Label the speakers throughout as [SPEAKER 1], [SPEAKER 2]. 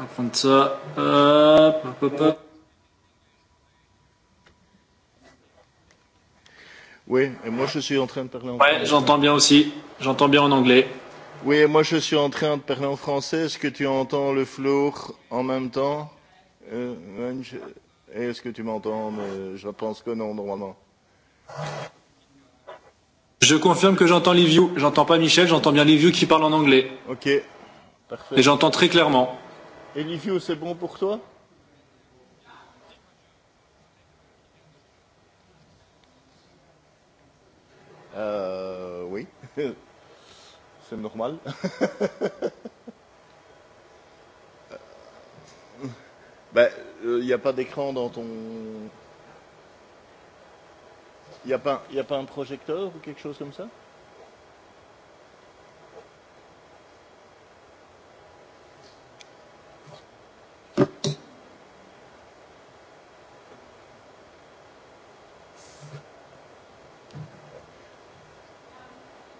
[SPEAKER 1] Up on top. Äh, up, up, up, up. Oui, et moi je suis en train de parler en ouais, français. j'entends bien aussi. J'entends bien en anglais.
[SPEAKER 2] Oui, et moi je suis en train de parler en français. Est-ce que tu entends le flour en même temps euh, Est-ce que tu m'entends Mais je pense que non, normalement.
[SPEAKER 1] Je confirme que j'entends Liviu. J'entends pas Michel, j'entends bien Liviu qui parle en anglais.
[SPEAKER 2] Ok. Parfait.
[SPEAKER 1] Et j'entends très clairement.
[SPEAKER 2] Et Livio, c'est bon pour toi euh, Oui, c'est normal. Euh, ben, il euh, n'y a pas d'écran dans ton. Il n'y a, pas, y a pas un projecteur ou quelque chose comme ça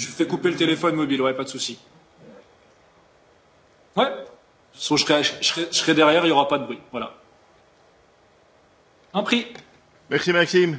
[SPEAKER 1] Je fais couper le téléphone mobile, ouais, pas de souci. Ouais. Sauf je serai, je serai, je serai derrière, il n'y aura pas de bruit. Voilà.
[SPEAKER 2] Un prix. Merci Maxime.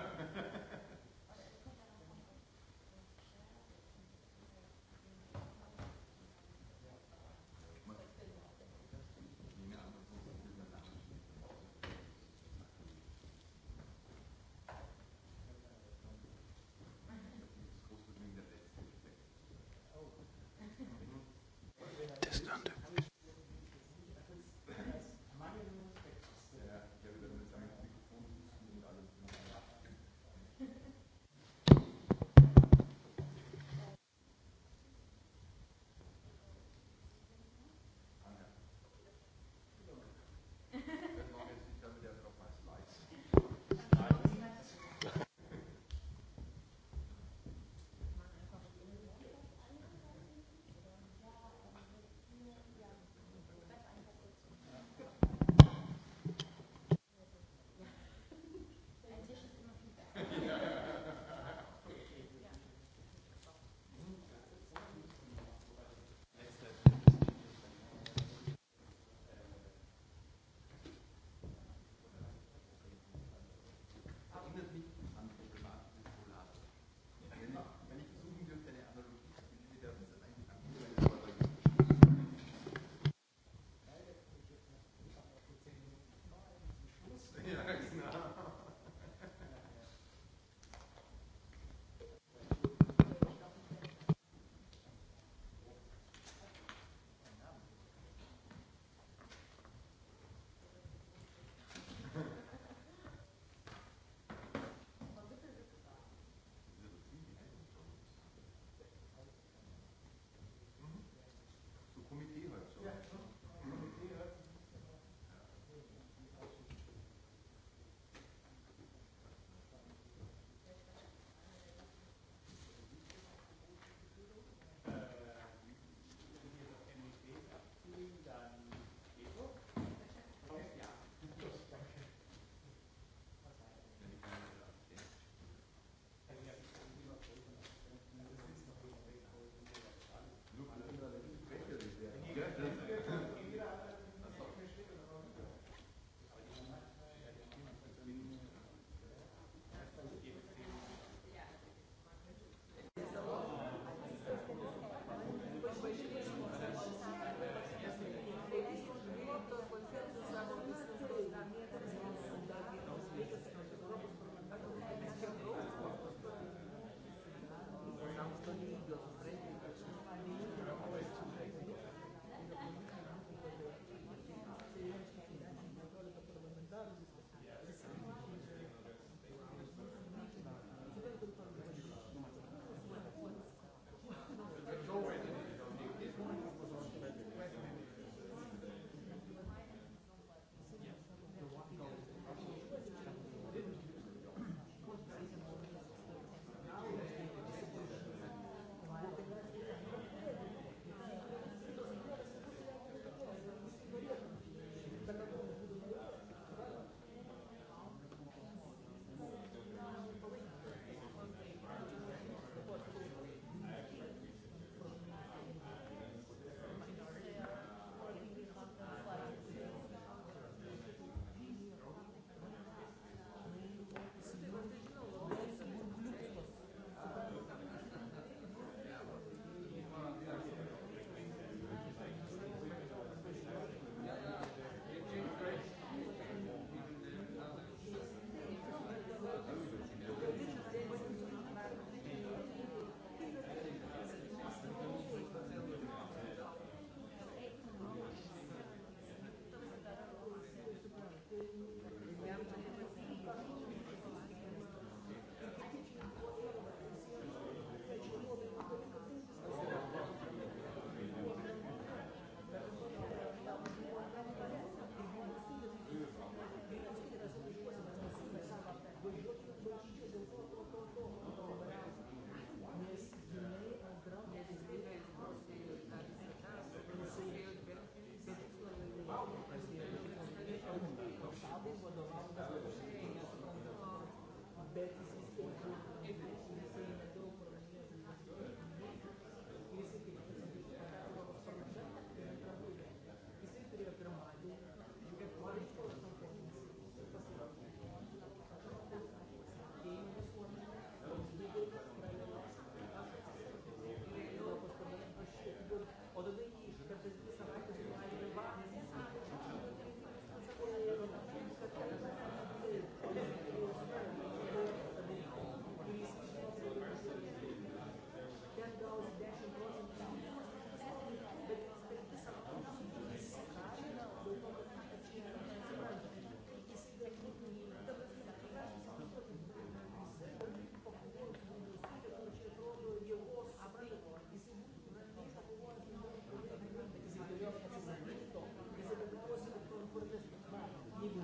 [SPEAKER 3] jeigu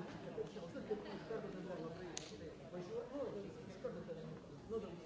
[SPEAKER 3] čia aukštas kaip iš karto tada labai važiuoju nu iš karto tada nu daugiau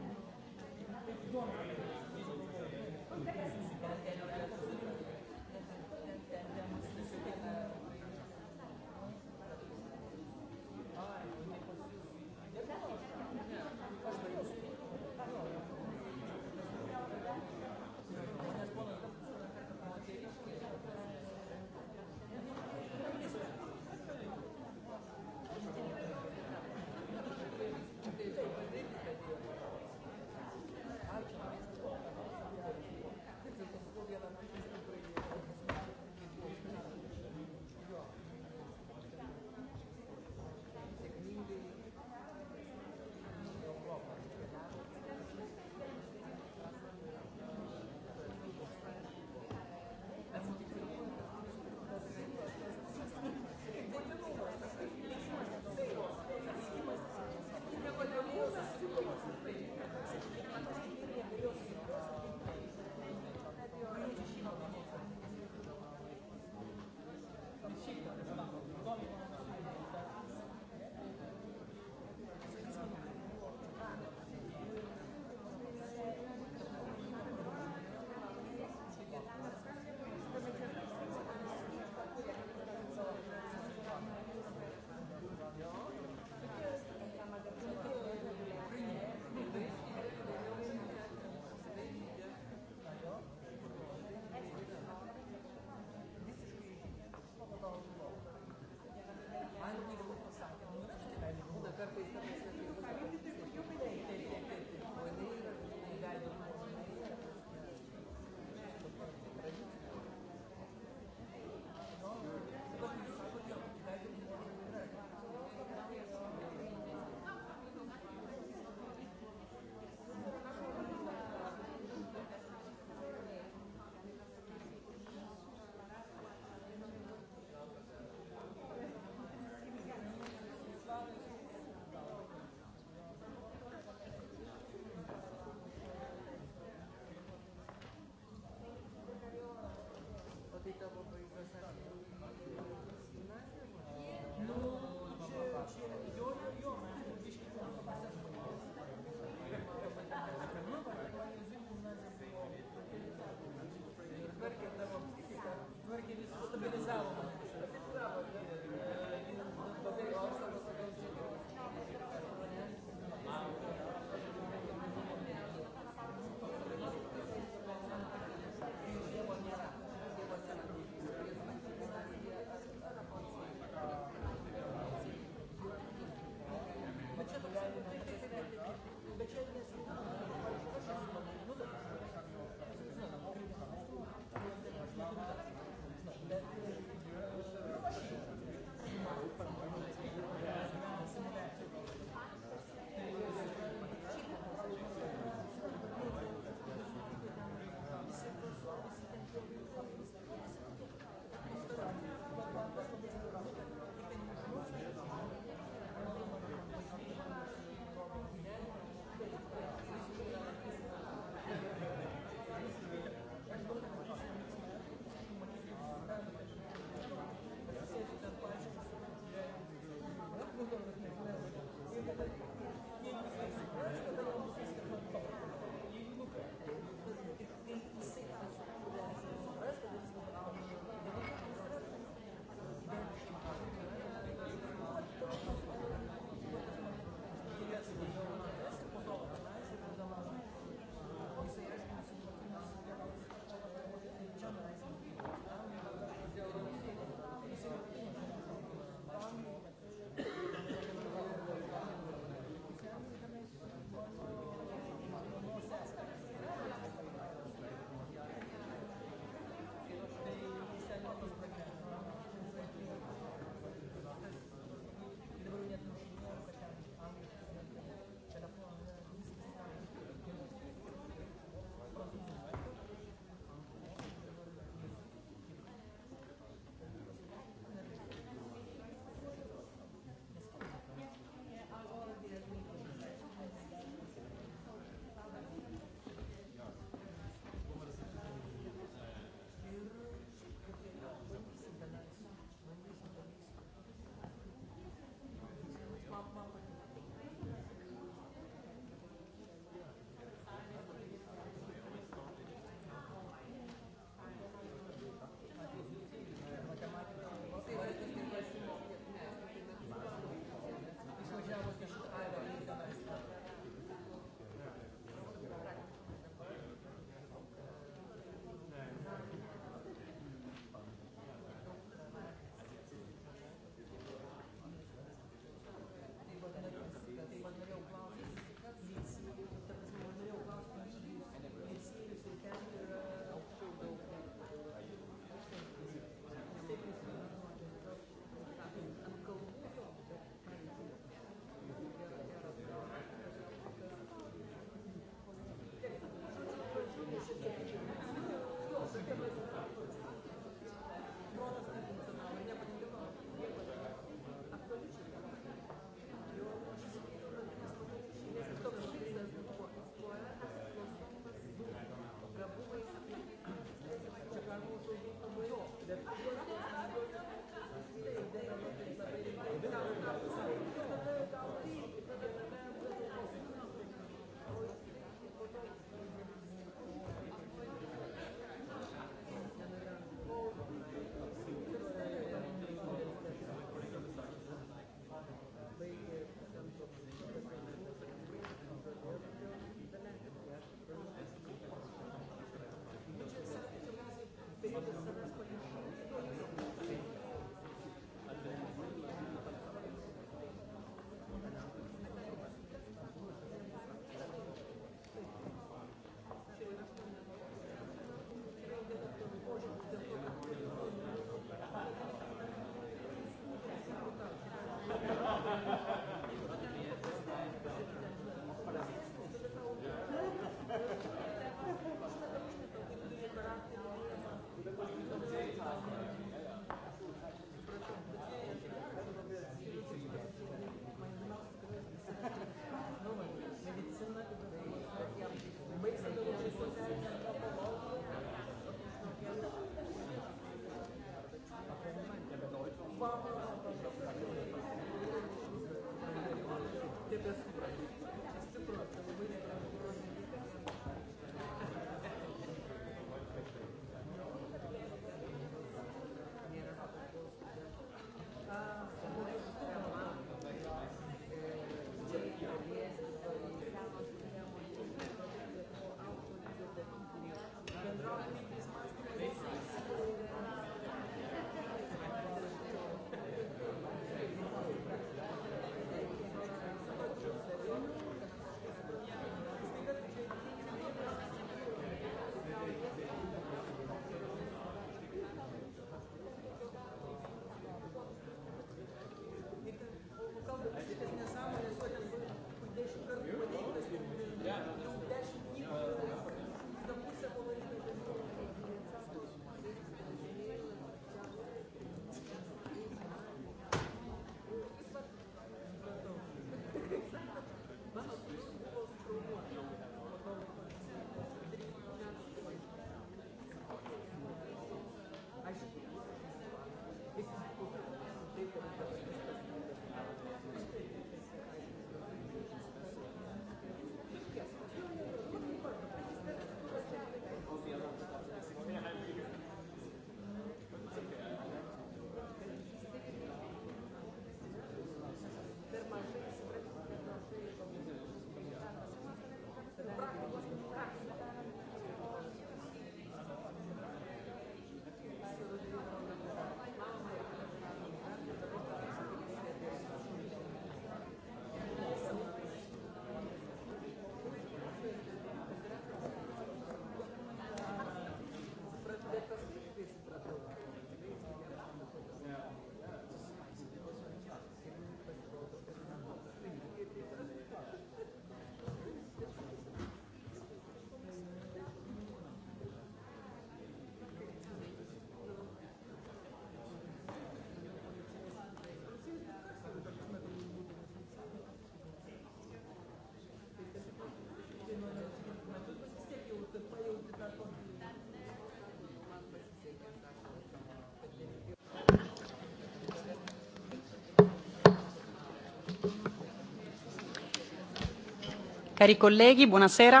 [SPEAKER 4] Cari colleghi, buonasera.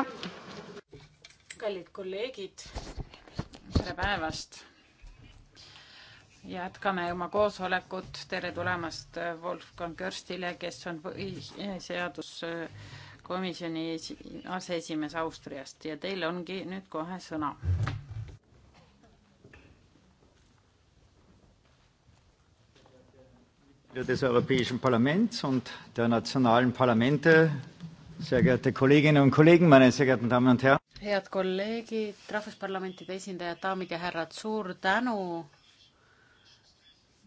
[SPEAKER 4] kallid kolleegid, tere päevast. jätkame oma koosolekut, tere tulemast Wolfgang Körstile, kes on põhiseaduskomisjoni aseesimees Austriast ja teil ongi nüüd kohe sõna.
[SPEAKER 5] des Europäischen Parlaments und der nationalen
[SPEAKER 3] Parlamente
[SPEAKER 4] head kolleegid,
[SPEAKER 5] rahvusparlamentide esindajad, daamid ja härrad, suur tänu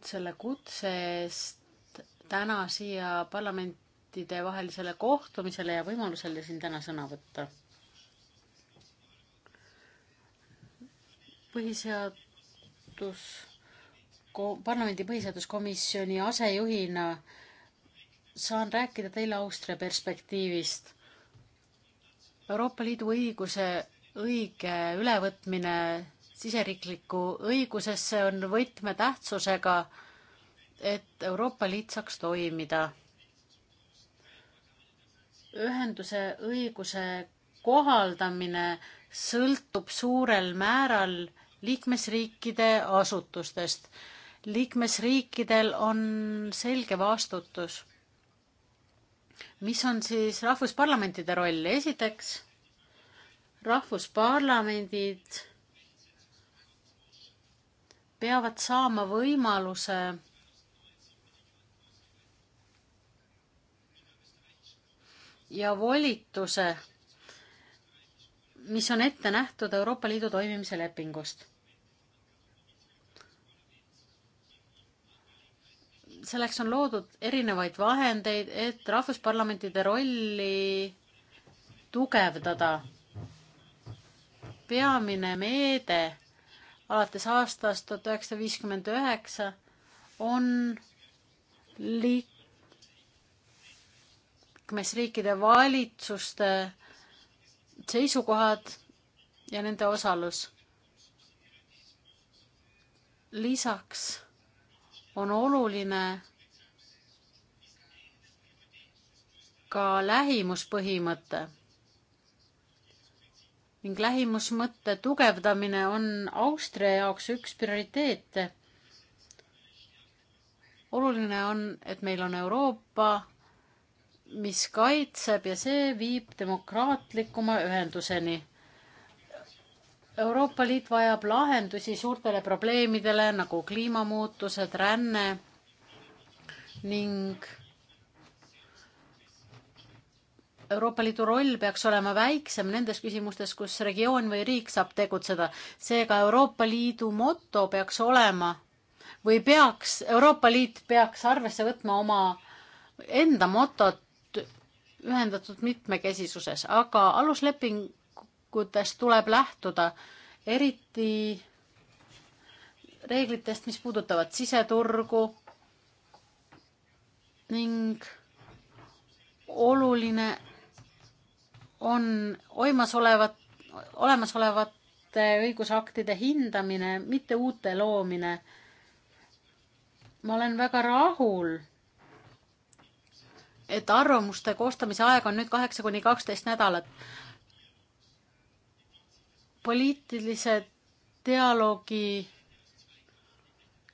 [SPEAKER 5] selle kutse eest täna siia parlamentide vahelisele kohtumisele ja võimalusele siin täna sõna võtta. põhiseadus, parlamendi põhiseaduskomisjoni asejuhina saan rääkida teile Austria perspektiivist. Euroopa Liidu õiguse õige ülevõtmine siseriiklikku õigusesse on võtmetähtsusega, et Euroopa Liit saaks toimida. ühenduse õiguse kohaldamine sõltub suurel määral liikmesriikide asutustest liikmesriikidel on selge vastutus mis on siis rahvusparlamentide roll? esiteks, rahvusparlamendid peavad saama võimaluse ja volituse, mis on ette nähtud Euroopa Liidu toimimise lepingust selleks on loodud erinevaid vahendeid, et rahvusparlamentide rolli tugevdada. peamine meede alates aastast tuhat üheksasada viiskümmend üheksa on liikmesriikide valitsuste seisukohad ja nende osalus. lisaks on oluline ka lähimuspõhimõte ning lähimusmõtte tugevdamine on Austria jaoks üks prioriteete. oluline on, et meil on Euroopa, mis kaitseb ja see viib demokraatlikuma ühenduseni Euroopa Liit vajab lahendusi suurtele probleemidele nagu kliimamuutused, ränne ning Euroopa Liidu roll peaks olema väiksem nendes küsimustes, kus regioon või riik saab tegutseda. seega Euroopa Liidu moto peaks olema või peaks, Euroopa Liit peaks arvesse võtma oma enda motot ühendatud mitmekesisuses, aga alusleping valikutest tuleb lähtuda, eriti reeglitest, mis puudutavad siseturgu ning oluline on olemasolevat, olemasolevate õigusaktide hindamine, mitte uute loomine. ma olen väga rahul, et arvamuste koostamise aeg on nüüd kaheksa kuni kaksteist nädalat poliitilise dialoogi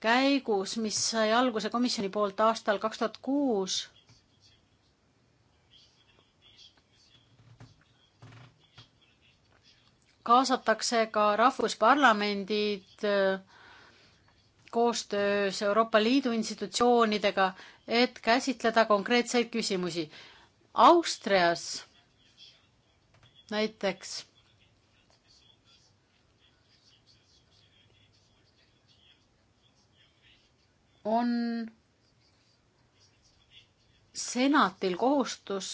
[SPEAKER 5] käigus, mis sai alguse komisjoni poolt aastal kaks tuhat kuus, kaasatakse ka rahvusparlamendid äh, koostöös Euroopa Liidu institutsioonidega, et käsitleda konkreetseid küsimusi. Austrias näiteks on senatil kohustus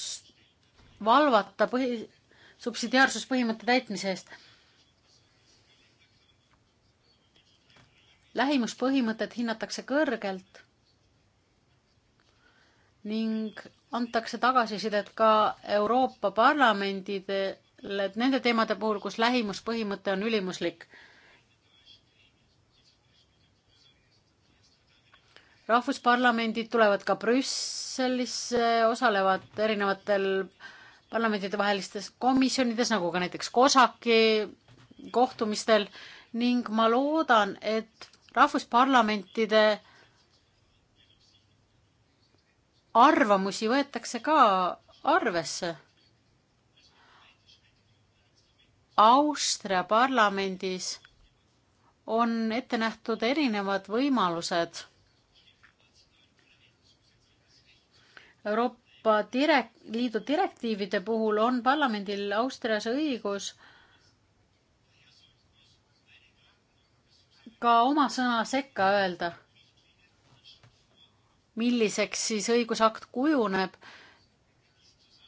[SPEAKER 5] valvata põhi, subsidiaarsuspõhimõtte täitmise eest. lähimuspõhimõtet hinnatakse kõrgelt ning antakse tagasisidet ka Euroopa Parlamendidele nende teemade puhul, kus lähimuspõhimõte on ülimuslik rahvusparlamendid tulevad ka Brüsselisse, osalevad erinevatel parlamentidevahelistes komisjonides, nagu ka näiteks COSAC-i kohtumistel ning ma loodan, et rahvusparlamentide arvamusi võetakse ka arvesse. Austria parlamendis on ette nähtud erinevad võimalused Euroopa direk-, Liidu direktiivide puhul on parlamendil Austrias õigus ka oma sõna sekka öelda, milliseks siis õigusakt kujuneb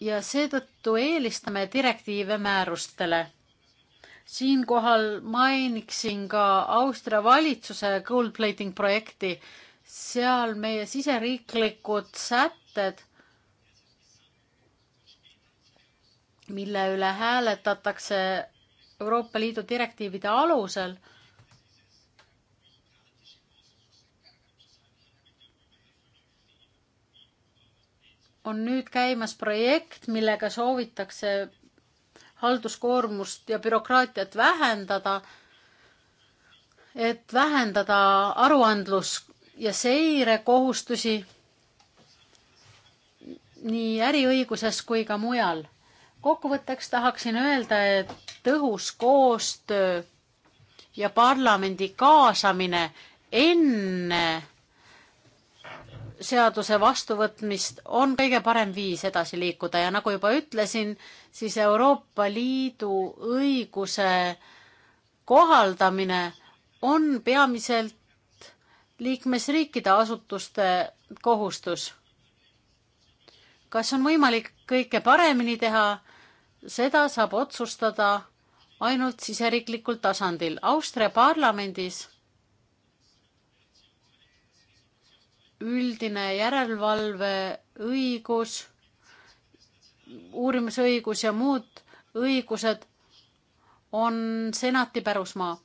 [SPEAKER 5] ja seetõttu eelistame direktiive määrustele siinkohal mainiksin ka Austria valitsuse gold plating projekti. seal meie siseriiklikud sätted mille üle hääletatakse Euroopa Liidu direktiivide alusel on nüüd käimas projekt, millega soovitakse halduskoormust ja bürokraatiat vähendada, et vähendada aruandlus- ja seirekohustusi nii äriõiguses kui ka mujal kokkuvõtteks tahaksin öelda, et tõhus koostöö ja parlamendi kaasamine enne seaduse vastuvõtmist on kõige parem viis edasi liikuda ja nagu juba ütlesin, siis Euroopa Liidu õiguse kohaldamine on peamiselt liikmesriikide asutuste kohustus kas on võimalik kõike paremini teha, seda saab otsustada ainult siseriiklikul tasandil. Austria parlamendis üldine järelevalveõigus, uurimisõigus ja muud õigused on senati pärusmaa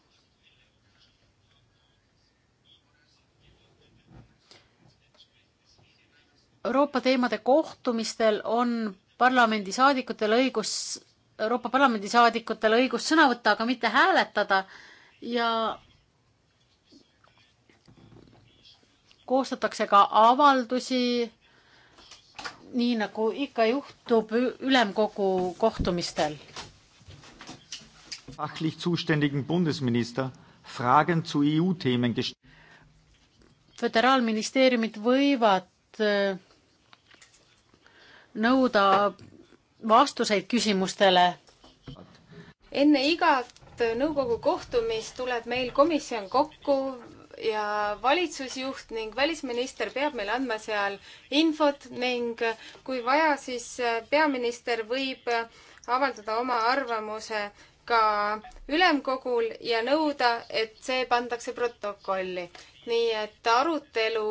[SPEAKER 5] Euroopa teemade kohtumistel on parlamendisaadikutel õigus, Euroopa Parlamendi saadikutel õigus sõna võtta, aga mitte hääletada ja koostatakse ka avaldusi, nii nagu ikka juhtub ülemkogu kohtumistel.
[SPEAKER 3] fachlich zuständigen Bundesminister Fragen zu EU-Themen gest-.
[SPEAKER 5] föderaalministeeriumid võivad äh, nõuda vastuseid küsimustele.
[SPEAKER 6] enne igat nõukogu kohtumist tuleb meil komisjon kokku ja valitsusjuht ning välisminister peab meile andma seal infot ning kui vaja, siis peaminister võib avaldada oma arvamuse ka ülemkogul ja nõuda, et see pandakse protokolli nii et arutelu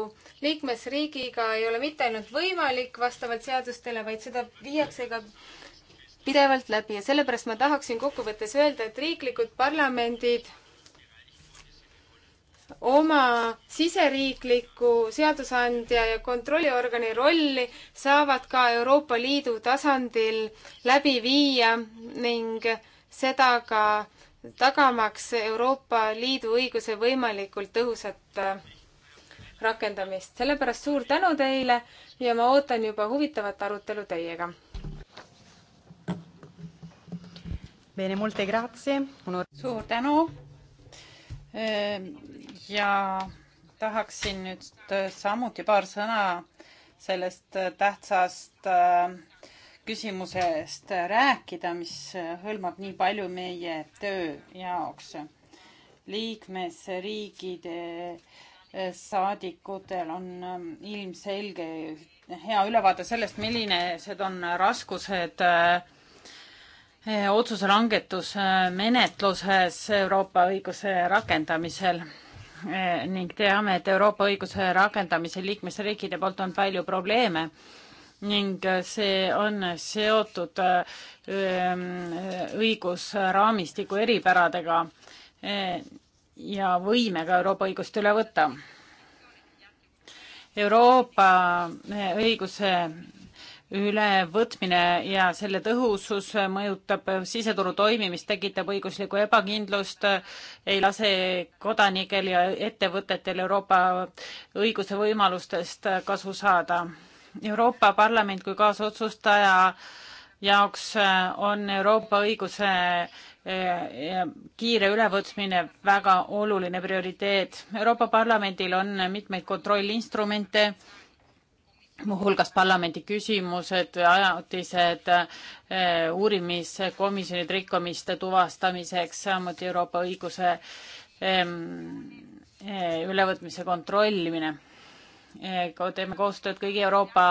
[SPEAKER 6] liikmesriigiga ei ole mitte ainult võimalik vastavalt seadustele, vaid seda viiakse ka pidevalt läbi ja sellepärast ma tahaksin kokkuvõttes öelda, et riiklikud parlamendid oma siseriikliku seadusandja ja kontrolliorgani rolli saavad ka Euroopa Liidu tasandil läbi viia ning seda ka tagamaks Euroopa Liidu õiguse võimalikult tõhusat äh, rakendamist. sellepärast suur tänu teile ja ma ootan juba huvitavat arutelu teiega.
[SPEAKER 4] suur tänu. Ehm, ja tahaksin nüüd äh, samuti paar sõna sellest äh, tähtsast küsimusest rääkida, mis hõlmab nii palju meie töö jaoks. liikmesriigide saadikutel on ähm, ilmselge hea ülevaade sellest, millised on raskused äh, otsuse langetusmenetluses äh, Euroopa õiguse rakendamisel äh, ning teame, et Euroopa õiguse rakendamisel liikmesriikide poolt on palju probleeme ning see on seotud ähm, õigusraamistiku eripäradega äh, ja võimega Euroopa õigust üle võtta. Euroopa äh, õiguse ülevõtmine ja selle tõhusus mõjutab siseturu toimimist, tekitab õiguslikku ebakindlust, ei lase kodanikel ja ettevõtetel Euroopa õiguse võimalustest kasu saada Euroopa Parlament kui kaasotsustaja jaoks äh, on Euroopa õiguse äh, kiire ülevõtmine väga oluline prioriteet. Euroopa Parlamendil on mitmeid kontrollinstrumente, muuhulgas parlamendi küsimused, ajatised, äh, uurimiskomisjonid rikkumiste tuvastamiseks, samuti Euroopa õiguse ähm, ülevõtmise kontrollimine Eh, teeme koostööd kõigi Euroopa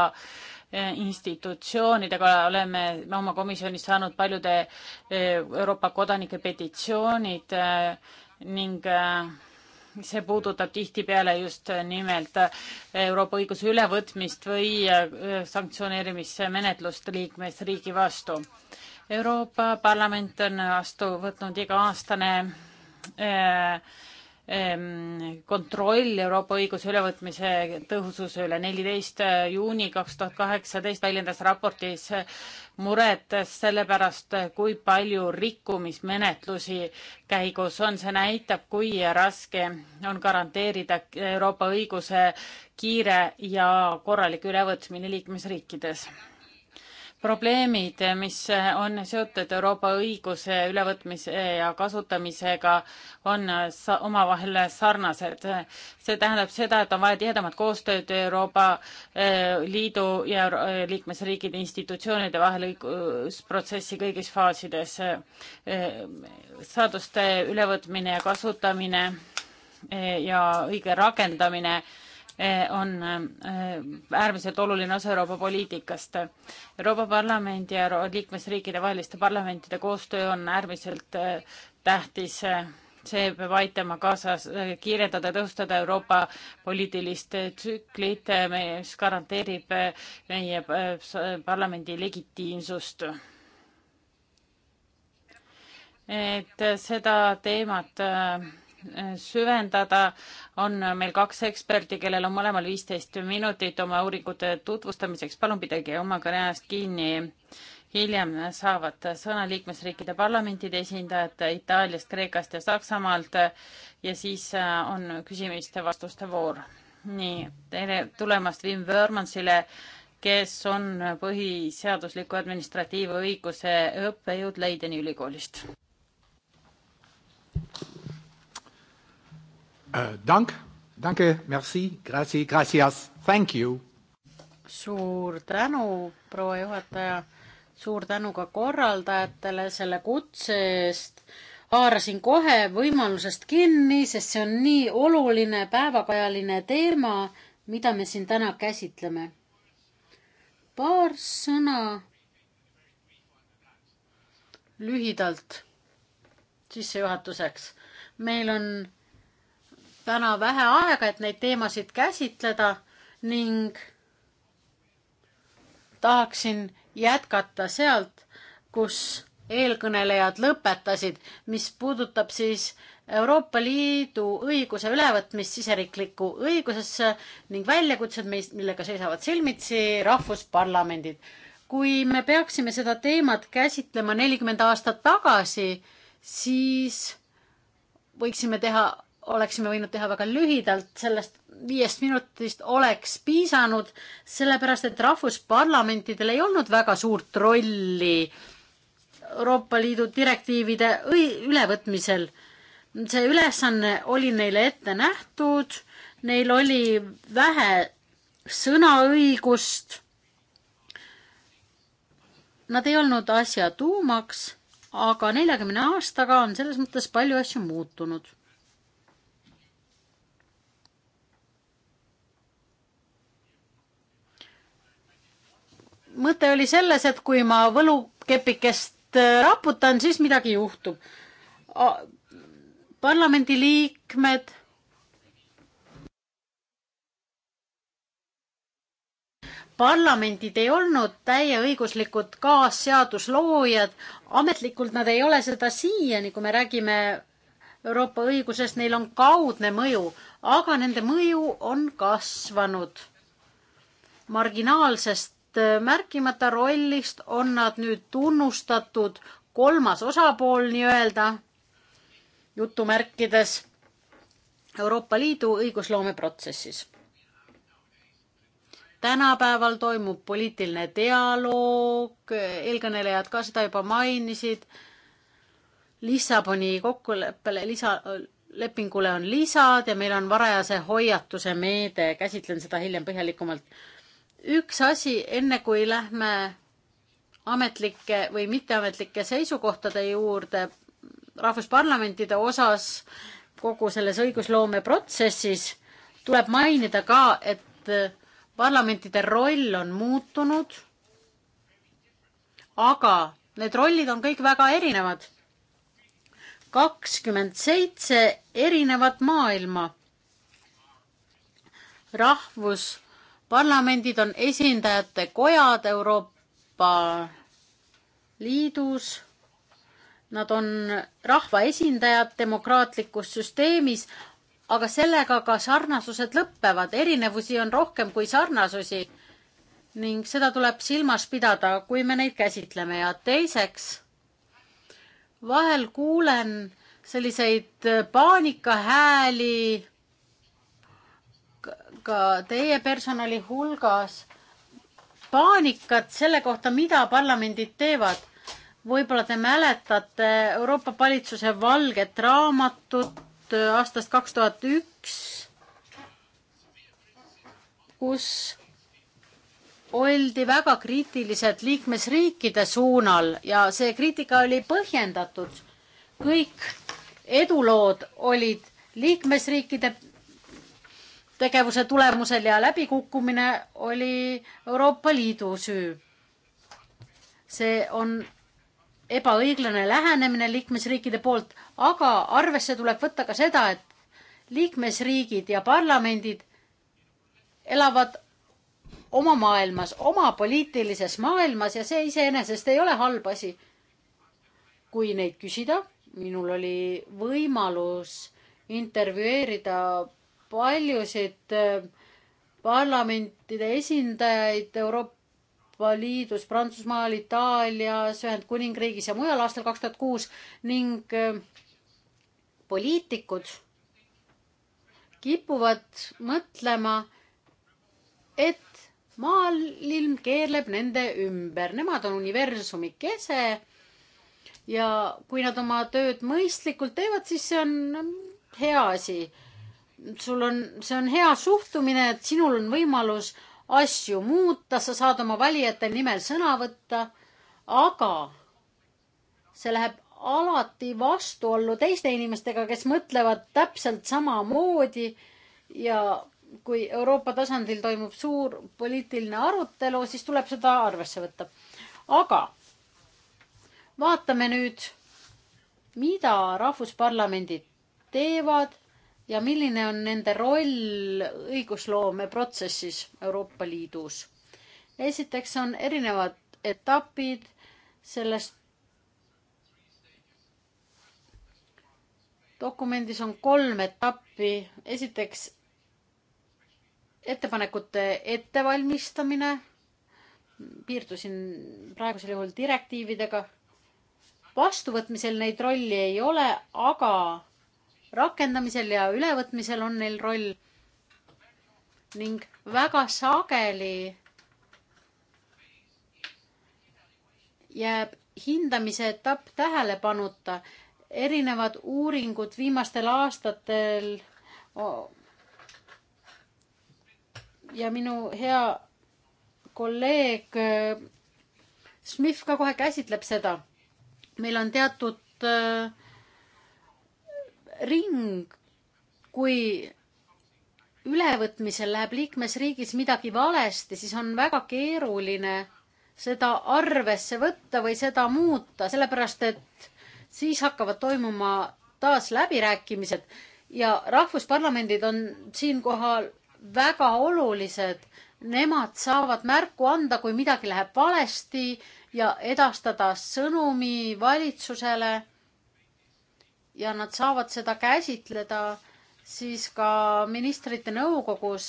[SPEAKER 4] eh, institutsioonidega, oleme oma komisjonis saanud paljude eh, Euroopa kodanike petitsioonid ning see puudutab tihtipeale just nimelt Euroopa õiguse ülevõtmist või sanktsioneerimismenetlust liikmesriigi vastu. Euroopa Parlament on vastu võtnud iga-aastane äh, Ehm, kontroll Euroopa õiguse ülevõtmise tõhususe üle. neliteist eh, juuni kaks tuhat kaheksateist väljendas raportis eh, muret selle pärast, eh, kui palju rikkumismenetlusi käigus on. see näitab, kui raske on garanteerida Euroopa õiguse kiire ja korralik ülevõtmine liikmesriikides probleemid, mis on seotud Euroopa õiguse ülevõtmise ja kasutamisega, on sa omavahel sarnased. see tähendab seda, et on vaja tihedamat koostööd Euroopa eh, Liidu ja eh, liikmesriikide institutsioonide vahel õigusprotsessi kõigis faasides. Eh, seaduste ülevõtmine ja kasutamine ja õige rakendamine Eh, on eh, äärmiselt oluline osa Euroopa poliitikast. Euroopa Parlamendi ja liikmesriikide vaheliste parlamentide koostöö on äärmiselt eh, tähtis. see peab aitama kaasas kiirendada, tõhustada Euroopa poliitilist tsüklit, mis garanteerib meie parlamendi legitiimsust. et seda teemat süvendada. on meil kaks eksperti, kellel on mõlemal viisteist minutit oma uuringute tutvustamiseks. palun pidage oma kõne ajast kinni. hiljem saavad sõna liikmesriikide parlamentide esindajad Itaaliast, Kreekast ja Saksamaalt ja siis äh, on küsimiste-vastuste voor. nii, tere tulemast Wim Wörmansile kes on põhiseadusliku administratiivõiguse õppejõud Leideni ülikoolist.
[SPEAKER 1] Uh, dank, danke, merci, grazie,
[SPEAKER 3] gracias, thank you.
[SPEAKER 5] suur tänu, proua juhataja, suur tänu ka korraldajatele selle kutse eest. haarasin kohe võimalusest kinni, sest see on nii oluline päevakajaline teema, mida me siin täna käsitleme. paar sõna lühidalt sissejuhatuseks. meil on täna vähe aega, et neid teemasid käsitleda ning tahaksin jätkata sealt, kus eelkõnelejad lõpetasid, mis puudutab siis Euroopa Liidu õiguse ülevõtmist siseriiklikku õigusesse ning väljakutsed, millega seisavad silmitsi rahvusparlamendid. kui me peaksime seda teemat käsitlema nelikümmend aastat tagasi, siis võiksime teha oleksime võinud teha väga lühidalt, sellest viiest minutist oleks piisanud, sellepärast et rahvusparlamentidel ei olnud väga suurt rolli Euroopa Liidu direktiivide ülevõtmisel. see ülesanne oli neile ette nähtud, neil oli vähe sõnaõigust. Nad ei olnud asja tuumaks, aga neljakümne aastaga on selles mõttes palju asju muutunud mõte oli selles, et kui ma võlukepikest äh, raputan, siis midagi juhtub. parlamendiliikmed parlamendid ei olnud täieõiguslikud kaasseadusloojad, ametlikult nad ei ole seda siiani, kui me räägime Euroopa õigusest, neil on kaudne mõju, aga nende mõju on kasvanud marginaalsest Äh, märkimata rollist on nad nüüd tunnustatud kolmas osapool nii-öelda jutumärkides Euroopa Liidu õigusloomeprotsessis. tänapäeval toimub poliitiline dialoog, eelkõnelejad ka seda juba mainisid. Lissaboni kokkuleppele lisa, lepingule on lisad ja meil on varajase hoiatuse meede, käsitlen seda hiljem põhjalikumalt üks asi, enne kui lähme ametlike või mitteametlike seisukohtade juurde rahvusparlamentide osas kogu selles õigusloome protsessis, tuleb mainida ka, et parlamentide roll on muutunud, aga need rollid on kõik väga erinevad. kakskümmend seitse erinevat maailma. rahvus parlamendid on esindajate kojad Euroopa Liidus. Nad on rahvaesindajad demokraatlikus süsteemis, aga sellega ka sarnasused lõppevad, erinevusi on rohkem kui sarnasusi ning seda tuleb silmas pidada, kui me neid käsitleme ja teiseks vahel kuulen selliseid paanikahääli ka teie personali hulgas paanikat selle kohta, mida parlamendid teevad. võib-olla te mäletate Euroopa valitsuse valget raamatut äh, aastast kaks tuhat üks, kus oldi väga kriitilised liikmesriikide suunal ja see kriitika oli põhjendatud. kõik edulood olid liikmesriikide tegevuse tulemusel ja läbikukkumine oli Euroopa Liidu süü. see on ebaõiglane lähenemine liikmesriikide poolt, aga arvesse tuleb võtta ka seda, et liikmesriigid ja parlamendid elavad oma maailmas, oma poliitilises maailmas ja see iseenesest ei ole halb asi. kui neid küsida, minul oli võimalus intervjueerida paljusid äh, parlamentide esindajaid Euroopa Liidus, Prantsusmaal, Itaalias, Ühendkuningriigis ja mujal aastal kaks tuhat kuus ning äh, poliitikud kipuvad mõtlema, et maailm keerleb nende ümber, nemad on universumi kese. ja kui nad oma tööd mõistlikult teevad, siis see on hea asi sul on, see on hea suhtumine, et sinul on võimalus asju muuta, sa saad oma valijate nimel sõna võtta, aga see läheb alati vastuollu teiste inimestega, kes mõtlevad täpselt samamoodi ja kui Euroopa tasandil toimub suur poliitiline arutelu, siis tuleb seda arvesse võtta. aga vaatame nüüd, mida rahvusparlamendid teevad ja milline on nende roll õigusloome protsessis Euroopa Liidus. esiteks on erinevad etapid selles dokumendis on kolm etappi. esiteks ettepanekute ettevalmistamine, piirdusin praegusel juhul direktiividega. vastuvõtmisel neid rolli ei ole, aga rakendamisel ja ülevõtmisel on neil roll ning väga sageli jääb hindamise etapp tähelepanuta. erinevad uuringud viimastel aastatel ja minu hea kolleeg äh, Smith ka kohe käsitleb seda. meil on teatud äh, ring, kui ülevõtmisel läheb liikmesriigis midagi valesti, siis on väga keeruline seda arvesse võtta või seda muuta, sellepärast et siis hakkavad toimuma taas läbirääkimised ja rahvusparlamendid on siinkohal väga olulised. Nemad saavad märku anda, kui midagi läheb valesti ja edastada sõnumi valitsusele ja nad saavad seda käsitleda siis ka ministrite nõukogus,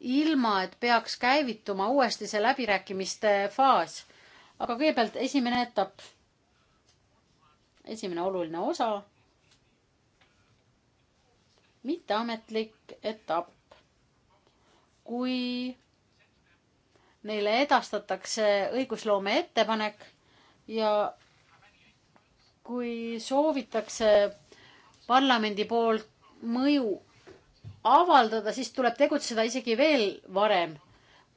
[SPEAKER 5] ilma et peaks käivituma uuesti see läbirääkimiste faas. aga kõigepealt esimene etapp, esimene oluline osa, mitteametlik etapp, kui neile edastatakse õigusloome ettepanek ja kui soovitakse parlamendi poolt mõju avaldada, siis tuleb tegutseda isegi veel varem.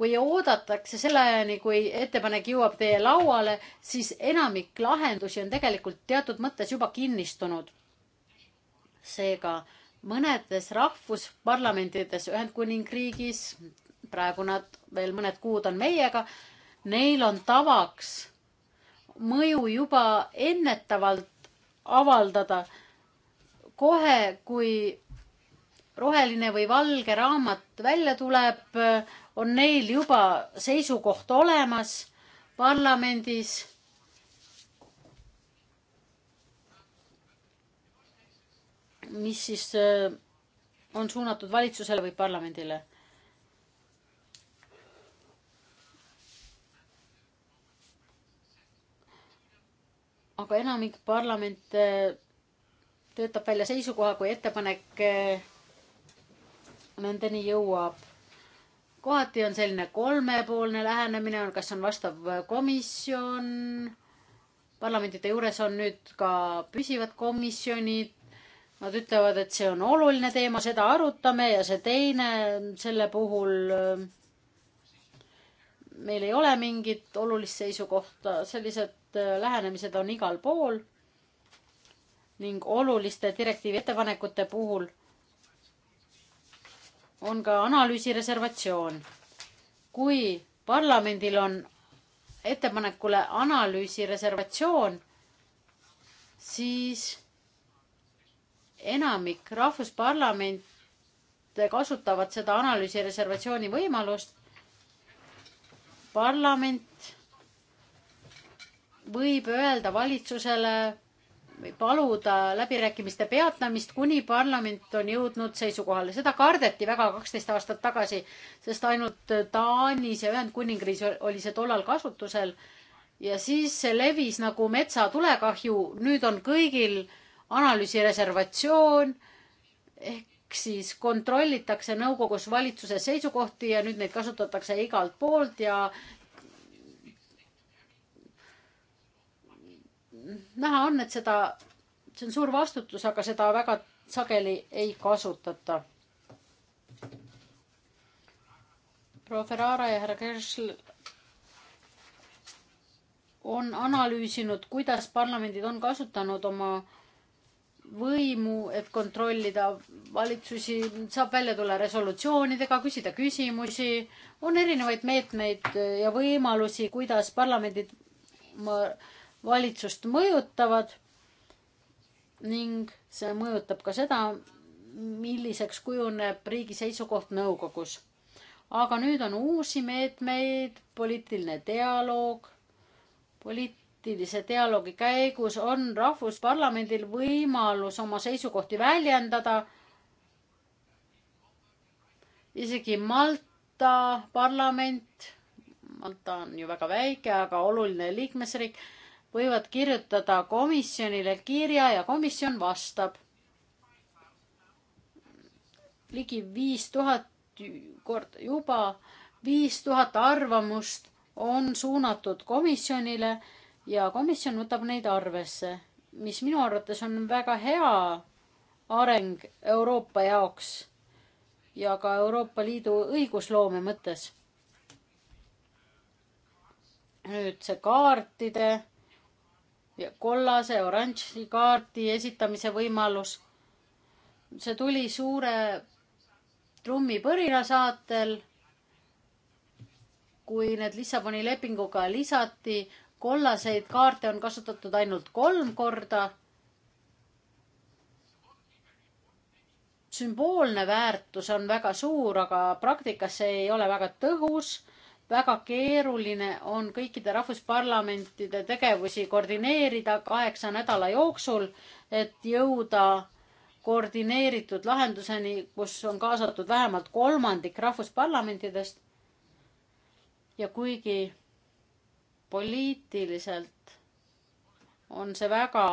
[SPEAKER 5] kui oodatakse selle ajani, kui ettepanek jõuab teie lauale, siis enamik lahendusi on tegelikult teatud mõttes juba kinnistunud. seega mõnedes rahvusparlamentides Ühendkuningriigis, praegu nad veel mõned kuud on meiega, neil on tavaks mõju juba ennetavalt avaldada. kohe, kui roheline või valge raamat välja tuleb, on neil juba seisukoht olemas parlamendis mis siis äh, on suunatud valitsusele või parlamendile. aga enamik parlamente eh, töötab välja seisukoha, kui ettepanek eh, nendeni jõuab. kohati on selline kolmepoolne lähenemine, kas on vastav komisjon, parlamentide juures on nüüd ka püsivad komisjonid, nad ütlevad, et see on oluline teema, seda arutame ja see teine, selle puhul eh, meil ei ole mingit olulist seisukohta, sellised et äh, lähenemised on igal pool ning oluliste direktiivi ettepanekute puhul on ka analüüsi reservatsioon. kui parlamendil on ettepanekule analüüsi reservatsioon, siis enamik rahvusparlamente kasutavad seda analüüsi reservatsiooni võimalust. parlament võib öelda valitsusele või paluda läbirääkimiste peatamist, kuni parlament on jõudnud seisukohale. seda kardeti väga kaksteist aastat tagasi, sest ainult Taanis ja Ühendkuningriigis oli see tollal kasutusel. ja siis see levis nagu metsatulekahju. nüüd on kõigil analüüsireservatsioon ehk siis kontrollitakse nõukogus valitsuse seisukohti ja nüüd neid kasutatakse igalt poolt ja näha on, et seda, see on suur vastutus, aga seda väga sageli ei kasutata. proua Ferrara ja härra Kersl on analüüsinud, kuidas parlamendid on kasutanud oma võimu, et kontrollida valitsusi, saab välja tulla resolutsioonidega, küsida küsimusi, on erinevaid meetmeid ja võimalusi, kuidas parlamendid oma valitsust mõjutavad ning see mõjutab ka seda, milliseks kujuneb riigi seisukoht nõukogus. aga nüüd on uusi meetmeid, poliitiline dialoog, poliitilise dialoogi käigus on rahvusparlamendil võimalus oma seisukohti väljendada. isegi Malta parlament, Malta on ju väga väike, aga oluline liikmesriik võivad kirjutada komisjonile kirja ja komisjon vastab. ligi viis tuhat korda juba, viis tuhat arvamust on suunatud komisjonile ja komisjon võtab neid arvesse, mis minu arvates on väga hea areng Euroopa jaoks ja ka Euroopa Liidu õigusloome mõttes. nüüd see kaartide kollase, oranži kaardi esitamise võimalus. see tuli suure trummipõrina saatel, kui need Lissaboni lepinguga lisati. kollaseid kaarte on kasutatud ainult kolm korda. sümboolne väärtus on väga suur, aga praktikas see ei ole väga tõhus väga keeruline on kõikide rahvusparlamentide tegevusi koordineerida kaheksa nädala jooksul, et jõuda koordineeritud lahenduseni, kus on kaasatud vähemalt kolmandik rahvusparlamentidest. ja kuigi poliitiliselt on see väga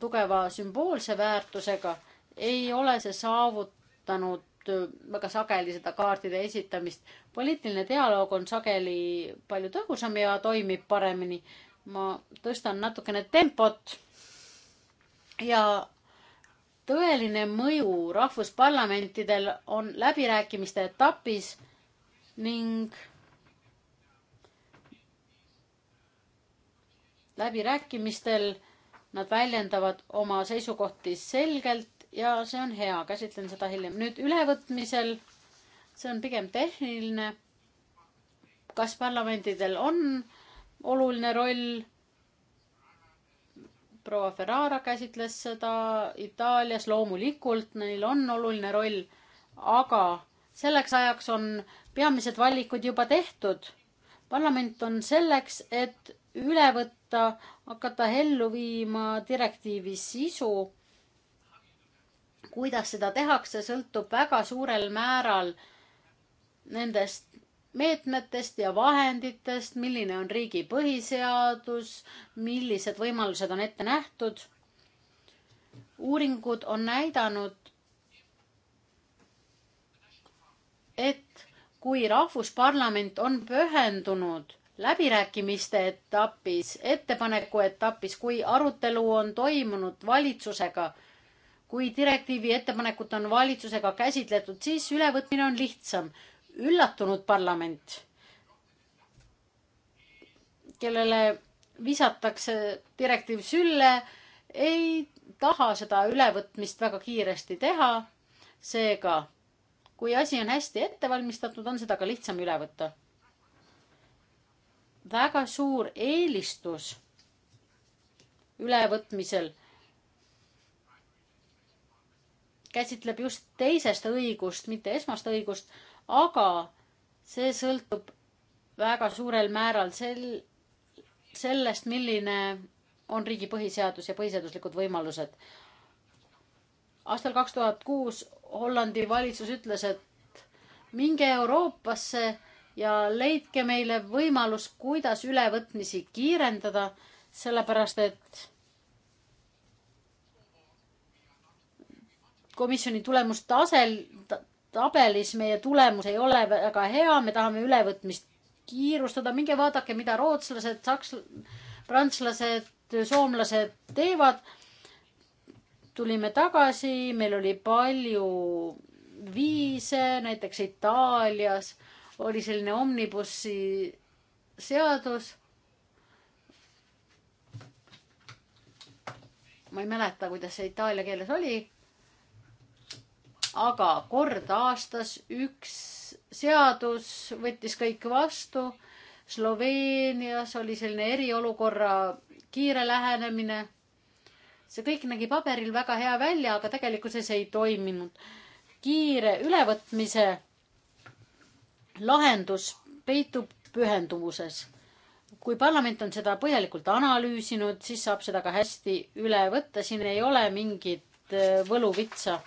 [SPEAKER 5] tugeva sümboolse väärtusega, ei ole see saavutanud Äh, väga sageli seda kaartide esitamist. poliitiline dialoog on sageli palju tõhusam ja toimib paremini. ma tõstan natukene tempot ja tõeline mõju rahvusparlamentidel on läbirääkimiste etapis ning läbirääkimistel nad väljendavad oma seisukohti selgelt ja see on hea, käsitlen seda hiljem. nüüd ülevõtmisel, see on pigem tehniline. kas parlamendidel on oluline roll? proua Ferrara käsitles seda Itaalias, loomulikult neil on oluline roll, aga selleks ajaks on peamised valikud juba tehtud. parlament on selleks, et üle võtta, hakata ellu viima direktiivi sisu kuidas seda tehakse, sõltub väga suurel määral nendest meetmetest ja vahenditest, milline on riigi põhiseadus, millised võimalused on ette nähtud. uuringud on näidanud, et kui rahvusparlament on pühendunud läbirääkimiste etapis, ettepaneku etapis, kui arutelu on toimunud valitsusega kui direktiivi ettepanekut on valitsusega käsitletud, siis ülevõtmine on lihtsam. üllatunud parlament, kellele visatakse direktiiv sülle, ei taha seda ülevõtmist väga kiiresti teha. seega, kui asi on hästi ette valmistatud, on seda ka lihtsam üle võtta. väga suur eelistus ülevõtmisel käsitleb just teisest õigust, mitte esmast õigust, aga see sõltub väga suurel määral sel, sellest, milline on riigi põhiseadus ja põhiseaduslikud võimalused. aastal kaks tuhat kuus Hollandi valitsus ütles, et minge Euroopasse ja leidke meile võimalus, kuidas ülevõtmisi kiirendada, sellepärast et komisjoni tulemustasel, tabelis meie tulemus ei ole väga hea, me tahame ülevõtmist kiirustada, minge vaadake, mida rootslased, saks-, prantslased, soomlased teevad. tulime tagasi, meil oli palju viise, näiteks Itaalias oli selline omnibussi seadus. ma ei mäleta, kuidas see itaalia keeles oli aga kord aastas üks seadus võttis kõik vastu. Sloveenias oli selline eriolukorra kiire lähenemine. see kõik nägi paberil väga hea välja, aga tegelikkuses ei toiminud. kiire ülevõtmise lahendus peitub pühendumuses. kui parlament on seda põhjalikult analüüsinud, siis saab seda ka hästi üle võtta, siin ei ole mingit äh, võluvitsa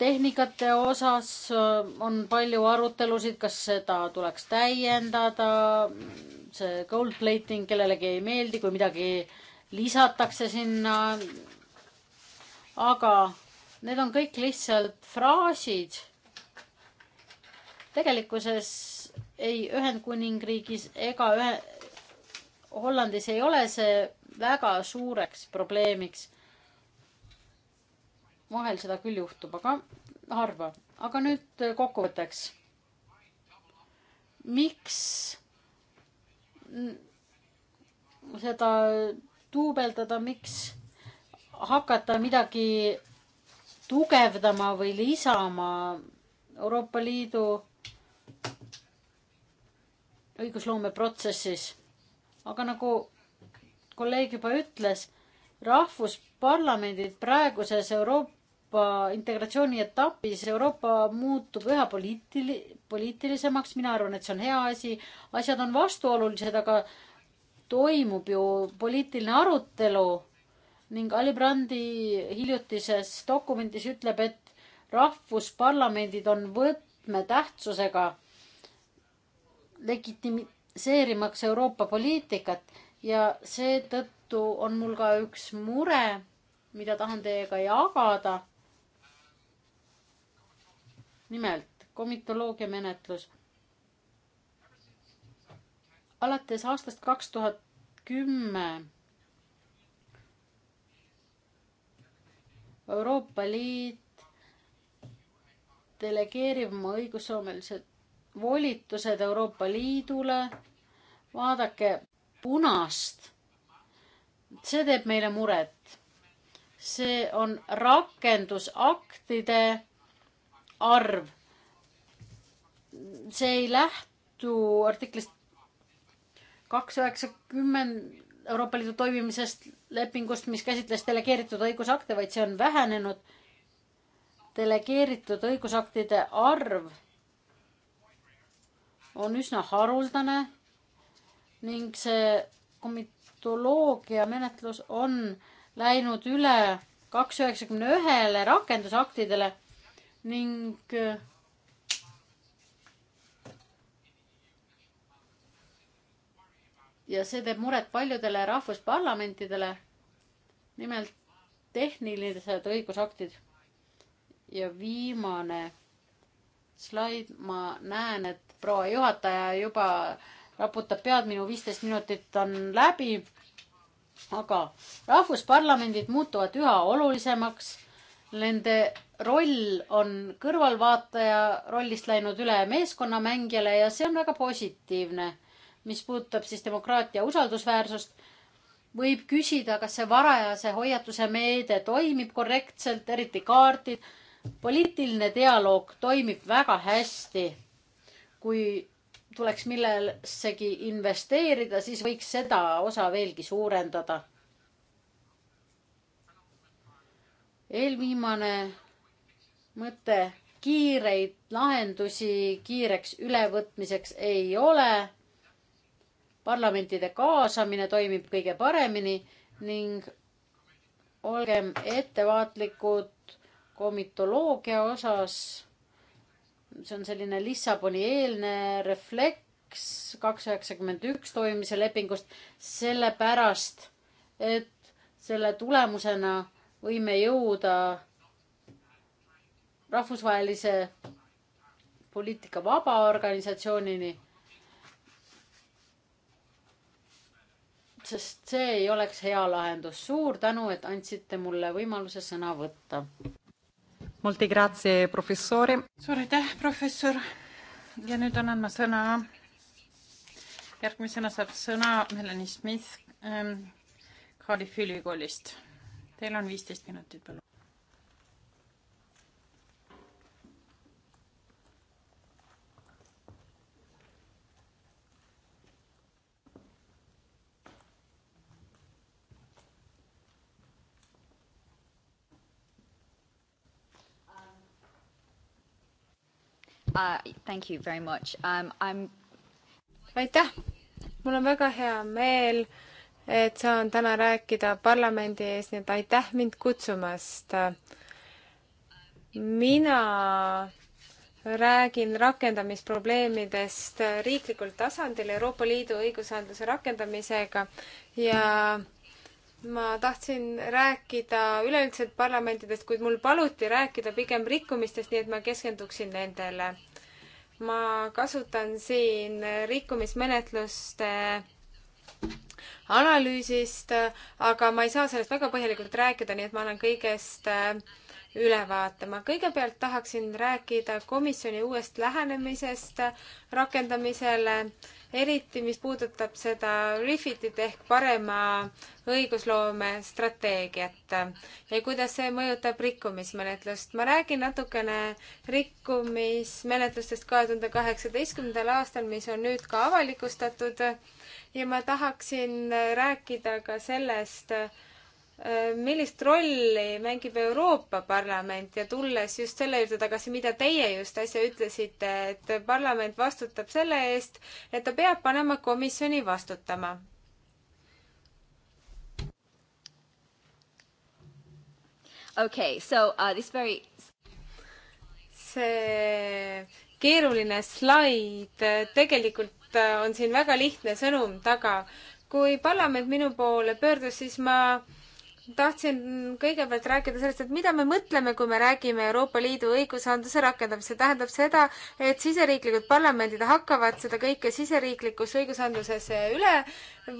[SPEAKER 5] tehnikate osas äh, on palju arutelusid, kas seda tuleks täiendada, see gold plating kellelegi ei meeldi, kui midagi lisatakse sinna. aga need on kõik lihtsalt fraasid. tegelikkuses ei Ühendkuningriigis ega ühe, Hollandis ei ole see väga suureks probleemiks vahel seda küll juhtub, aga harva. aga nüüd äh, kokkuvõtteks. miks seda duubeldada, miks hakata midagi tugevdama või lisama Euroopa Liidu õigusloome protsessis. aga nagu kolleeg juba ütles, rahvusparlamendid praeguses Euroopa Euroopa integratsiooni etapis Euroopa muutub üha poliitili-, poliitilisemaks, mina arvan, et see on hea asi, asjad on vastuolulised, aga toimub ju poliitiline arutelu ning Ali Brandi hiljutises dokumendis ütleb, et rahvusparlamendid on võtmetähtsusega legitimiseerimaks Euroopa poliitikat ja seetõttu on mul ka üks mure, mida tahan teiega jagada nimelt komitoloogia menetlus. alates aastast kaks tuhat kümme Euroopa Liit delegeerib oma õigusloomelised volitused Euroopa Liidule. vaadake punast. see teeb meile muret. see on rakendusaktide arv. see ei lähtu artiklist kaks üheksakümmend Euroopa Liidu toimimisest lepingust, mis käsitles delegeeritud õigusakte, vaid see on vähenenud. delegeeritud õigusaktide arv on üsna haruldane ning see komitoloogia menetlus on läinud üle kaks üheksakümne ühele rakendusaktidele ning ja see teeb muret paljudele rahvusparlamentidele, nimelt tehnilised õigusaktid. ja viimane slaid, ma näen, et proua juhataja juba raputab pead, minu viisteist minutit on läbi. aga rahvusparlamendid muutuvad üha olulisemaks Nende roll on kõrvalvaataja rollist läinud üle meeskonnamängijale ja see on väga positiivne. mis puudutab siis demokraatia usaldusväärsust, võib küsida, kas see varajase hoiatuse meede toimib korrektselt, eriti kaardid. poliitiline dialoog toimib väga hästi. kui tuleks millessegi investeerida, siis võiks seda osa veelgi suurendada eelviimane mõte, kiireid lahendusi kiireks ülevõtmiseks ei ole. parlamentide kaasamine toimib kõige paremini ning olgem ettevaatlikud komitoloogia osas. see on selline Lissaboni eelne refleks kaks üheksakümmend üks toimimise lepingust, sellepärast et selle tulemusena võime jõuda rahvusvahelise poliitika vaba organisatsioonini. sest see ei oleks hea lahendus. suur tänu, et andsite mulle võimaluse sõna võtta. Molti grazie,
[SPEAKER 4] professori. suur aitäh, professor. ja nüüd annan ma sõna. järgmisena saab sõna Melanie Smith ähm, Cardiffi ülikoolist Teil on viisteist minutit, palun.
[SPEAKER 6] Uh, thank you very much. Um, I'm... aitäh, mul on väga hea meel et saan täna rääkida parlamendi ees, nii et aitäh mind kutsumast. mina räägin rakendamisprobleemidest riiklikul tasandil Euroopa Liidu õigusandluse rakendamisega ja ma tahtsin rääkida üleüldiselt parlamentidest, kuid mul paluti rääkida pigem rikkumistest, nii et ma keskenduksin nendele. ma kasutan siin rikkumismenetluste äh, analüüsist, aga ma ei saa sellest väga põhjalikult rääkida, nii et ma annan kõigest äh, üle vaatama. kõigepealt tahaksin rääkida komisjoni uuest lähenemisest rakendamisele, eriti mis puudutab seda Refitit ehk parema õigusloome strateegiat ja kuidas see mõjutab rikkumismenetlust. ma räägin natukene rikkumismenetlustest kahe tuhande kaheksateistkümnendal aastal, mis on nüüd ka avalikustatud ja ma tahaksin rääkida ka sellest, millist rolli mängib Euroopa Parlament ja tulles just selle juurde tagasi, mida teie just äsja ütlesite, et parlament vastutab selle eest, et ta peab panema komisjoni vastutama. okei okay,, so uh, this very see keeruline slaid tegelikult Äh, on siin väga lihtne sõnum taga. kui parlament minu poole pöördus, siis ma tahtsin kõigepealt rääkida sellest, et mida me mõtleme, kui me räägime Euroopa Liidu õigusandluse rakendamist. see tähendab seda, et siseriiklikud parlamendid hakkavad seda kõike siseriiklikus õigusandluses üle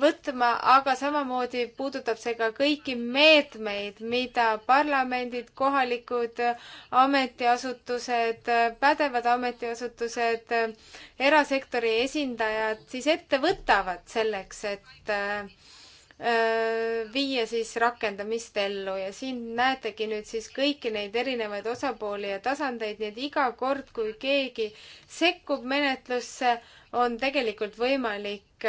[SPEAKER 6] võtma, aga samamoodi puudutab see ka kõiki meetmeid, mida parlamendid, kohalikud ametiasutused, pädevad ametiasutused, erasektori esindajad siis ette võtavad selleks, et viia siis rakendamist ellu ja siin näetegi nüüd siis kõiki neid erinevaid osapooli ja tasandeid, nii et iga kord, kui keegi sekkub menetlusse, on tegelikult võimalik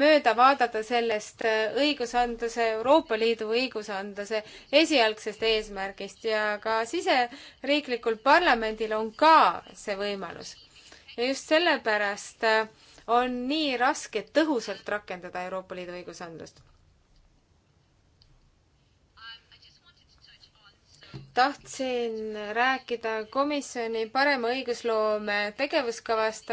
[SPEAKER 6] mööda vaadata sellest õigusandluse, Euroopa Liidu õigusandluse esialgsest eesmärgist ja ka siseriiklikul parlamendil on ka see võimalus. ja just sellepärast äh, on nii raske tõhusalt rakendada Euroopa Liidu õigusandlust. tahtsin rääkida komisjoni parema õigusloome tegevuskavast.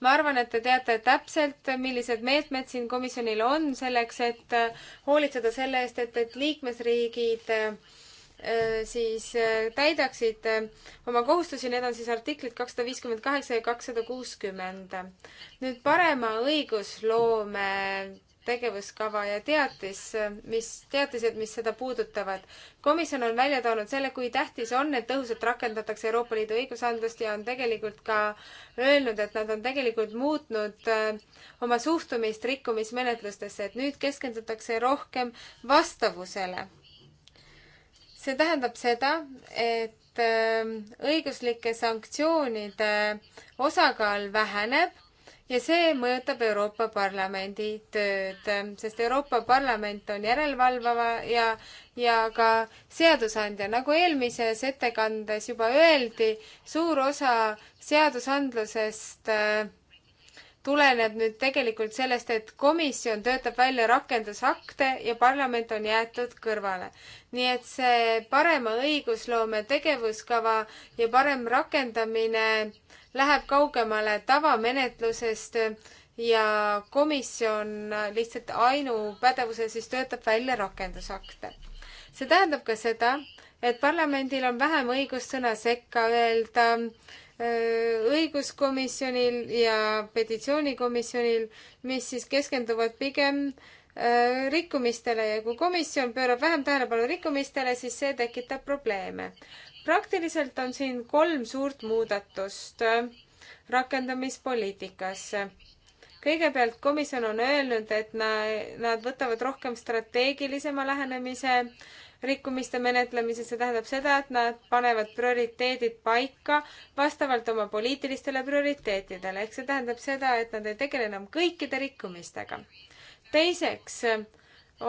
[SPEAKER 6] ma arvan, et te teate täpselt, millised meetmed siin komisjonil on selleks, et hoolitseda selle eest, et, et liikmesriigid äh, Äh, siis äh, täidaksid äh, oma kohustusi, need on siis artiklid kakssada viiskümmend kaheksa ja kakssada kuuskümmend. nüüd parema õigusloome tegevuskava ja teatis, mis, teatised, mis seda puudutavad. komisjon on välja toonud selle, kui tähtis on, et tõhusalt rakendatakse Euroopa Liidu õigusandlust ja on tegelikult ka öelnud, et nad on tegelikult muutnud oma suhtumist rikkumismenetlustesse, et nüüd keskendutakse rohkem vastavusele see tähendab seda, et ähm, õiguslike sanktsioonide osakaal väheneb ja see mõjutab Euroopa Parlamendi tööd, sest Euroopa Parlament on järelevalvava ja, ja ka seadusandja. nagu eelmises ettekandes juba öeldi, suur osa seadusandlusest äh, tuleneb nüüd tegelikult sellest, et komisjon töötab välja rakendusakte ja parlament on jäetud kõrvale. nii et see parema õigusloome tegevuskava ja parem rakendamine läheb kaugemale tavamenetlusest ja komisjon lihtsalt ainupädevuse siis töötab välja rakendusakte. see tähendab ka seda, et parlamendil on vähem õigust sõna sekka öelda äh, Äh, õiguskomisjonil ja petitsioonikomisjonil, mis siis keskenduvad pigem äh, rikkumistele ja kui komisjon pöörab vähem tähelepanu rikkumistele, siis see tekitab probleeme. praktiliselt on siin kolm suurt muudatust äh, rakendamispoliitikas. kõigepealt komisjon on öelnud, et nad võtavad rohkem strateegilisema lähenemise äh, rikkumiste menetlemises, see tähendab seda, et nad panevad prioriteedid paika vastavalt oma poliitilistele prioriteetidele, ehk see tähendab seda, et nad ei tegele enam kõikide rikkumistega. teiseks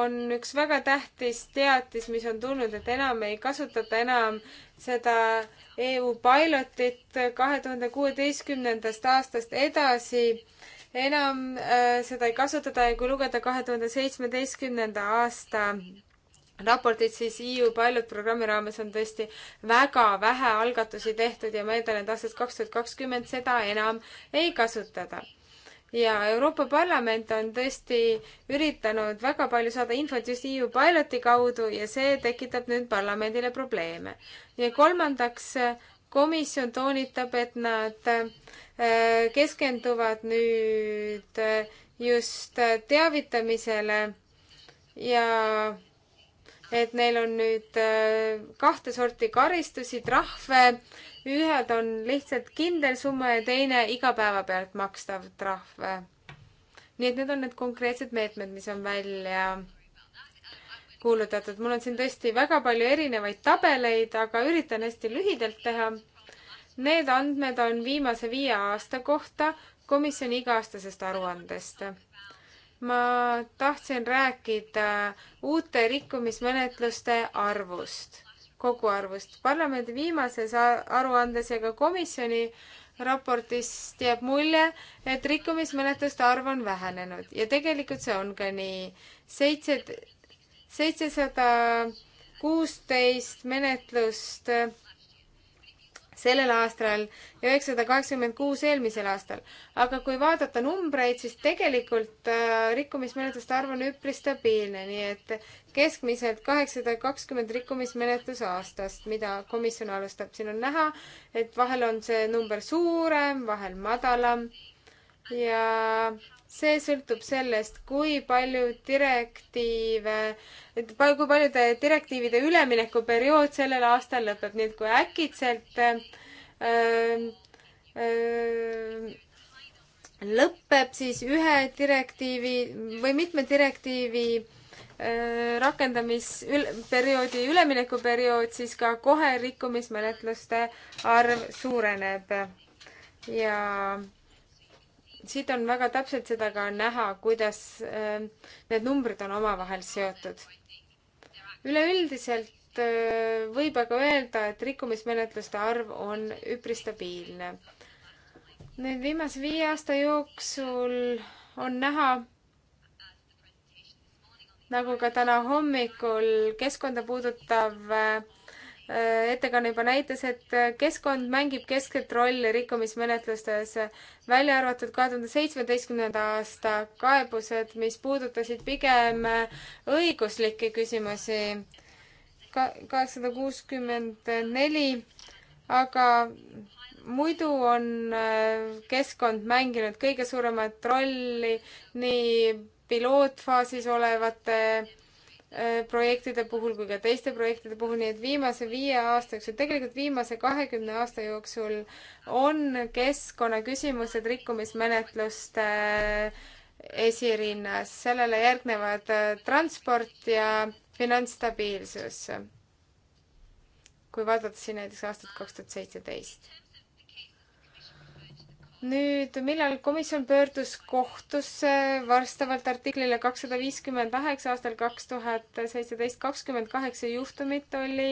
[SPEAKER 6] on üks väga tähtis teatis, mis on tulnud, et enam ei kasutata enam seda EU pilotit kahe tuhande kuueteistkümnendast aastast edasi enam äh, seda ei kasutata ja kui lugeda kahe tuhande seitsmeteistkümnenda aasta raportit, siis EU Pilot programmi raames on tõesti väga vähe algatusi tehtud ja ma eeldan, et aastast kaks tuhat kakskümmend seda enam ei kasutada. ja Euroopa Parlament on tõesti üritanud väga palju saada infot just EU Piloti kaudu ja see tekitab nüüd parlamendile probleeme. ja kolmandaks, komisjon toonitab, et nad äh, keskenduvad nüüd äh, just teavitamisele ja et neil on nüüd äh, kahte sorti karistusi, trahve, ühed on lihtsalt kindel summa ja teine igapäevapealt makstav trahv. nii et need on need konkreetsed meetmed, mis on välja kuulutatud. mul on siin tõesti väga palju erinevaid tabeleid, aga üritan hästi lühidalt teha. Need andmed on viimase viie aasta kohta komisjoni iga-aastasest aruandest ma tahtsin rääkida uute rikkumismenetluste arvust, koguarvust. parlamendi viimases aruandes ja ka komisjoni raportist jääb mulje, et rikkumismenetluste arv on vähenenud ja tegelikult see on ka nii. seitse, seitsesada kuusteist menetlust sellel aastal ja üheksasada kaheksakümmend kuus eelmisel aastal. aga kui vaadata numbreid, siis tegelikult äh, rikkumismenetluste arv on üpris stabiilne, nii et keskmiselt kaheksasada kakskümmend rikkumismenetluse aastast, mida komisjon alustab. siin on näha, et vahel on see number suurem, vahel madalam ja see sõltub sellest, kui palju direktiive, kui paljude direktiivide üleminekuperiood sellel aastal lõpeb, nii et kui äkitselt öö, äh, öö, äh, lõpeb siis ühe direktiivi või mitme direktiivi äh, rakendamisperioodi üleminekuperiood, siis ka kohe rikkumismenetluste arv suureneb. ja siit on väga täpselt seda ka näha, kuidas äh, need numbrid on omavahel seotud. üleüldiselt äh, võib aga öelda, et rikkumismenetluste arv on üpris stabiilne. nüüd viimase viie aasta jooksul on näha, nagu ka täna hommikul keskkonda puudutav äh, Äh, ettekanne juba näitas, et äh, keskkond mängib keskset rolli rikkumismenetlustes, välja arvatud kahe tuhande seitsmeteistkümnenda aasta kaebused, mis puudutasid pigem äh, õiguslikke küsimusi, kaheksasada kuuskümmend neli, aga muidu on keskkond mänginud kõige suuremat rolli nii pilootfaasis olevate Äh, projektide puhul kui ka teiste projektide puhul, nii et viimase viie aasta jooksul, tegelikult viimase kahekümne aasta jooksul on keskkonnaküsimused rikkumismenetluste äh, esirinnas, sellele järgnevad äh, transport ja finantsstabiilsus. kui vaadata siin näiteks aastat kaks tuhat seitseteist nüüd, millal komisjon pöördus kohtusse vastavalt artiklile kakssada viiskümmend kaheksa aastal kaks tuhat seitseteist, kakskümmend kaheksa juhtumit oli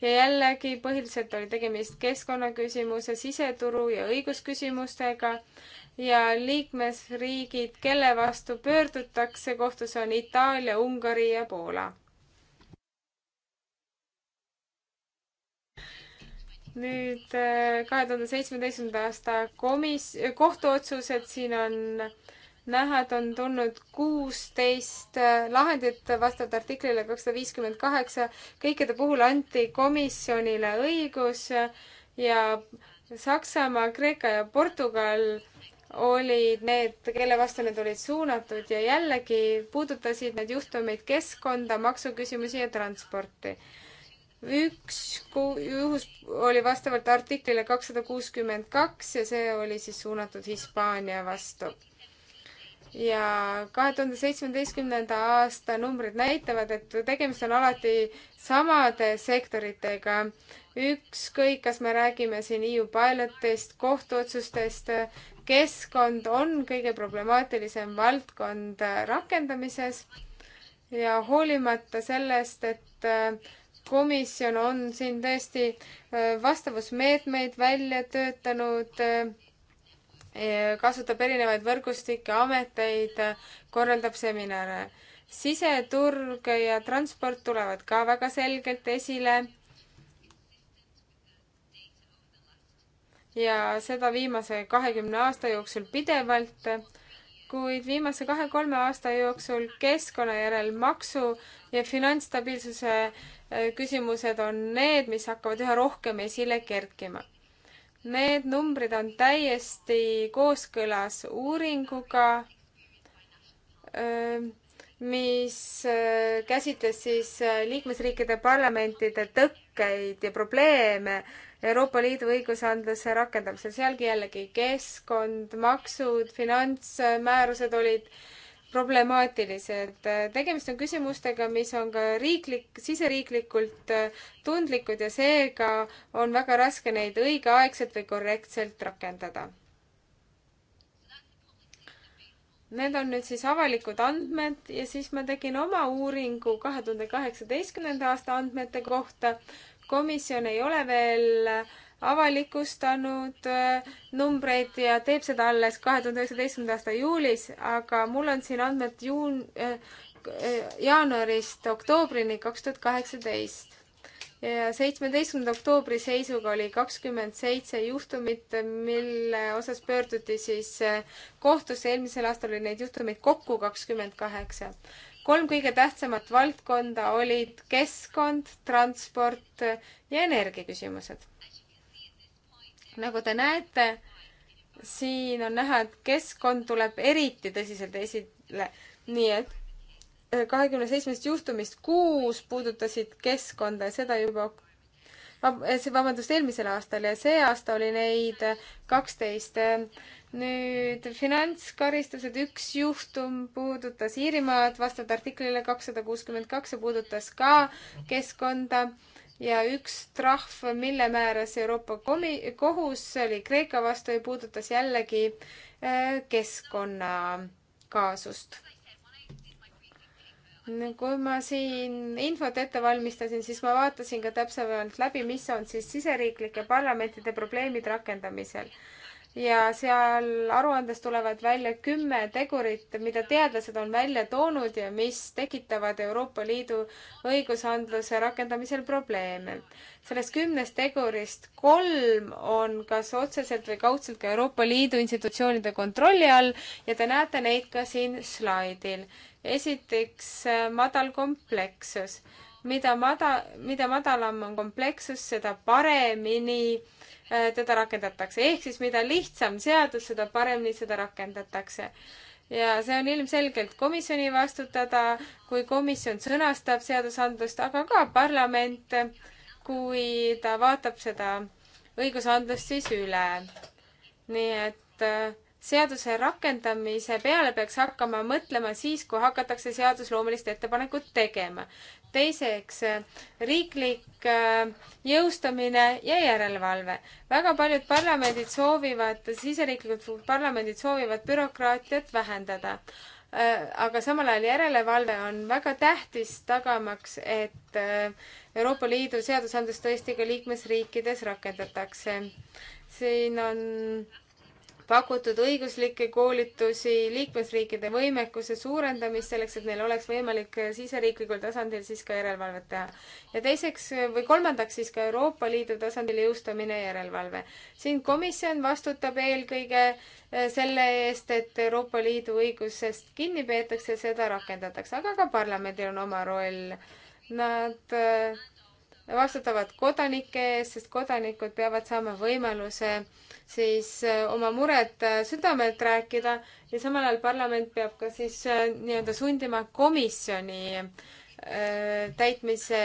[SPEAKER 6] ja jällegi põhiliselt oli tegemist keskkonnaküsimuse, siseturu ja õigusküsimustega ja liikmesriigid, kelle vastu pöördutakse kohtusse, on Itaalia, Ungari ja Poola. nüüd äh, kahe tuhande seitsmeteistkümnenda aasta komis-, äh, kohtuotsused, siin on näha, et on tulnud kuusteist äh, lahendit vastavalt artiklile kakssada viiskümmend kaheksa. kõikide puhul anti komisjonile õigus ja Saksamaa, Kreeka ja Portugal olid need, kelle vastu need olid suunatud ja jällegi puudutasid need juhtumid keskkonda, maksuküsimusi ja transporti üks juhus oli vastavalt artiklile kakssada kuuskümmend kaks ja see oli siis suunatud Hispaania vastu. ja kahe tuhande seitsmeteistkümnenda aasta numbrid näitavad, et tegemist on alati samade sektoritega. ükskõik, kas me räägime siin EU pilotist, kohtuotsustest, keskkond on kõige problemaatilisem valdkond rakendamises ja hoolimata sellest, et äh, komisjon on siin tõesti äh, vastavusmeetmeid välja töötanud, äh, kasutab erinevaid võrgustikke, ameteid, korraldab seminare. siseturg ja transport tulevad ka väga selgelt esile. ja seda viimase kahekümne aasta jooksul pidevalt kuid viimase kahe-kolme aasta jooksul keskkonna järel maksu ja finantsstabiilsuse äh, küsimused on need, mis hakkavad üha rohkem esile kerkima. Need numbrid on täiesti kooskõlas uuringuga, äh, mis äh, käsitles siis liikmesriikide parlamentide tõkkeid ja probleeme Euroopa Liidu õigusandluse rakendamisel. sealgi jällegi keskkond, maksud, finantsmäärused olid problemaatilised. tegemist on küsimustega, mis on ka riiklik, siseriiklikult äh, tundlikud ja seega on väga raske neid õigeaegselt või korrektselt rakendada. Need on nüüd siis avalikud andmed ja siis ma tegin oma uuringu kahe tuhande kaheksateistkümnenda aasta andmete kohta komisjon ei ole veel avalikustanud äh, numbreid ja teeb seda alles kahe tuhande üheksateistkümnenda aasta juulis, aga mul on siin andmed juun- äh, äh,, jaanuarist oktoobrini kaks tuhat kaheksateist ja seitsmeteistkümnenda oktoobri seisuga oli kakskümmend seitse juhtumit, mille osas pöörduti siis äh, kohtusse, eelmisel aastal oli neid juhtumeid kokku kakskümmend kaheksa kolm kõige tähtsamat valdkonda olid keskkond, transport ja energiaküsimused. nagu te näete, siin on näha, et keskkond tuleb eriti tõsiselt esile, nii et eh, kahekümne seitsmest juhtumist kuus puudutasid keskkonda ja seda juba Eh, vabandust, eelmisel aastal ja see aasta oli neid kaksteist. nüüd finantskaristused, üks juhtum puudutas Iirimaad vastavalt artiklile kakssada kuuskümmend kaks ja puudutas ka keskkonda ja üks trahv, mille määras Euroopa komi-, kohus, see oli Kreeka vastu ja puudutas jällegi eh, keskkonnakaasust kui ma siin infot ette valmistasin, siis ma vaatasin ka täpsemalt läbi, mis on siis siseriiklike parlamentide probleemid rakendamisel ja seal aruandes tulevad välja kümme tegurit, mida teadlased on välja toonud ja mis tekitavad Euroopa Liidu õigusandluse rakendamisel probleeme. sellest kümnest tegurist kolm on kas otseselt või kaudselt ka Euroopa Liidu institutsioonide kontrolli all ja te näete neid ka siin slaidil. esiteks äh, madal komplekssus. mida mada-, mida madalam on komplekssus, seda paremini äh, Äh, teda rakendatakse. ehk siis mida lihtsam seadus, seda paremini seda rakendatakse ja see on ilmselgelt komisjoni vastutada, kui komisjon sõnastab seadusandlust, aga ka parlament, kui ta vaatab seda õigusandlust siis üle. nii et äh, seaduse rakendamise peale peaks hakkama mõtlema siis, kui hakatakse seadusloomelist ettepanekut tegema teiseks, äh, riiklik äh, jõustamine ja järelevalve. väga paljud parlamendid soovivad, siseriiklikud parlamendid soovivad bürokraatiat vähendada. Äh, aga samal ajal järelevalve on väga tähtis, tagamaks, et Euroopa Liidu seadusandlust tõesti ka liikmesriikides rakendatakse. siin on pakutud õiguslikke koolitusi, liikmesriikide võimekuse suurendamist selleks, et neil oleks võimalik siseriiklikul tasandil siis ka järelevalvet teha. ja teiseks või kolmandaks siis ka Euroopa Liidu tasandil jõustamine ja järelevalve. siin komisjon vastutab eelkõige eh, selle eest, et Euroopa Liidu õigusest kinni peetakse, seda rakendatakse, aga ka parlamendil on oma roll. Nad eh, vastutavad kodanike ees, sest kodanikud peavad saama võimaluse äh, siis äh, oma mured äh, südamelt rääkida ja samal ajal parlament peab ka siis äh, nii-öelda sundima komisjoni täitmise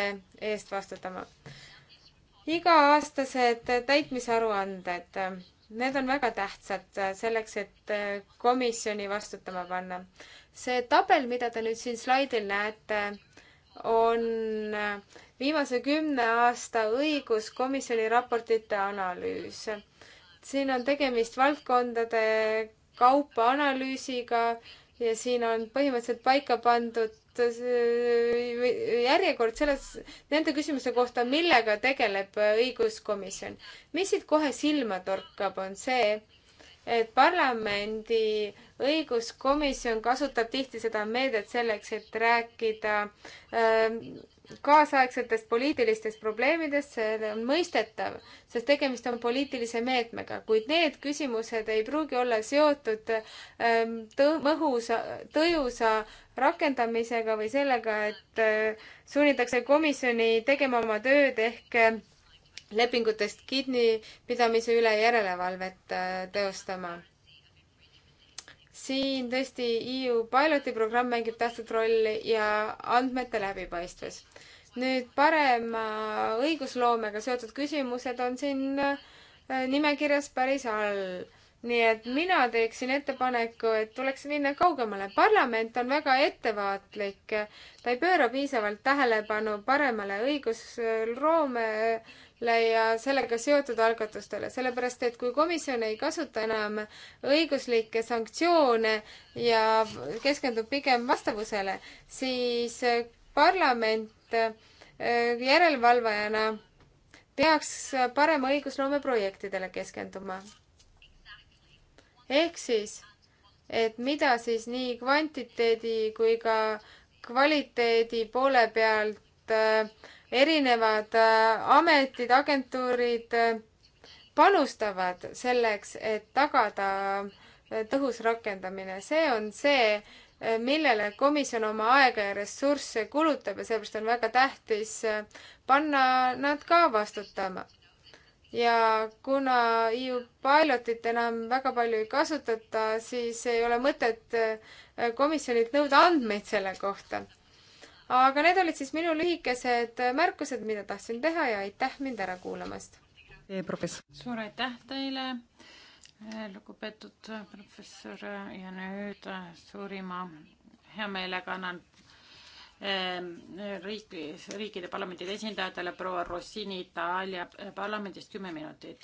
[SPEAKER 6] eest vastutama. iga-aastased täitmisaruanded, need on väga tähtsad selleks, et komisjoni vastutama panna. see tabel, mida te nüüd siin slaidil näete, on viimase kümne aasta õiguskomisjoni raportite analüüs siin on tegemist valdkondade kaupa analüüsiga ja siin on põhimõtteliselt paika pandud järjekord selles, nende küsimuste kohta, millega tegeleb õiguskomisjon. mis siit kohe silma torkab, on see, et parlamendi õiguskomisjon kasutab tihti seda meedet selleks, et rääkida äh, kaasaegsetest poliitilistest probleemidest, see on mõistetav, sest tegemist on poliitilise meetmega, kuid need küsimused ei pruugi olla seotud ähm, tõ-, mõhusa, tõjusa rakendamisega või sellega, et äh, sunnitakse komisjoni tegema oma tööd ehk äh, lepingutest kinnipidamise üle järelevalvet äh, teostama siin tõesti EU piloti programm mängib tähtsat rolli ja andmete läbipaistvus. nüüd parema õigusloomega seotud küsimused on siin äh, nimekirjas päris all. nii et mina teeksin ettepaneku, et tuleks minna kaugemale. parlament on väga ettevaatlik, ta ei pööra piisavalt tähelepanu paremale õigusloome ja sellega seotud algatustele, sellepärast et kui komisjon ei kasuta enam õiguslikke sanktsioone ja keskendub pigem vastavusele, siis parlament äh, järelevalvajana peaks parema õigusloome projektidele keskenduma. ehk siis, et mida siis nii kvantiteedi kui ka kvaliteedi poole pealt äh, erinevad äh, ametid, agentuurid äh, panustavad selleks, et tagada äh, tõhus rakendamine. see on see, millele komisjon oma aega ja ressursse kulutab ja seepärast on väga tähtis panna nad ka vastutama. ja kuna EU pilotit enam väga palju ei kasutata, siis ei ole mõtet komisjonilt nõuda andmeid selle kohta aga need olid siis minu lühikesed märkused, mida tahtsin teha ja aitäh mind ära kuulamast. suur aitäh
[SPEAKER 4] teile, lugupeetud professor ja nüüd suurima heameelega annan riigi, riikide parlamentide esindajatele proua Rossini Itaalia parlamendist kümme minutit.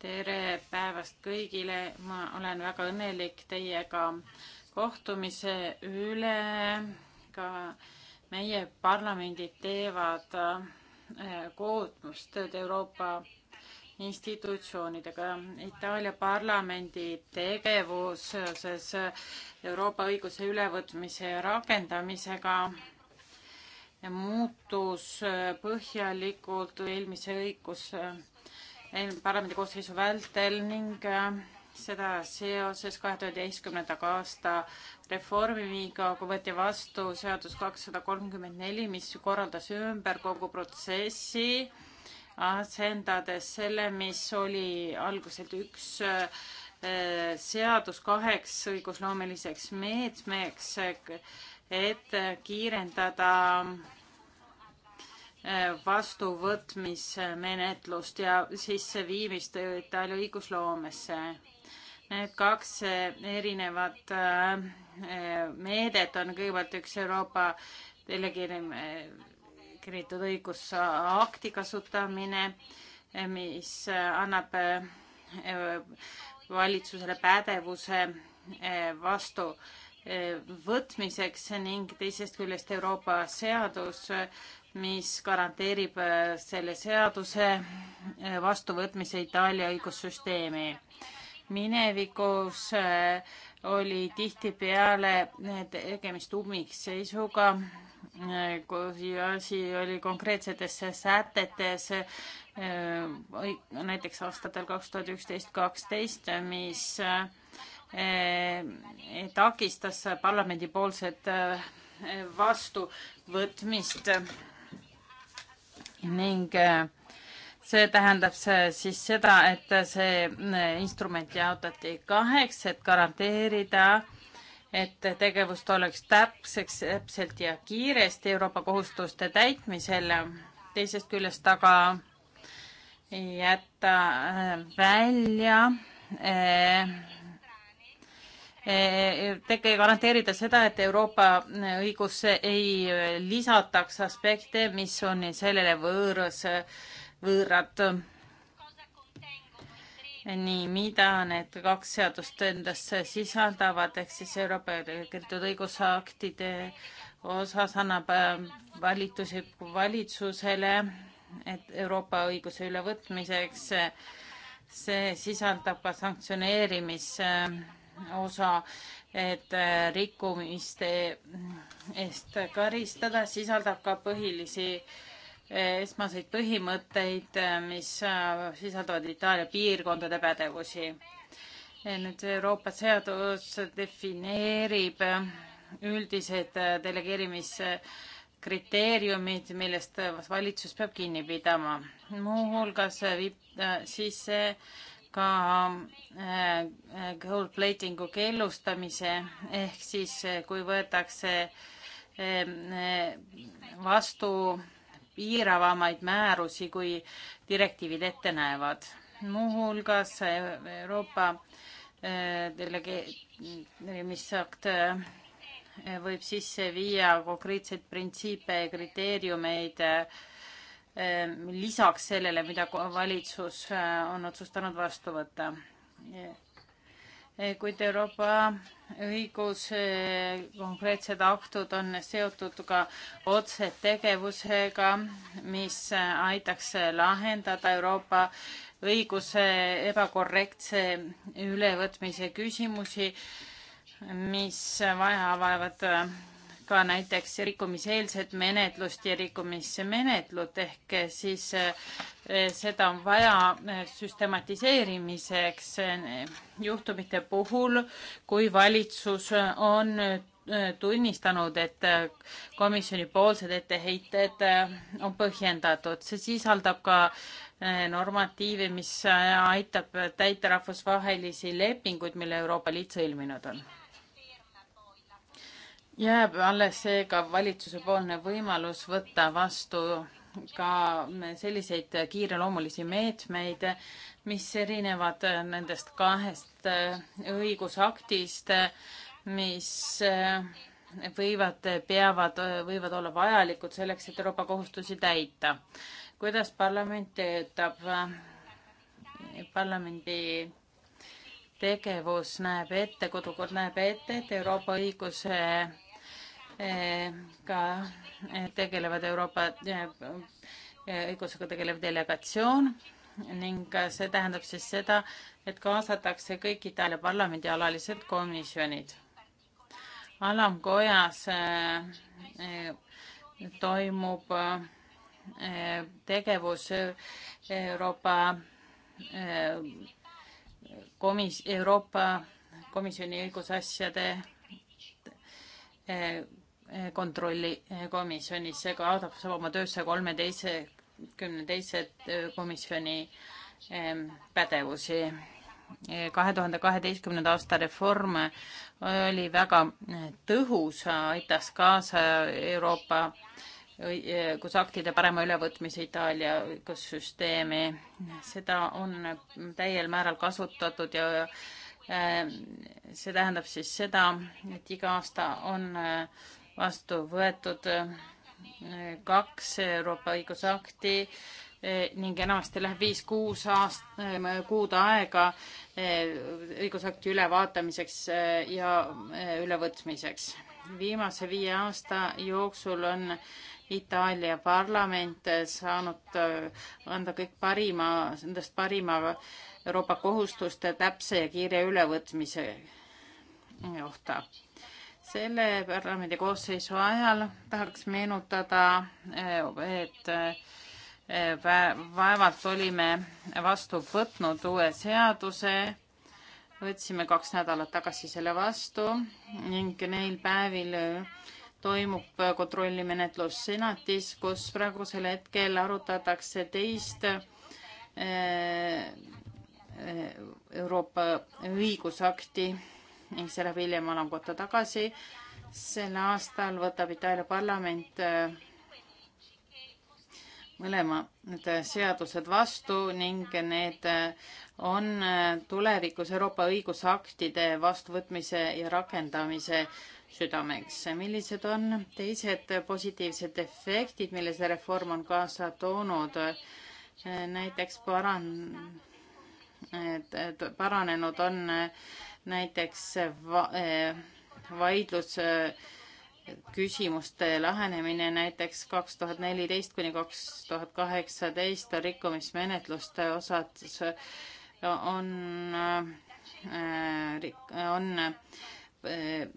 [SPEAKER 4] tere päevast kõigile, ma olen väga õnnelik teiega kohtumise üle ka meie parlamendid teevad äh, koostööd Euroopa institutsioonidega. Itaalia parlamendi tegevuses Euroopa õiguse ülevõtmise ja rakendamisega muutus äh, põhjalikult eelmise õigus, äh, parlamendi koosseisu vältel ning seda seoses kahe tuhande üheteistkümnendaga aasta reformiga, kui võeti vastu seadus kakssada kolmkümmend neli, mis korraldas ümber kogu protsessi, asendades selle, mis oli alguselt üks äh, seadus kaheks õigusloomeliseks meetmeks, et kiirendada äh, vastuvõtmismenetlust ja sisseviimist Itaalia õigusloomesse. Need kaks äh, erinevat äh, äh, meedet on kõigepealt üks Euroopa delegeeritud õigusakti kasutamine, mis annab valitsusele pädevuse vastu võtmiseks ning teisest küljest Euroopa seadus, mis garanteerib selle seaduse vastuvõtmise Itaalia õigussüsteemi minevikus äh, oli tihtipeale äh, tegemist ummikseisuga, äh, kui asi oli konkreetsetes sätetes, näiteks aastatel kaks tuhat üksteist, kaksteist, mis takistas parlamendipoolset vastuvõtmist ning äh, see tähendab see siis seda, et see eh, instrument jaotati kaheks, et garanteerida, et tegevust oleks täpseks, täpselt ja kiiresti Euroopa kohustuste täitmisel. teisest küljest aga jätta eh, välja eh, tege-, garanteerida seda, et Euroopa õigusse ei lisataks aspekte, mis on sellele võõras võõrad. nii, mida need kaks seadust endasse sisaldavad, ehk siis Euroopa Liidu õigusaktide osas annab äh, valitusi valitsusele, et Euroopa õiguse ülevõtmiseks see sisaldab ka sanktsioneerimise äh, osa, et äh, rikkumiste eest karistada, sisaldab ka põhilisi äh, esmaseid põhimõtteid, mis äh, sisaldavad Itaalia piirkondade pädevusi. nüüd Euroopa seadus defineerib äh, üldised äh, delegeerimiskriteeriumid, millest valitsus peab kinni pidama. muuhulgas viib sisse ka gold plating'u keelustamise ehk siis, kui võetakse vastu piiravamaid määrusi, kui direktiivid ette näevad. muuhulgas Euroopa eh, delegeerimisakt eh, võib sisse viia konkreetseid printsiipe ja kriteeriumeid eh, lisaks sellele, mida valitsus on otsustanud vastu võtta. Eh, kuid Euroopa õigus, eh, konkreetsed aktud on seotud ka otsetegevusega, mis eh, aitaks lahendada Euroopa õiguse ebakorrektse ülevõtmise küsimusi, mis vaja vaevavad ka näiteks rikkumiseelset menetlust ja rikkumismenetlust ehk siis eh, seda on vaja eh, süstematiseerimiseks eh, juhtumite puhul, kui valitsus on tunnistanud, et komisjonipoolsed etteheited on põhjendatud. see sisaldab ka normatiivi, mis aitab täita rahvusvahelisi lepinguid, mille Euroopa Liit sõlminud on jääb alles seega valitsusepoolne võimalus võtta vastu ka selliseid kiireloomulisi meetmeid, mis erinevad nendest kahest äh, õigusaktist, äh, mis äh, võivad, peavad, võivad olla vajalikud selleks, et Euroopa kohustusi täita. kuidas parlament töötab? parlamendi tegevus näeb ette, kodukord näeb ette, et Euroopa õiguse eh, ka eh, tegelevad Euroopa eh, õigusega tegelev delegatsioon ning see tähendab siis seda, et kaasatakse kõik Itaalia parlamendi alalised komisjonid. alamkojas toimub tegevus Euroopa komis-, Euroopa Komisjoni õigusasjade eh, kontrolli komisjonis, see kaotab oma töösse kolmeteistkümne teise komisjoni eh, pädevusi. kahe tuhande kaheteistkümnenda aasta reform oli väga tõhus, aitas kaasa Euroopa kus aktide parema ülevõtmise Itaalia õigussüsteemi. seda on täiel määral kasutatud ja äh, see tähendab siis seda, et iga aasta on äh, vastu võetud äh, kaks Euroopa õigusakti ning enamasti läheb viis-kuus aast-, kuud aega õigusakti ülevaatamiseks ja ülevõtmiseks viimase viie aasta jooksul on Itaalia parlament saanud äh, anda kõik parima, endast parima Euroopa kohustuste täpse ja kiire ülevõtmise kohta. selle parlamendi koosseisu ajal tahaks meenutada, äh, et äh, vaevalt olime vastu võtnud uue seaduse võtsime kaks nädalat tagasi selle vastu ning neil päevil toimub kontrollimenetlus senatis, kus praegusel hetkel arutatakse teist eh, Euroopa õigusakti ning see läheb hiljem alamkotta tagasi. sel aastal võtab Itaalia parlament eh, mõlemad seadused vastu ning need on tulevikus Euroopa õigusaktide vastuvõtmise ja rakendamise südameks. millised on teised positiivsed efektid, mille see reform on kaasa toonud? näiteks paran-, paranenud on näiteks va, eh, vaidlus eh, küsimuste lähenemine näiteks kaks tuhat neliteist kuni kaks tuhat kaheksateist rikkumismenetluste osad on, äh, on äh,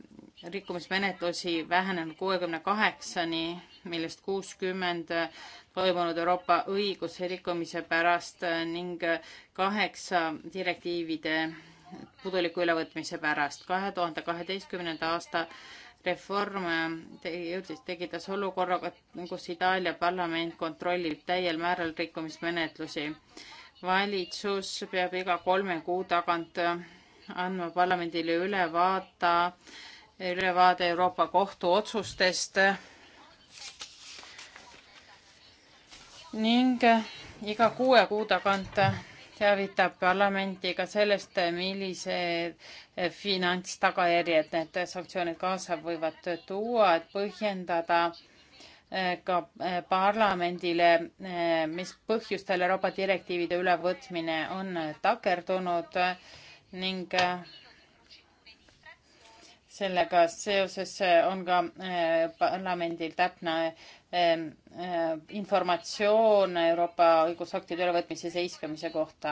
[SPEAKER 4] rikkumismenetlusi vähenenud kuuekümne kaheksani, millest kuuskümmend toimunud Euroopa õiguse rikkumise pärast ning kaheksa direktiivide puduliku ülevõtmise pärast. kahe tuhande kaheteistkümnenda aasta reform jõudis, tekitas olukorraga, kus Itaalia parlament kontrollib täiel määral rikkumismenetlusi. valitsus peab iga kolme kuu tagant andma parlamendile ülevaata, ülevaade Euroopa Kohtu otsustest ning iga kuue kuu tagant teavitab parlamenti ka sellest, millise finantstagajärjed need sanktsioonid kaasa võivad tuua, et põhjendada eh, ka eh, parlamendile, eh, mis põhjustel Euroopa direktiivide ülevõtmine on takerdunud ning sellega seoses on ka parlamendil täpne Eh, informatsioon Euroopa õigusaktide ülevõtmise seiskamise kohta.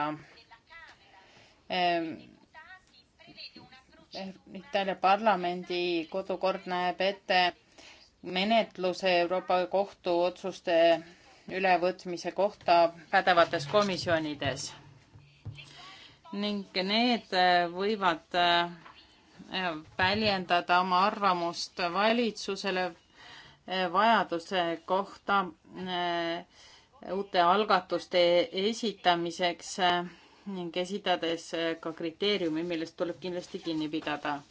[SPEAKER 4] Itaalia parlamendi kodukord näeb ette menetluse Euroopa Kohtu otsuste ülevõtmise kohta pädevates komisjonides ning need eh, võivad eh, väljendada oma arvamust valitsusele vajaduse kohta eh, uute algatuste esitamiseks eh, ning esitades eh, ka kriteeriumi, millest tuleb kindlasti kinni pidada.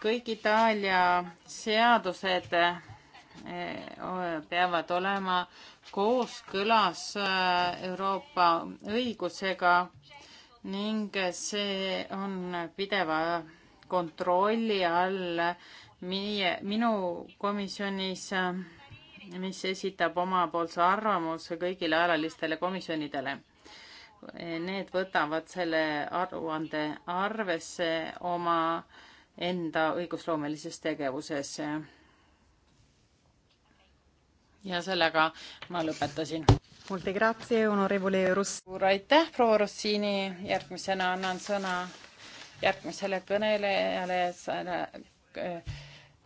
[SPEAKER 4] kõik Itaalia seadused peavad olema kooskõlas Euroopa õigusega ning see on pideva kontrolli all meie, minu komisjonis, äh, mis esitab omapoolse arvamuse kõigile alalistele komisjonidele. Need võtavad selle aruande arvesse oma enda õigusloomelises tegevuses. ja sellega ma lõpetasin. Molte grazie, onorevole Russ. suur aitäh, proua Rossini, järgmisena annan sõna järgmisele kõnelejale,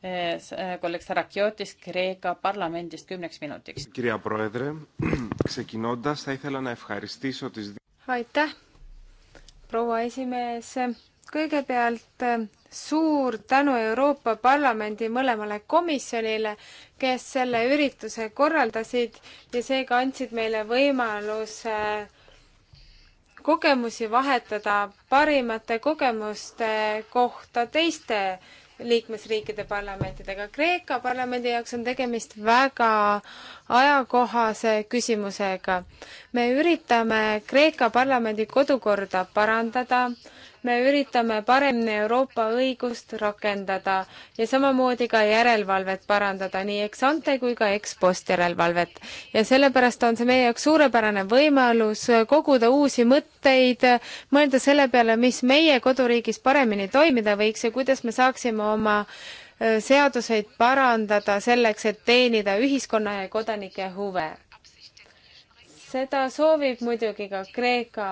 [SPEAKER 4] Eh, kolleeg Sarakiotis Kreeka parlamendist kümneks minutiks.
[SPEAKER 3] kirja
[SPEAKER 5] proedre, ξεκινώντας θα ήθελα να ευχαριστήσω τις...
[SPEAKER 6] aitäh, proua esimees. kõigepealt eh, suur tänu Euroopa Parlamendi mõlemale komisjonile, kes selle ürituse korraldasid ja seega andsid meile võimaluse eh, kogemusi vahetada parimate kogemuste kohta teiste liikmesriikide parlamentidega. Kreeka parlamendi jaoks on tegemist väga ajakohase küsimusega. me üritame Kreeka parlamendi kodukorda parandada me üritame paremini Euroopa õigust rakendada ja samamoodi ka järelevalvet parandada, nii ex-ante kui ka ex-post järelevalvet. ja sellepärast on see meie jaoks suurepärane võimalus koguda uusi mõtteid, mõelda selle peale, mis meie koduriigis paremini toimida võiks ja kuidas me saaksime oma seaduseid parandada selleks, et teenida ühiskonna ja kodanike huve. seda soovib muidugi ka Kreeka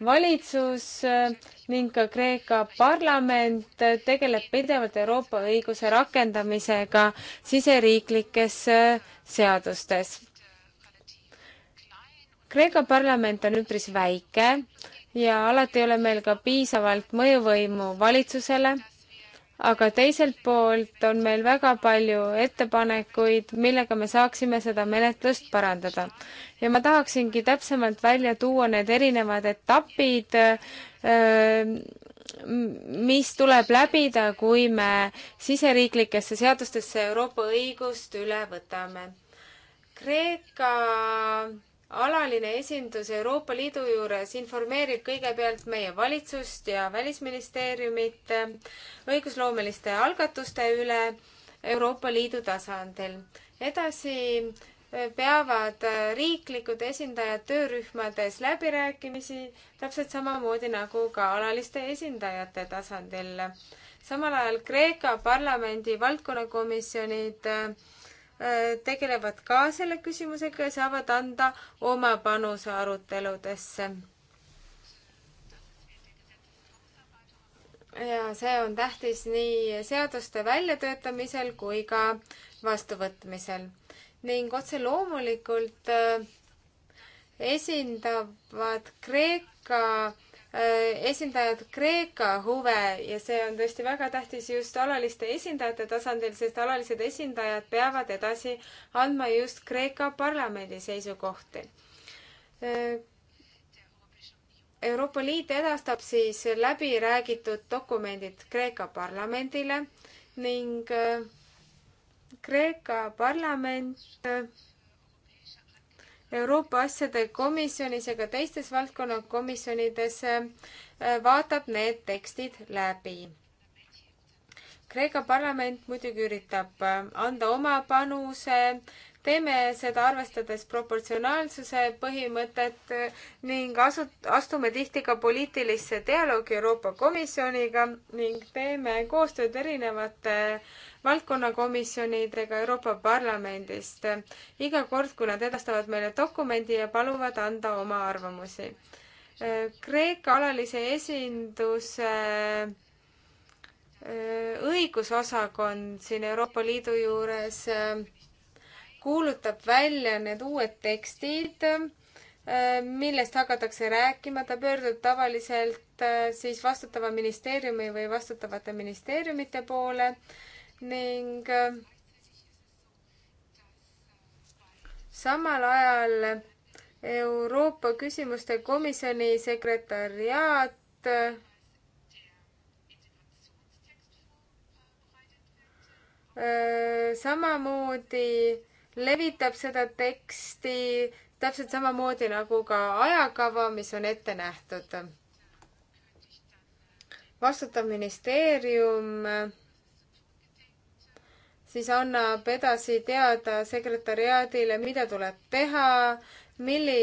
[SPEAKER 6] valitsus äh, ning ka Kreeka parlament äh, tegeleb pidevalt Euroopa õiguse rakendamisega siseriiklikes äh, seadustes. Kreeka parlament on üpris väike ja alati ei ole meil ka piisavalt mõjuvõimu valitsusele aga teiselt poolt on meil väga palju ettepanekuid, millega me saaksime seda menetlust parandada ja ma tahaksingi täpsemalt välja tuua need erinevad etapid, mis tuleb läbida, kui me siseriiklikesse seadustesse Euroopa õigust üle võtame. Kreeka alaline esindus Euroopa Liidu juures informeerib kõigepealt meie valitsust ja välisministeeriumit õigusloomeliste algatuste üle Euroopa Liidu tasandil. edasi peavad äh, riiklikud esindajad töörühmades läbirääkimisi, täpselt samamoodi nagu ka alaliste esindajate tasandil. samal ajal Kreeka parlamendi valdkonnakomisjonid äh, tegelevad ka selle küsimusega ja saavad anda oma panuse aruteludesse. ja see on tähtis nii seaduste väljatöötamisel kui ka vastuvõtmisel ning otse loomulikult äh, esindavad Kreeka äh, esindajad Kreeka huve ja see on tõesti väga tähtis just alaliste esindajate tasandil, sest alalised esindajad peavad edasi andma just Kreeka parlamendi seisukohti. Äh, Euroopa Liit edastab siis läbiräägitud dokumendid Kreeka parlamendile ning Kreeka parlament Euroopa asjade komisjonis ja ka teistes valdkonnakomisjonides eh, vaatab need tekstid läbi. Kreeka parlament muidugi üritab eh, anda oma panuse, teeme seda arvestades proportsionaalsuse põhimõtet eh, ning asu-, astume tihti ka poliitilisse dialoogi Euroopa Komisjoniga ning teeme koostööd erinevate valdkonnakomisjonidega Euroopa Parlamendist iga kord, kui nad edastavad meile dokumendi ja paluvad anda oma arvamusi. Kreeka alalise esinduse äh, õigusosakond siin Euroopa Liidu juures äh, kuulutab välja need uued tekstid, äh, millest hakatakse rääkima, ta pöördub tavaliselt siis vastutava ministeeriumi või vastutavate ministeeriumite poole ning äh, samal ajal Euroopa Küsimuste Komisjoni sekretariaat äh, samamoodi levitab seda teksti täpselt samamoodi nagu ka ajakava, mis on ette nähtud. vastutav ministeerium siis annab edasi teada sekretäriaadile, mida tuleb teha, milli,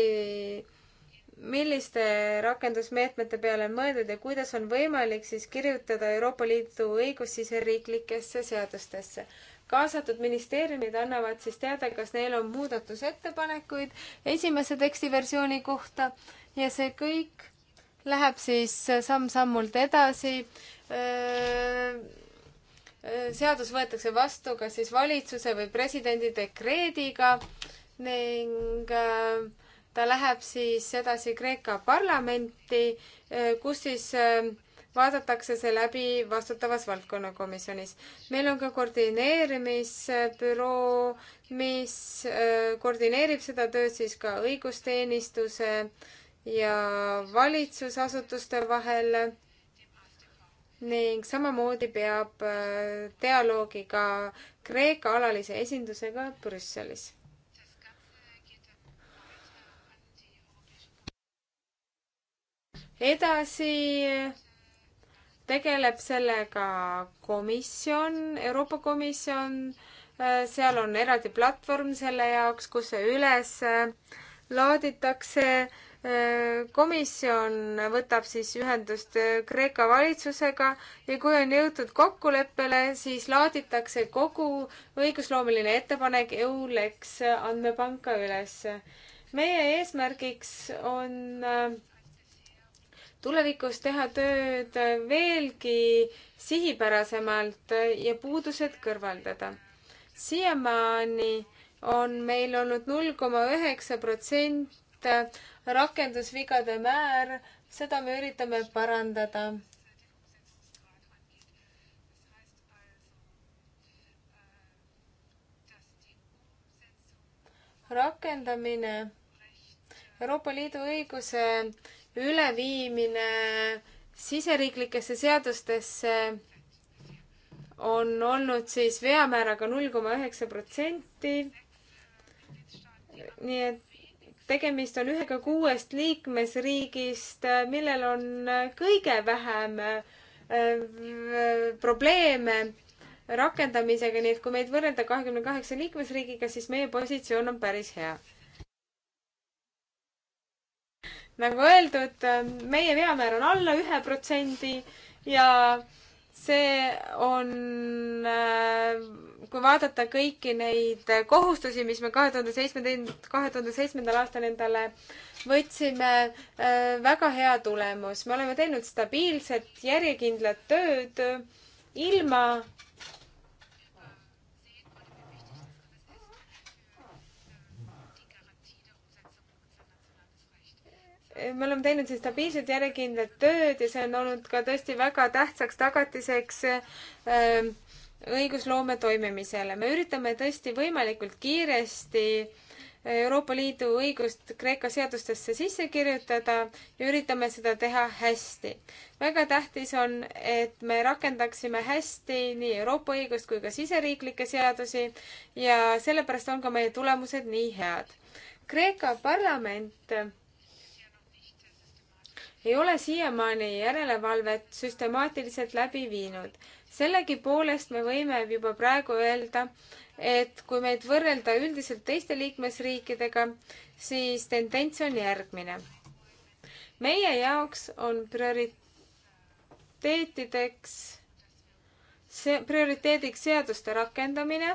[SPEAKER 6] milliste rakendusmeetmete peale on mõeldud ja kuidas on võimalik siis kirjutada Euroopa Liidu õigus siseriiklikesse seadustesse. kaasatud ministeeriumid annavad siis teada, kas neil on muudatusettepanekuid esimese tekstiversiooni kohta ja see kõik läheb siis samm-sammult edasi öö, seadus võetakse vastu kas siis valitsuse või presidendi dekreediga ning äh, ta läheb siis edasi Kreeka parlamenti, äh, kus siis äh, vaadatakse see läbi vastutavas valdkonnakomisjonis. meil on ka koordineerimisbüroo, mis koordineerib seda tööd siis ka õigusteenistuse ja valitsusasutuste vahel ning samamoodi peab äh, dialoogi ka Kreeka alalise esindusega Brüsselis. edasi tegeleb sellega komisjon, Euroopa Komisjon, äh, seal on eraldi platvorm selle jaoks, kus see üles äh, laaditakse komisjon võtab siis ühendust Kreeka valitsusega ja kui on jõutud kokkuleppele, siis laaditakse kogu õigusloomeline ettepanek EULEX andmepanka üles. meie eesmärgiks on äh, tulevikus teha tööd veelgi sihipärasemalt ja puudused kõrvaldada. siiamaani on meil olnud null koma üheksa protsenti rakendusvigade määr, seda me üritame parandada. rakendamine, Euroopa Liidu õiguse üleviimine siseriiklikesse seadustesse on olnud siis veamääraga null koma üheksa protsenti. nii et tegemist on ühega kuuest liikmesriigist, millel on kõige vähem äh, probleeme rakendamisega, nii et kui meid võrrelda kahekümne kaheksa liikmesriigiga, siis meie positsioon on päris hea. nagu öeldud, meie veamäär on alla ühe protsendi ja see on äh, kui vaadata kõiki neid kohustusi, mis me kahe tuhande seitsmeteist, kahe tuhande seitsmendal aastal endale võtsime, äh, väga hea tulemus. me oleme teinud stabiilset, järjekindlat tööd ilma me oleme teinud siin stabiilset järjekindlat tööd ja see on olnud ka tõesti väga tähtsaks tagatiseks äh, õigusloome toimimisele. me üritame tõesti võimalikult kiiresti Euroopa Liidu õigust Kreeka seadustesse sisse kirjutada ja üritame seda teha hästi. väga tähtis on, et me rakendaksime hästi nii Euroopa õigust kui ka siseriiklikke seadusi ja sellepärast on ka meie tulemused nii head. Kreeka parlament ei ole siiamaani järelevalvet süstemaatiliselt läbi viinud sellegipoolest me võime juba praegu öelda, et kui meid võrrelda üldiselt teiste liikmesriikidega, siis tendents on järgmine. meie jaoks on prioriteetideks, see prioriteediks seaduste rakendamine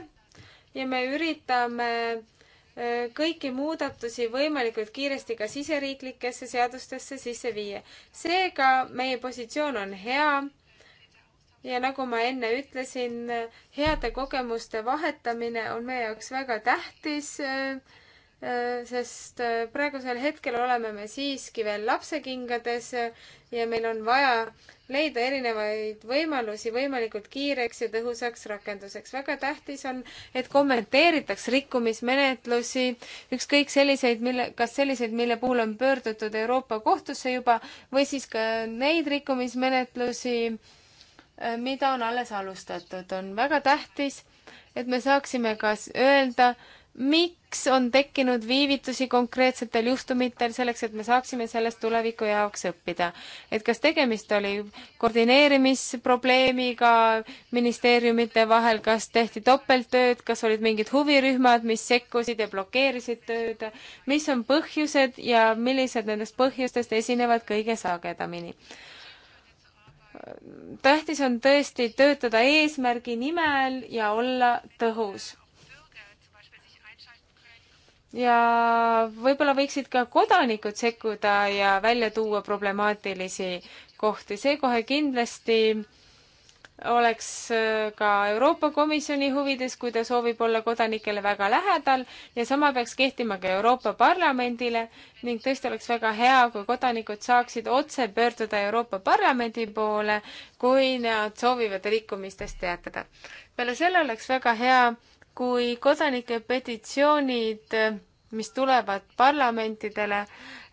[SPEAKER 6] ja me üritame äh, kõiki muudatusi võimalikult kiiresti ka siseriiklikesse seadustesse sisse viia. seega meie positsioon on hea ja nagu ma enne ütlesin, heade kogemuste vahetamine on meie jaoks väga tähtis, äh, äh, sest äh, praegusel hetkel oleme me siiski veel lapsekingades ja meil on vaja leida erinevaid võimalusi võimalikult kiireks ja tõhusaks rakenduseks. väga tähtis on, et kommenteeritaks rikkumismenetlusi, ükskõik selliseid, mille, kas selliseid, mille puhul on pöördutud Euroopa Kohtusse juba, või siis ka neid rikkumismenetlusi, Äh, mida on alles alustatud. on väga tähtis, et me saaksime kas öelda, miks on tekkinud viivitusi konkreetsetel juhtumitel selleks, et me saaksime sellest tuleviku jaoks õppida? et kas tegemist oli koordineerimisprobleemiga ministeeriumite vahel, kas tehti topelttööd, kas olid mingid huvirühmad, mis sekkusid ja blokeerisid tööd, mis on põhjused ja millised nendest põhjustest esinevad kõige sagedamini? tähtis on tõesti töötada eesmärgi nimel ja olla tõhus. ja võib-olla võiksid ka kodanikud sekkuda ja välja tuua problemaatilisi kohti, see kohe kindlasti oleks äh, ka Euroopa Komisjoni huvides, kui ta soovib olla kodanikele väga lähedal ja sama peaks kehtima ka Euroopa Parlamendile ning tõesti oleks väga hea, kui kodanikud saaksid otse pöörduda Euroopa Parlamendi poole, kui nad soovivad rikkumistest teatada. peale selle oleks väga hea, kui kodanike petitsioonid, mis tulevad parlamentidele,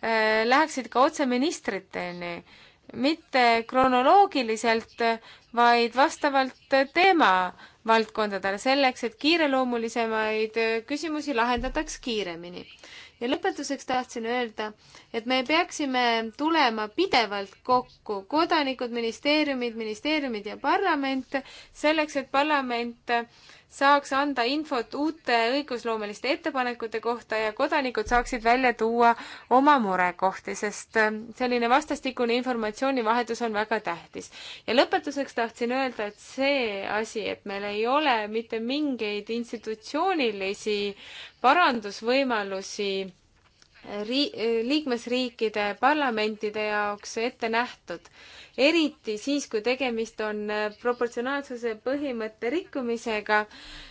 [SPEAKER 6] äh, läheksid ka otse ministriteni mitte kronoloogiliselt, vaid vastavalt teemavaldkondadele, selleks et kiireloomulisemaid küsimusi lahendataks kiiremini. ja lõpetuseks tahtsin öelda, et me peaksime tulema pidevalt kokku, kodanikud, ministeeriumid, ministeeriumid ja parlament, selleks et parlament saaks anda infot uute õigusloomeliste ettepanekute kohta ja kodanikud saaksid välja tuua oma murekohti, sest ähm, selline vastastikune informatsioonivahetus on väga tähtis. ja lõpetuseks tahtsin öelda, et see asi, et meil ei ole mitte mingeid institutsioonilisi parandusvõimalusi ri-, liikmesriikide parlamentide jaoks ette nähtud. eriti siis, kui tegemist on äh, proportsionaalsuse põhimõtte rikkumisega,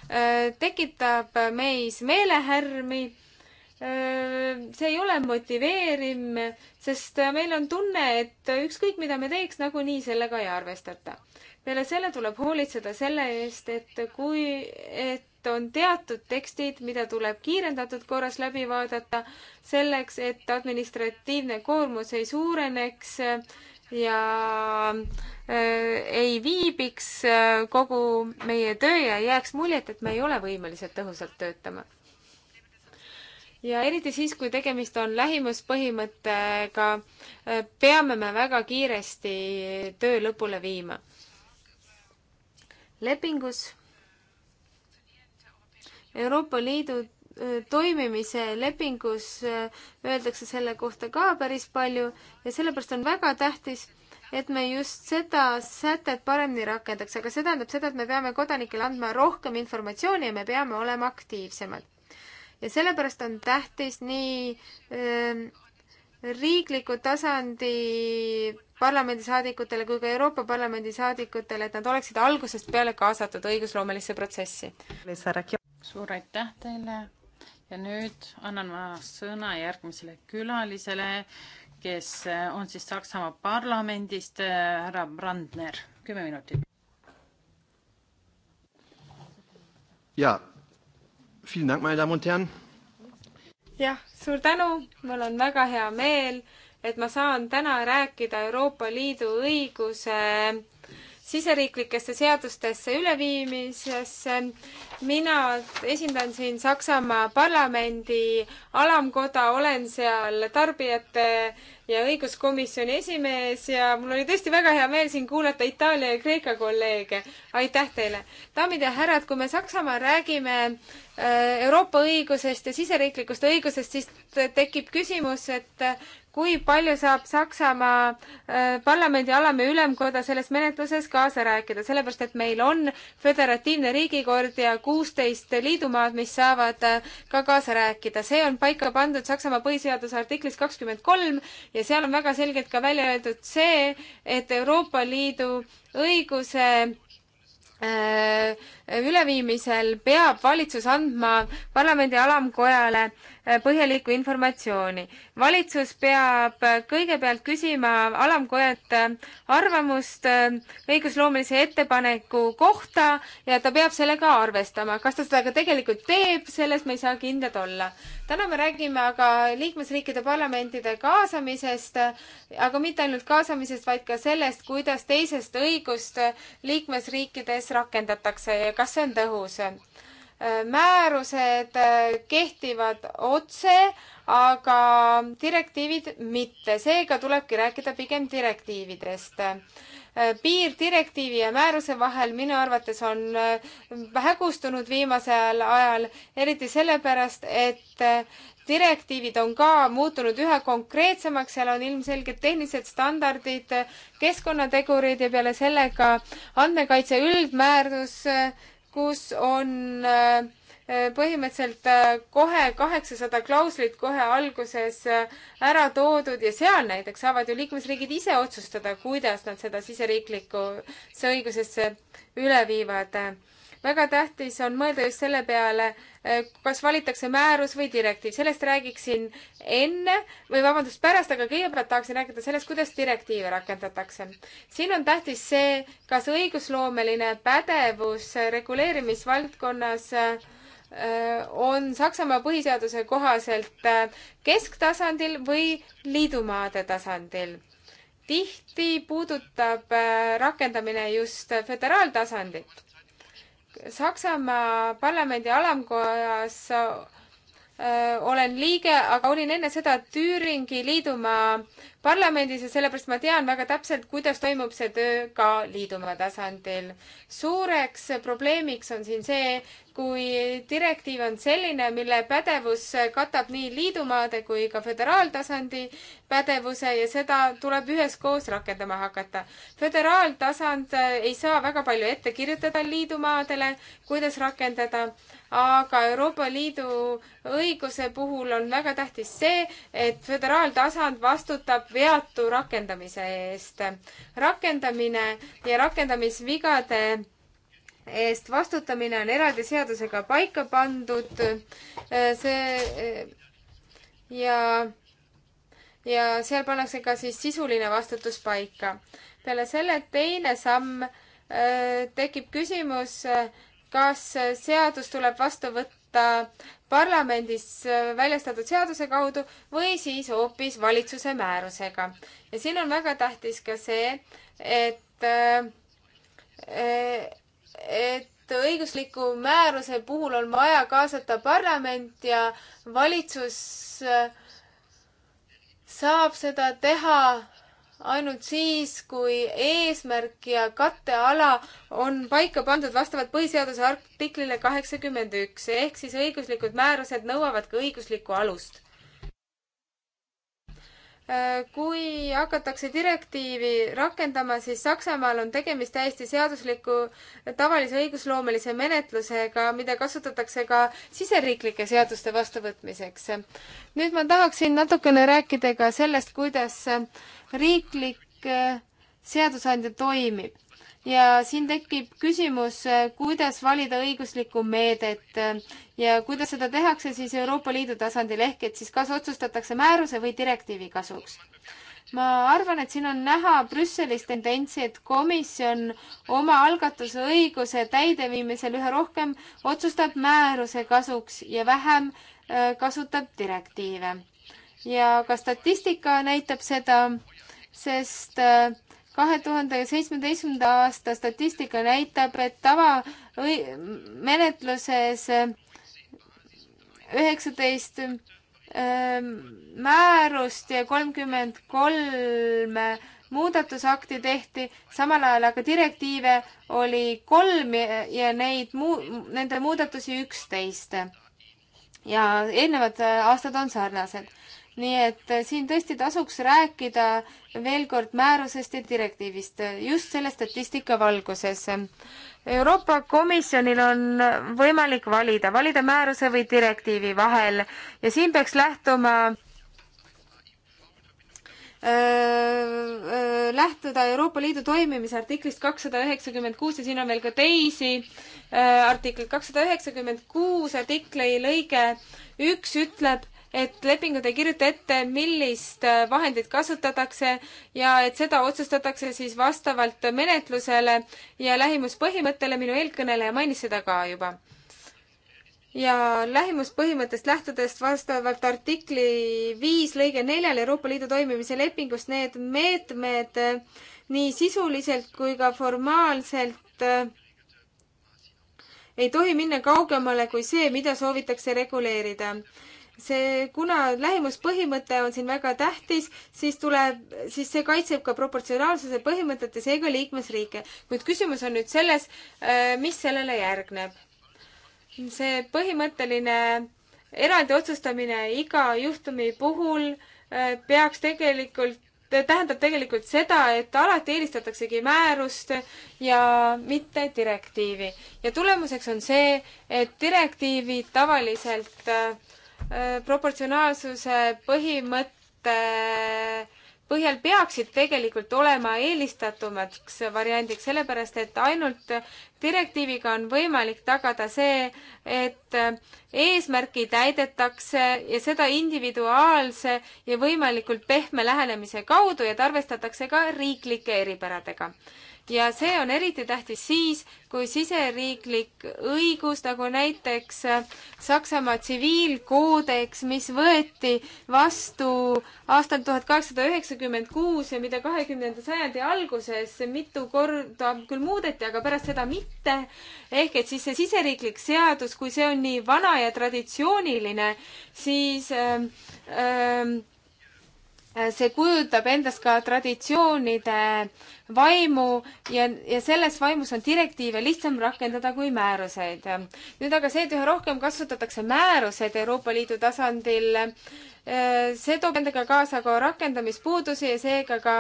[SPEAKER 6] äh, tekitab meis meelehärmi, äh, see ei ole motiveeriv, sest meil on tunne, et ükskõik, mida me teeks, nagunii sellega ei arvestata. peale selle tuleb hoolitseda selle eest, et kui, et et on teatud tekstid, mida tuleb kiirendatud korras läbi vaadata selleks, et administratiivne koormus ei suureneks ja äh, ei viibiks äh, kogu meie töö ja ei jääks muljet, et me ei ole võimelised tõhusalt töötama ja eriti siis, kui tegemist on lähimuspõhimõttega, äh, peame me väga kiiresti töö lõpule viima. lepingus Euroopa Liidu toimimise lepingus öeldakse selle kohta ka päris palju ja sellepärast on väga tähtis, et me just seda sätet paremini rakendaks, aga see tähendab seda, et me peame kodanikele andma rohkem informatsiooni ja me peame olema aktiivsemad. ja sellepärast on tähtis nii öö, riikliku tasandi parlamendisaadikutele kui ka Euroopa Parlamendi saadikutele, et nad oleksid algusest peale kaasatud õigusloomelisse protsessi suur aitäh teile ja nüüd annan
[SPEAKER 4] ma sõna järgmisele külalisele, kes on siis Saksamaa parlamendist, äh, härra Brandner, kümme minutit.
[SPEAKER 2] ja,
[SPEAKER 6] jah, suur tänu, mul on väga hea meel, et ma saan täna rääkida Euroopa Liidu õiguse siseriiklikesse seadustesse üleviimisesse mina esindan siin Saksamaa parlamendi alamkoda, olen seal tarbijate ja õiguskomisjoni esimees ja mul oli tõesti väga hea meel siin kuulata Itaalia ja Kreeka kolleege. aitäh teile! daamid ja härrad, kui me Saksamaal räägime äh, Euroopa õigusest ja siseriiklikust õigusest, siis tekib küsimus, et äh, kui palju saab Saksamaa äh, parlamendi alam- ja ülemkoda selles menetluses kaasa rääkida, sellepärast et meil on föderatiivne riigikord ja kuusteist liidumaad, mis saavad äh, ka kaasa rääkida. see on paika pandud Saksamaa põhiseaduse artiklis kakskümmend kolm ja seal on väga selgelt ka välja öeldud see, et Euroopa Liidu õiguse äh, üleviimisel peab valitsus andma parlamendi alamkojale Äh, põhjalikku informatsiooni. valitsus peab äh, kõigepealt küsima alamkojalt arvamust äh, õigusloomelise ettepaneku kohta ja ta peab sellega arvestama. kas ta seda ka tegelikult teeb, selles me ei saa kindlad olla. täna me räägime aga liikmesriikide parlamentide kaasamisest, aga mitte ainult kaasamisest, vaid ka sellest, kuidas teisest õigust liikmesriikides rakendatakse ja kas see on tõhus Äh, määrused äh, kehtivad otse, aga direktiivid mitte, seega tulebki rääkida pigem direktiividest. Äh, piir direktiivi ja määruse vahel minu arvates on hägustunud viimasel ajal, eriti sellepärast, et direktiivid on ka muutunud üha konkreetsemaks, seal on ilmselgelt tehnilised standardid, keskkonnategurid ja peale sellega andmekaitse üldmäärus kus on äh, põhimõtteliselt äh, kohe kaheksasada klauslit kohe alguses äh, ära toodud ja seal näiteks saavad ju liikmesriigid ise otsustada, kuidas nad seda siseriiklikusse õigusesse üle viivad väga tähtis on mõelda just selle peale, eh, kas valitakse määrus või direktiiv, sellest räägiksin enne või vabandust, pärast, aga kõigepealt tahaksin rääkida sellest, kuidas direktiive rakendatakse. siin on tähtis see, kas õigusloomeline pädevus reguleerimisvaldkonnas eh, on Saksamaa põhiseaduse kohaselt eh, kesktasandil või liidumaade tasandil tihti puudutab rakendamine just föderaaltasandit. Saksamaa parlamendi alamkojas Äh, olen liige, aga olin enne seda Tüüringi liidumaa parlamendis ja sellepärast ma tean väga täpselt, kuidas toimub see töö ka liidumaa tasandil. suureks probleemiks on siin see, kui direktiiv on selline, mille pädevus katab nii liidumaade kui ka föderaaltasandi pädevuse ja seda tuleb üheskoos rakendama hakata. föderaaltasand ei saa väga palju ette kirjutada liidumaadele, kuidas rakendada aga Euroopa Liidu õiguse puhul on väga tähtis see, et föderaaltasand vastutab veatu rakendamise eest. rakendamine ja rakendamisvigade eest vastutamine on eraldi seadusega paika pandud. see ja, ja seal pannakse ka siis sisuline vastutus paika. peale selle teine samm tekib küsimus, kas seadus tuleb vastu võtta parlamendis väljastatud seaduse kaudu või siis hoopis valitsuse määrusega. ja siin on väga tähtis ka see, et, et eh, et õigusliku määruse puhul on vaja kaasata parlament ja valitsus eh, saab seda teha ainult siis, kui eesmärk ja katteala on paika pandud vastavalt põhiseaduse artiklile kaheksakümmend üks, ehk siis õiguslikud määrused nõuavad ka õiguslikku alust. Äh, kui hakatakse direktiivi rakendama, siis Saksamaal on tegemist täiesti seadusliku tavalise õigusloomelise menetlusega, mida kasutatakse ka siseriiklike seaduste vastuvõtmiseks. nüüd ma tahaksin natukene rääkida ka sellest, kuidas riiklik äh, seadusandja toimib ja siin tekib küsimus, eh, kuidas valida õiguslikku meedet eh, ja kuidas seda tehakse siis Euroopa Liidu tasandil, ehk et siis kas otsustatakse määruse või direktiivi kasuks. ma arvan, et siin on näha Brüsselis tendentsi, et komisjon oma algatuse õiguse täideviimisel üha rohkem otsustab määruse kasuks ja vähem eh, kasutab direktiive. ja ka statistika näitab seda, sest äh, kahe tuhande seitsmeteistkümnenda aasta statistika näitab, et
[SPEAKER 3] tavamenetluses
[SPEAKER 6] üheksateist ähm, määrust ja kolmkümmend kolm muudatusakti tehti, samal ajal aga direktiive oli kolm ja neid muu, nende muudatusi üksteist. ja eelnevad aastad on sarnased nii et äh, siin tõesti tasuks rääkida veel kord määrusest ja direktiivist äh, just selle statistika valguses. Euroopa Komisjonil on võimalik valida, valida määruse või direktiivi vahel ja siin peaks lähtuma öö, äh, lähtuda Euroopa Liidu toimimise artiklist kakssada üheksakümmend kuus ja siin on veel ka teisi artikleid. kakssada üheksakümmend kuus artikli lõige üks ütleb, et lepingud ei kirjuta ette, millist äh, vahendit kasutatakse ja et seda otsustatakse siis vastavalt menetlusele ja lähimuspõhimõttele, minu eelkõneleja mainis seda ka juba ja lähimuspõhimõttest lähtudest vastavalt artikli viis lõige neljal Euroopa Liidu toimimise lepingust need meetmed nii sisuliselt kui ka formaalselt äh, ei tohi minna kaugemale kui see, mida soovitakse reguleerida see, kuna lähimuspõhimõte on siin väga tähtis, siis tuleb, siis see kaitseb ka proportsionaalsuse põhimõtet ja seega liikmesriike. kuid küsimus on nüüd selles, äh, mis sellele järgneb. see põhimõtteline eraldi otsustamine iga juhtumi puhul äh, peaks tegelikult tähendab tegelikult seda, et alati eelistataksegi määrust ja mitte direktiivi. ja tulemuseks on see, et direktiivid tavaliselt äh, Äh, proportsionaalsuse põhimõtte põhjal peaksid tegelikult olema eelistatumaks variandiks, sellepärast et ainult direktiiviga on võimalik tagada see, et eesmärki täidetakse ja seda individuaalse ja võimalikult pehme lähenemise kaudu ja et arvestatakse ka riiklike eripäradega ja see on eriti tähtis siis, kui siseriiklik õigus, nagu näiteks äh, Saksamaa tsiviilkoodeks, mis võeti vastu aastal tuhat kaheksasada üheksakümmend kuus ja mida kahekümnenda sajandi alguses mitu korda küll muudeti, aga pärast seda mitte. ehk et siis see siseriiklik seadus, kui see on nii vana ja traditsiooniline, siis ähm, ähm, Äh, see kujutab endast ka traditsioonide vaimu ja, ja selles vaimus on direktiive lihtsam rakendada kui määruseid. nüüd aga see, et üha rohkem kasutatakse määrused Euroopa Liidu tasandil, äh, see toob endaga kaasa ka rakendamispuudusi ja seega ka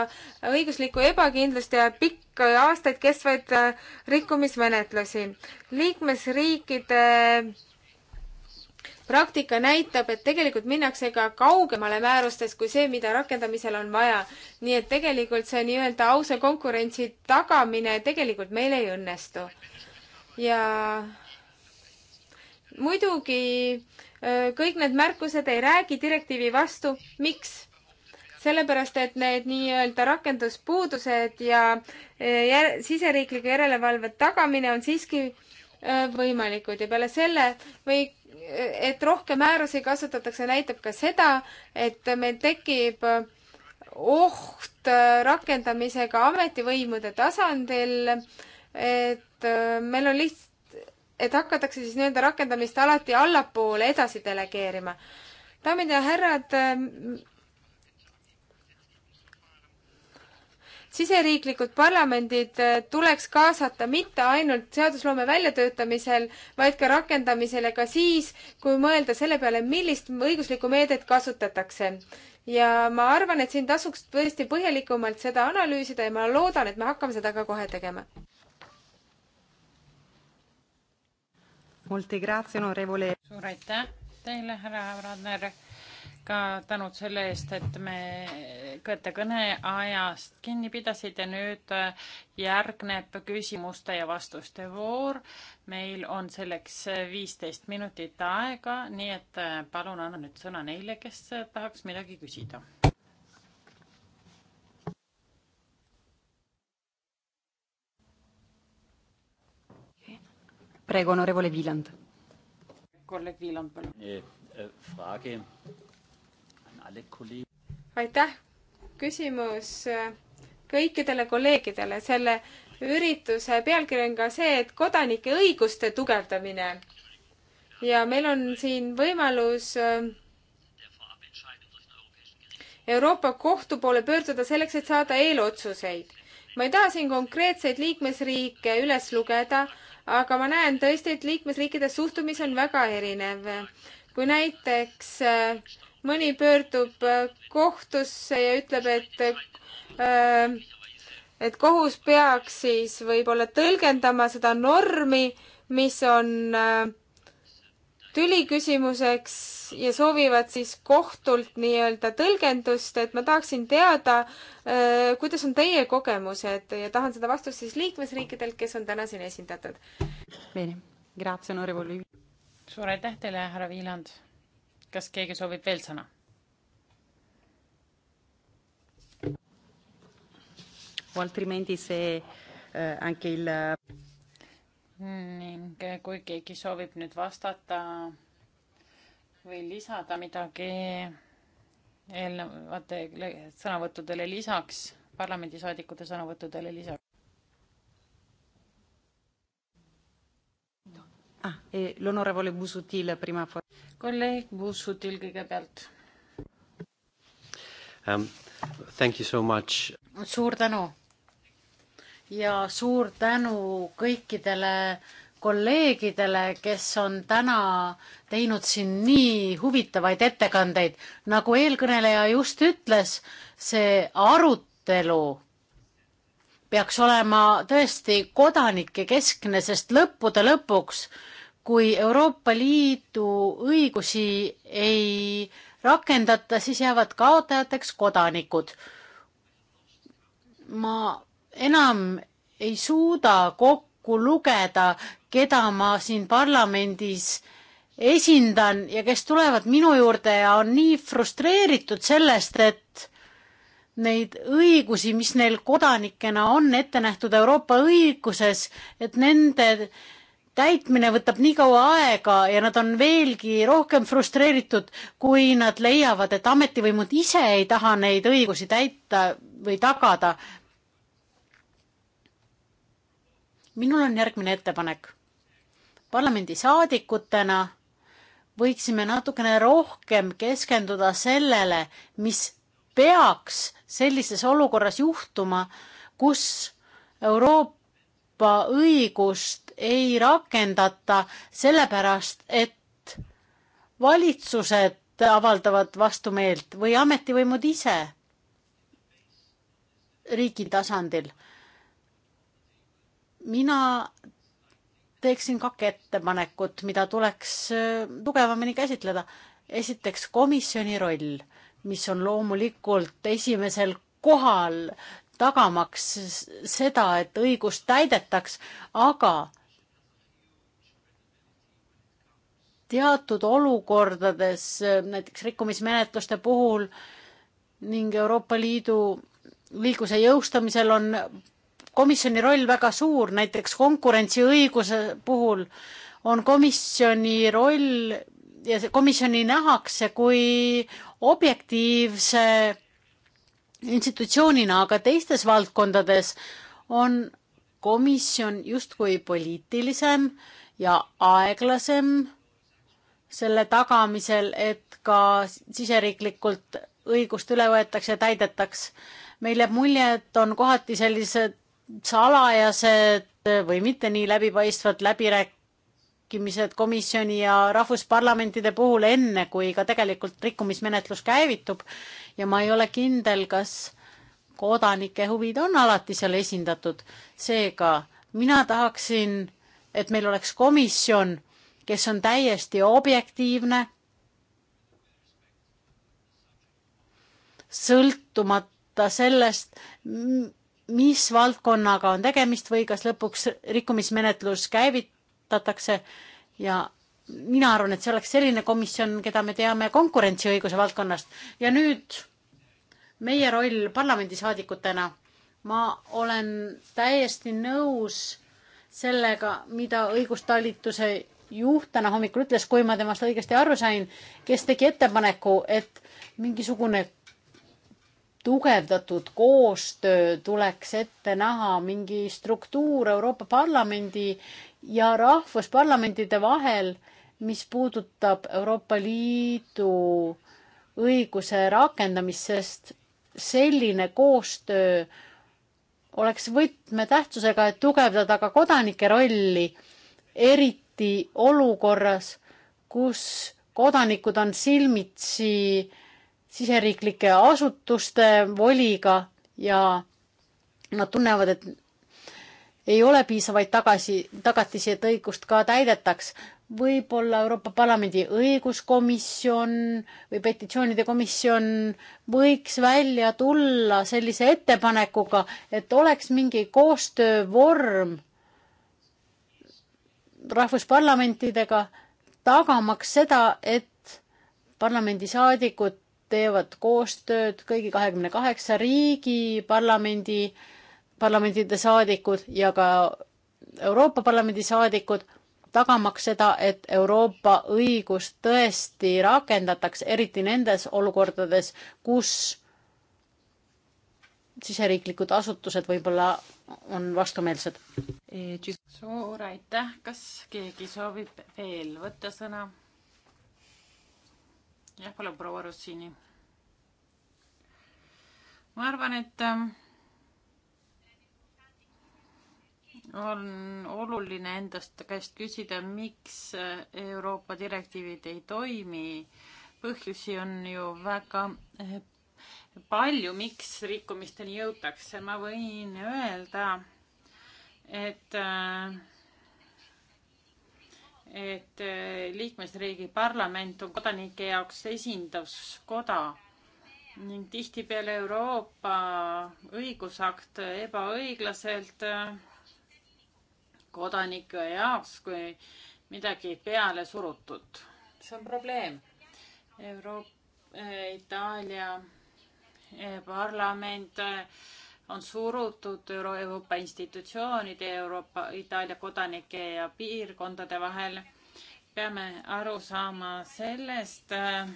[SPEAKER 6] õiguslikku ebakindlust ja pikka aastaid kestvaid äh, rikkumismenetlusi. liikmesriikide praktika näitab, et tegelikult minnakse ka kaugemale määrustest kui see, mida rakendamisel on vaja. nii et tegelikult see nii-öelda ausa konkurentsi tagamine tegelikult meil ei õnnestu. ja muidugi kõik need märkused ei räägi direktiivi vastu. miks? sellepärast, et need nii-öelda rakenduspuudused ja e, jär, siseriikliku järelevalve tagamine on siiski võimalikud ja peale selle või et rohkem määrusi kasutatakse, näitab ka seda, et meil tekib oht rakendamisega ametivõimude tasandil, et meil on liht-, et hakatakse siis nii-öelda rakendamist alati allapoole edasi delegeerima. daamid ja härrad, siseriiklikud parlamendid äh, tuleks kaasata mitte ainult seadusloome väljatöötamisel, vaid ka rakendamisel ja ka siis, kui mõelda selle peale, millist õiguslikku meedet kasutatakse. ja ma arvan, et siin tasuks tõesti põhjalikumalt seda analüüsida ja ma loodan, et me hakkame seda ka kohe tegema.
[SPEAKER 4] suur aitäh teile, härra Radner ka tänud selle eest, et me kõte kõneajast kinni pidasid ja nüüd äh, järgneb küsimuste ja vastuste voor. meil on selleks viisteist minutit aega, nii et äh, palun anna nüüd sõna neile, kes äh, tahaks midagi küsida. Prego, onorevole Viiland. kolleeg Viiland, palun. Eh, eh, frage
[SPEAKER 6] aitäh, küsimus äh, kõikidele kolleegidele. selle ürituse pealkiri on ka see, et kodanike õiguste tugevdamine. ja meil on siin võimalus äh, Euroopa Kohtu poole pöörduda selleks, et saada eelotsuseid. ma ei taha siin konkreetseid liikmesriike üles lugeda, aga ma näen tõesti, et liikmesriikide suhtumis on väga erinev. kui näiteks äh, mõni pöördub äh, kohtusse ja ütleb, et äh, et kohus peaks siis võib-olla tõlgendama seda normi, mis on äh, tüli küsimuseks ja soovivad siis kohtult nii-öelda tõlgendust, et ma tahaksin teada, kuidas on teie kogemused ja tahan seda vastust siis liikmesriikidelt, kes on täna siin esindatud.
[SPEAKER 4] suur aitäh teile, härra Viiland kas keegi soovib veel sõna? Eh, eh, eh, ning kui keegi soovib nüüd vastata või lisada midagi eelnevatele sõnavõttudele lisaks, parlamendisaadikute sõnavõttudele lisaks. ah,. Eh, L'onorevole Busutil prima. kolleeg Busutil kõigepealt
[SPEAKER 3] um,. Thank you so much.
[SPEAKER 4] suur tänu
[SPEAKER 5] ja suur tänu kõikidele kolleegidele, kes on täna teinud siin nii huvitavaid ettekandeid. nagu eelkõneleja just ütles, see arutelu peaks olema tõesti kodanike keskne, sest lõppude lõpuks äh, kui Euroopa Liidu õigusi ei rakendata, siis jäävad kaotajateks kodanikud. ma enam ei suuda kokku lugeda, keda ma siin parlamendis esindan ja kes tulevad minu juurde ja on nii frustreeritud sellest, et neid õigusi, mis neil kodanikena on ette nähtud Euroopa õiguses, et nende täitmine võtab nii kaua aega ja nad on veelgi rohkem frustreeritud, kui nad leiavad, et ametivõimud ise ei taha neid õigusi täita või tagada. minul on järgmine ettepanek. parlamendisaadikutena võiksime natukene rohkem keskenduda sellele, mis peaks sellises olukorras juhtuma, kus Euroopa õigust ei rakendata sellepärast, et valitsused avaldavad vastumeelt või ametivõimud ise riigi tasandil. mina teeksin kaks ettepanekut, mida tuleks äh, tugevamini käsitleda. esiteks komisjoni roll, mis on loomulikult esimesel kohal tagamaks seda, et õigust täidetaks, aga teatud olukordades, näiteks rikkumismenetluste puhul ning Euroopa Liidu liigluse jõustamisel on komisjoni roll väga suur, näiteks konkurentsiõiguse puhul on komisjoni roll ja see komisjoni nähakse kui objektiivse institutsioonina, aga teistes valdkondades on komisjon justkui poliitilisem ja aeglasem selle tagamisel, et ka siseriiklikult õigust üle võetakse ja täidetaks. meil jääb mulje, et on kohati sellised salajased või mitte nii läbipaistvad läbirääkimised komisjoni ja rahvusparlamentide puhul enne, kui ka tegelikult rikkumismenetlus käivitub ja ma ei ole kindel, kas kodanike huvid on alati seal esindatud. seega mina tahaksin, et meil oleks komisjon, kes on täiesti objektiivne, sõltumata sellest, mis valdkonnaga on tegemist või kas lõpuks rikkumismenetlus käivitatakse ja mina arvan, et see oleks selline komisjon, keda me teame konkurentsiõiguse valdkonnast ja nüüd meie roll parlamendisaadikutena. ma olen täiesti nõus sellega, mida õigustalituse juht täna hommikul ütles, kui ma temast õigesti aru sain, kes tegi ettepaneku, et mingisugune tugevdatud koostöö tuleks ette näha, mingi struktuur Euroopa Parlamendi ja rahvusparlamentide vahel, mis puudutab Euroopa Liidu õiguse rakendamist, sest selline koostöö oleks võtmetähtsusega, et tugevdada ka kodanike rolli, eriti eriti olukorras, kus kodanikud on silmitsi siseriiklike asutuste voliga ja nad tunnevad, et ei ole piisavaid tagasi, tagatisi, et õigust ka täidetaks. võib-olla Euroopa Parlamendi õiguskomisjon või petitsioonide komisjon võiks välja tulla sellise ettepanekuga, et oleks mingi koostöövorm rahvusparlamentidega, tagamaks seda, et parlamendisaadikud teevad koostööd kõigi kahekümne kaheksa riigi parlamendi, parlamendide saadikud ja ka Euroopa Parlamendi saadikud, tagamaks seda, et Euroopa õigust tõesti rakendataks, eriti nendes olukordades, kus siseriiklikud asutused võib-olla on vastumeelsed.
[SPEAKER 4] suur aitäh, kas keegi soovib veel võtta sõna? jah, palun, proua Rossini. ma arvan, et ähm, on oluline endast käest küsida, miks Euroopa direktiivid ei toimi. põhjusi on ju väga äh, palju, miks rikkumisteni jõutakse, ma võin öelda, et äh, et äh, liikmesriigi parlament on kodanike jaoks esinduskoda ning tihtipeale Euroopa õigusakt ebaõiglaselt äh, kodanike jaoks kui midagi peale surutud. see on probleem. Euroopa, Itaalia parlament eh, on surutud Euro Euroopa institutsioonide, Euroopa, Itaalia kodanike ja piirkondade vahel. peame aru saama sellest, eh,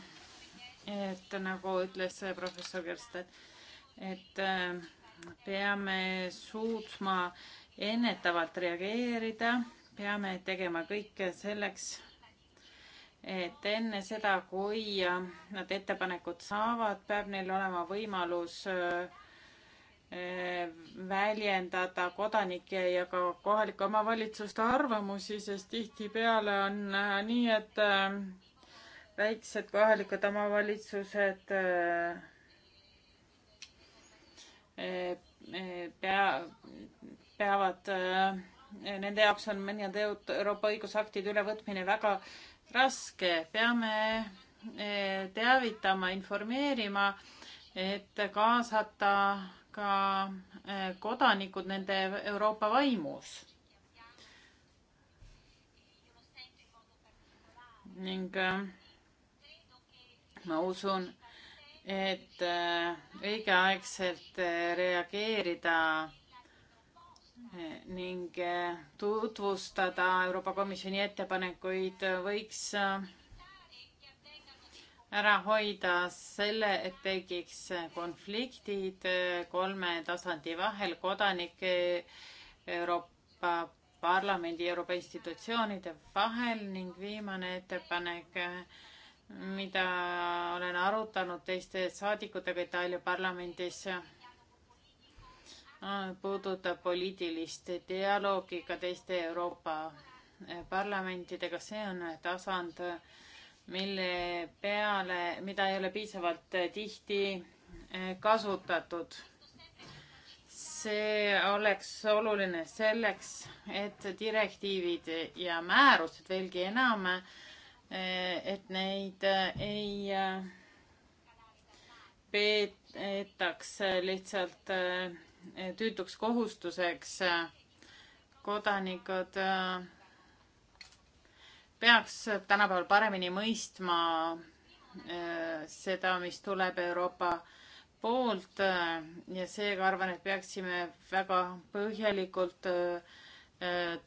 [SPEAKER 4] et nagu ütles eh, professor Kersten, et peame suutma ennetavalt reageerida, peame tegema kõike selleks, et enne seda, kui äh, nad ettepanekud saavad, peab neil olema võimalus äh, äh, väljendada kodanike ja ka kohalike omavalitsuste arvamusi, sest tihtipeale on nii, et väiksed kohalikud omavalitsused pea, peavad, nende jaoks on mõned Euroopa õigusaktide ülevõtmine väga äh, raske, peame eh, teavitama, informeerima, et kaasata ka eh, kodanikud nende Euroopa vaimus. ning eh, ma usun, et õigeaegselt reageerida ning eh, tutvustada Euroopa Komisjoni ettepanekuid võiks eh, ära hoida selle, et tekiks konfliktid eh, kolme tasandi vahel kodanike Euroopa Parlamendi, Euroopa institutsioonide vahel ning viimane ettepanek, mida olen arutanud teiste saadikutega Itaalia parlamendis Ah, puudutab poliitilist dialoogi ka teiste Euroopa eh, parlamentidega, see on eh, tasand, mille peale, mida ei ole piisavalt eh, tihti kasutatud. see oleks oluline selleks, et direktiivid ja määrused veelgi enam, et neid ei peetaks lihtsalt tüütuks kohustuseks. Äh, kodanikud äh, peaks tänapäeval paremini mõistma äh, seda, mis tuleb Euroopa poolt ja seega arvan, et peaksime väga põhjalikult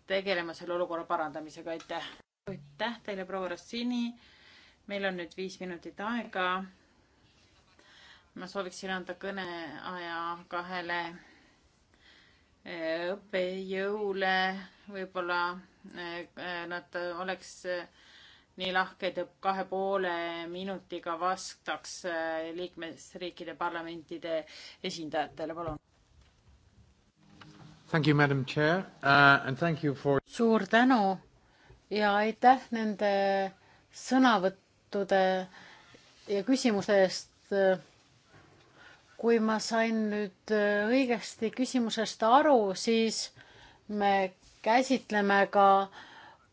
[SPEAKER 4] tegelema selle olukorra parandamisega, aitäh. aitäh teile, proua Rossini. meil on nüüd viis minutit aega. ma sooviksin anda kõneaja kahele õppejõule, võib-olla äh, äh, nad oleks äh, nii lahked ja kahe poole minutiga vastaks liikmesriikide parlamentide esindajatele, palun.
[SPEAKER 5] Thank you, madam chair uh, and thank you for. suur tänu ja aitäh nende sõnavõttude ja küsimuste eest kui ma sain nüüd äh, õigesti küsimusest aru, siis me käsitleme ka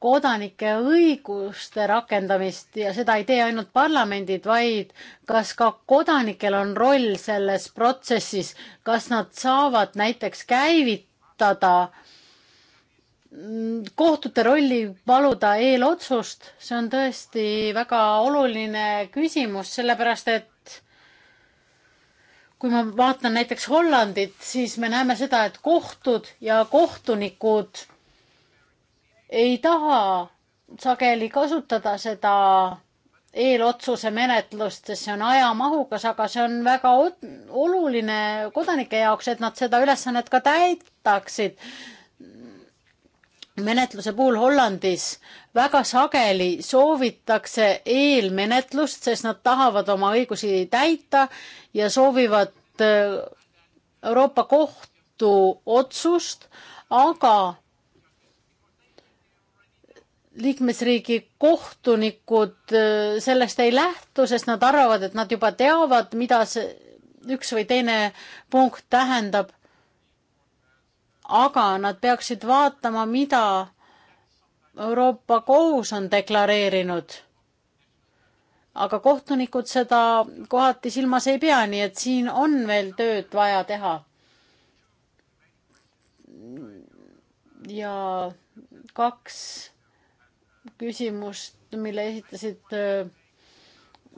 [SPEAKER 5] kodanike õiguste rakendamist ja seda ei tee ainult parlamendid, vaid kas ka kodanikel on roll selles protsessis, kas nad saavad näiteks käivitada mm, kohtute rolli paluda eelotsust, see on tõesti väga oluline küsimus, sellepärast et kui ma vaatan näiteks Hollandit, siis me näeme seda, et kohtud ja kohtunikud ei taha sageli kasutada seda eelotsuse menetlust, sest see on ajamahukas, aga see on väga oluline kodanike jaoks, et nad seda ülesannet ka täidaksid menetluse puhul Hollandis väga sageli soovitakse eelmenetlust, sest nad tahavad oma õigusi täita ja soovivad äh, Euroopa Kohtu otsust, aga liikmesriigi kohtunikud äh, sellest ei lähtu, sest nad arvavad, et nad juba teavad, mida see üks või teine punkt tähendab aga nad peaksid vaatama, mida Euroopa Kohus on deklareerinud. aga kohtunikud seda kohati silmas ei pea, nii et siin on veel tööd vaja teha. ja kaks küsimust, mille esitasid äh,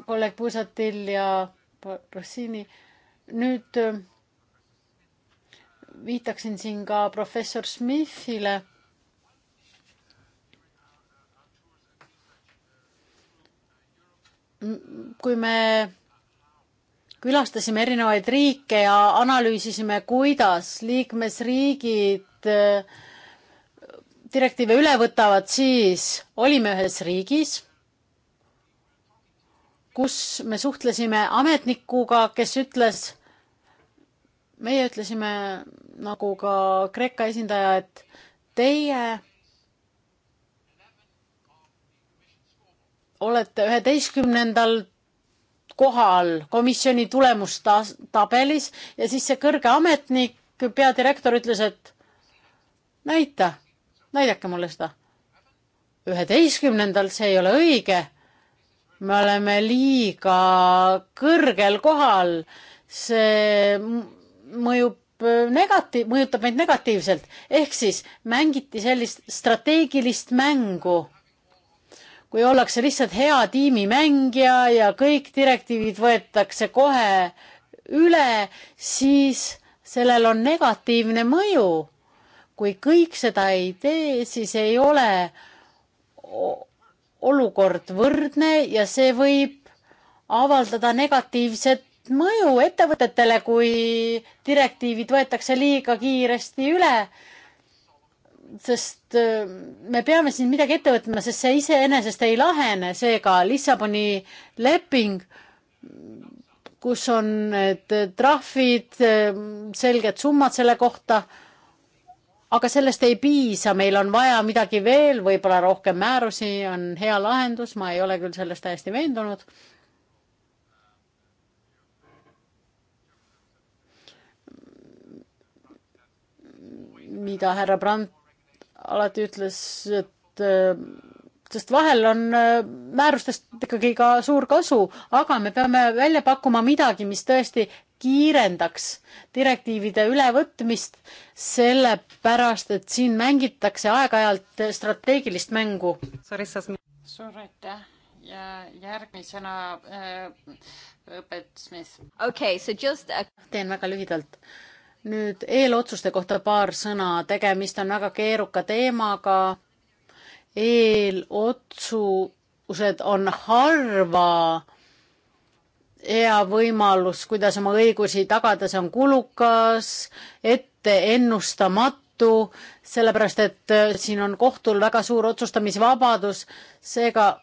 [SPEAKER 5] kolleeg Pusatil ja Rossini. nüüd äh, viitaksin siin ka professor Smithile. kui me külastasime erinevaid riike ja analüüsisime, kuidas liikmesriigid äh, direktiive üle võtavad, siis olime ühes riigis, kus me suhtlesime ametnikuga, kes ütles meie ütlesime nagu ka Kreeka esindaja, et teie olete üheteistkümnendal kohal komisjoni tulemustabelis ja siis see kõrge ametnik, peadirektor ütles, et näita, näidake mulle seda. üheteistkümnendal, see ei ole õige. me oleme liiga kõrgel kohal, see mõjub äh, negati-, mõjutab meid negatiivselt. ehk siis mängiti sellist strateegilist mängu, kui ollakse lihtsalt hea tiimimängija ja kõik direktiivid võetakse kohe üle, siis sellel on negatiivne mõju. kui kõik seda ei tee, siis ei ole olukord võrdne ja see võib avaldada negatiivset mõju ettevõtetele, kui direktiivid võetakse liiga kiiresti üle. sest äh, me peame siin midagi ette võtma, sest see iseenesest ei lahene, seega Lissaboni leping, kus on need trahvid, äh, selged summad selle kohta, aga sellest ei piisa, meil on vaja midagi veel, võib-olla rohkem määrusi on hea lahendus, ma ei ole küll selles täiesti veendunud mida härra Brandt alati ütles, et äh, sest vahel on äh, määrustest ikkagi ka suur kasu, aga me peame välja pakkuma midagi, mis tõesti kiirendaks direktiivide ülevõtmist, sellepärast et siin mängitakse aeg-ajalt strateegilist mängu.
[SPEAKER 4] suur aitäh ja järgmisena äh, õpet Smith.
[SPEAKER 5] okei okay,, so just a.... teen väga lühidalt nüüd eelotsuste kohta paar sõna, tegemist on väga keeruka teemaga. eelotsused on harva hea võimalus, kuidas oma õigusi tagada, see on kulukas, etteennustamatu, sellepärast et äh, siin on kohtul väga suur otsustamisvabadus, seega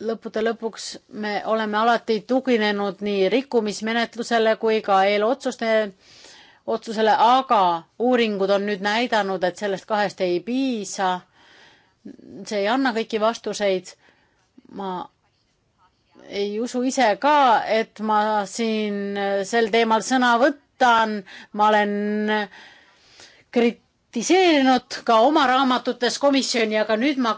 [SPEAKER 5] lõppude lõpuks me oleme alati tuginenud nii rikkumismenetlusele kui ka eelotsuste otsusele, aga uuringud on nüüd näidanud, et sellest kahest ei piisa. see ei anna kõiki vastuseid. ma ei usu ise ka, et ma siin sel teemal sõna võtan, ma olen kritiseerinud ka oma raamatutes komisjoni, aga nüüd ma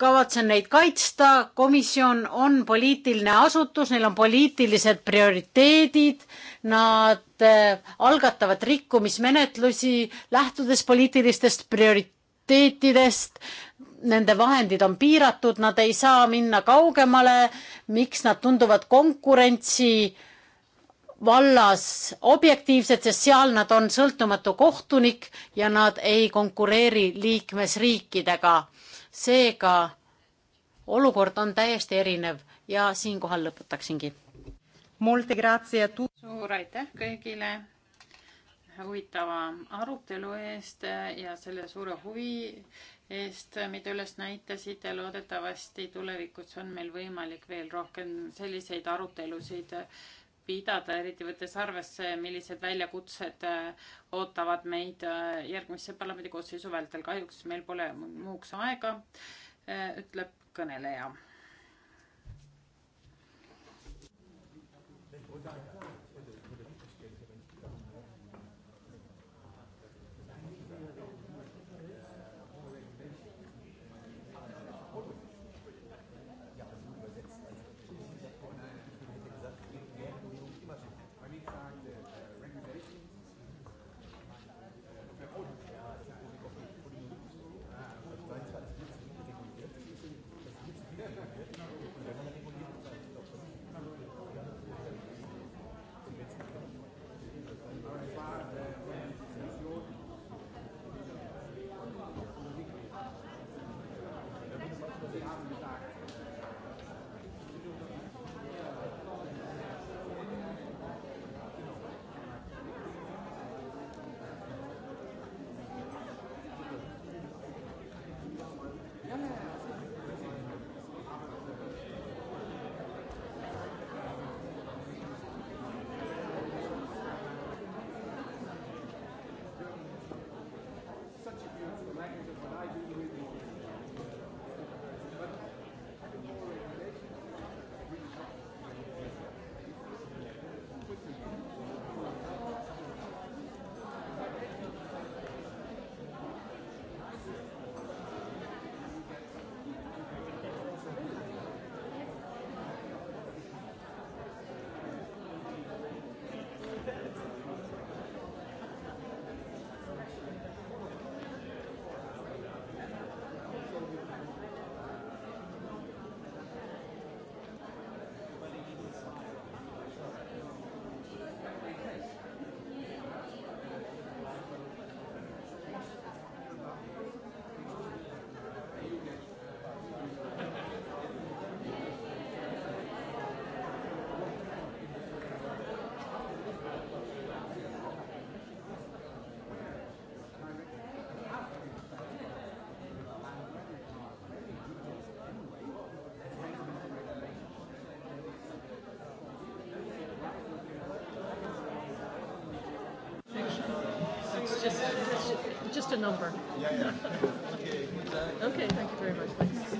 [SPEAKER 5] kavatsen neid kaitsta, komisjon on poliitiline asutus, neil on poliitilised prioriteedid, nad äh, algatavad rikkumismenetlusi lähtudes poliitilistest prioriteetidest, nende vahendid on piiratud, nad ei saa minna kaugemale, miks nad tunduvad konkurentsi vallas objektiivsed, sest seal nad on sõltumatu kohtunik ja nad ei konkureeri liikmesriikidega seega olukord on täiesti erinev ja siinkohal lõpetaksingi.
[SPEAKER 4] suur aitäh kõigile huvitava arutelu eest ja selle suure huvi eest, mida üles näitasite. loodetavasti tulevikus on meil võimalik veel rohkem selliseid arutelusid pidada, eriti võttes arvesse, millised väljakutsed äh, ootavad meid äh, järgmise parlamendi koosseisu vältel. kahjuks meil pole muuks aega, äh, ütleb kõneleja
[SPEAKER 3] it's just, it's just a number. Yeah, yeah. okay, okay, thank you very much. Thanks.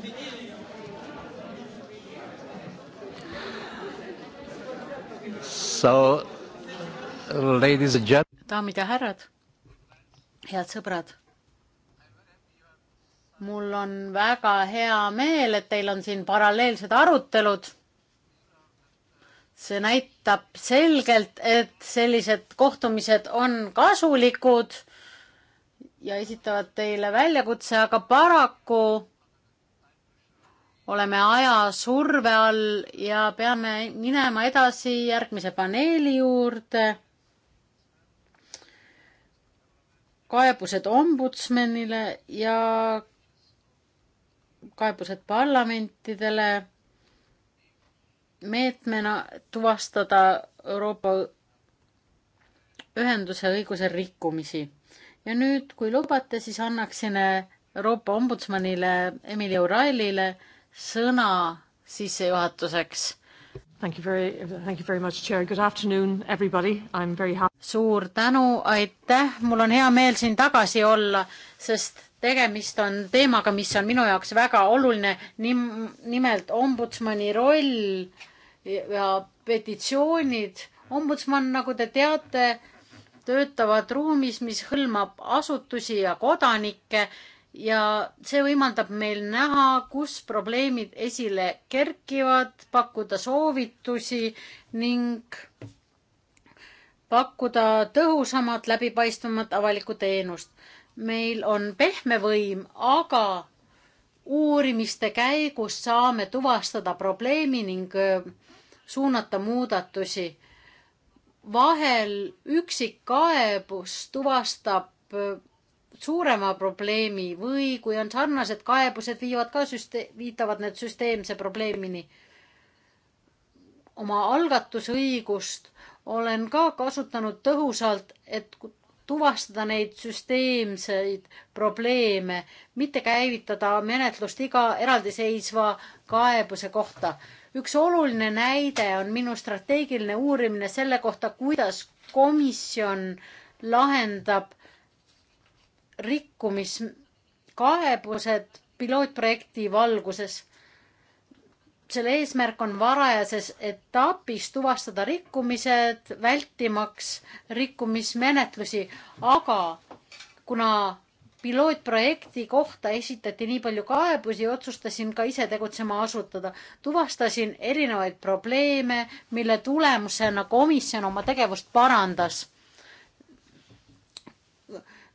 [SPEAKER 3] So, ladies and gentlemen.
[SPEAKER 5] daamid ja härrad, head sõbrad. mul on väga hea meel, et teil on siin paralleelsed arutelud see näitab selgelt, et sellised kohtumised on kasulikud ja esitavad teile väljakutse, aga paraku oleme ajasurve all ja peame minema edasi järgmise paneeli juurde. kaebused ombudsmanile ja kaebused parlamentidele meetmena tuvastada Euroopa ühenduse õiguse rikkumisi. ja nüüd, kui lubate, siis annaksin Euroopa ombudsmanile Emily O'Reillyle sõna sissejuhatuseks. Thank you very, thank you very much, Chair. Good afternoon, everybody. I am very happy. suur tänu, aitäh, mul on hea meel siin tagasi olla, sest tegemist on teemaga, mis on minu jaoks väga oluline, nim-, nimelt ombudsmani roll ja petitsioonid. ombudsman, nagu te teate, töötavad ruumis, mis hõlmab asutusi ja kodanikke ja see võimaldab meil näha, kus probleemid esile kerkivad, pakkuda soovitusi ning pakkuda tõhusamat, läbipaistvamat avalikku teenust meil on pehme võim, aga uurimiste käigus saame tuvastada probleemi ning äh, suunata muudatusi. vahel üksik kaebus tuvastab äh, suurema probleemi või kui on sarnased kaebused, viivad ka süste-, viitavad need süsteemse probleemini. oma algatusõigust olen ka kasutanud tõhusalt, et tuvastada neid süsteemseid probleeme, mitte käivitada menetlust iga eraldiseisva kaebuse kohta. üks oluline näide on minu strateegiline uurimine selle kohta, kuidas komisjon lahendab rikkumiskaebused pilootprojekti valguses selle eesmärk on varajases etapis tuvastada rikkumised, vältimaks rikkumismenetlusi, aga kuna pilootprojekti kohta esitati nii palju kaebusi, otsustasin ka ise tegutsema asutada. tuvastasin erinevaid probleeme, mille tulemusena komisjon oma tegevust parandas.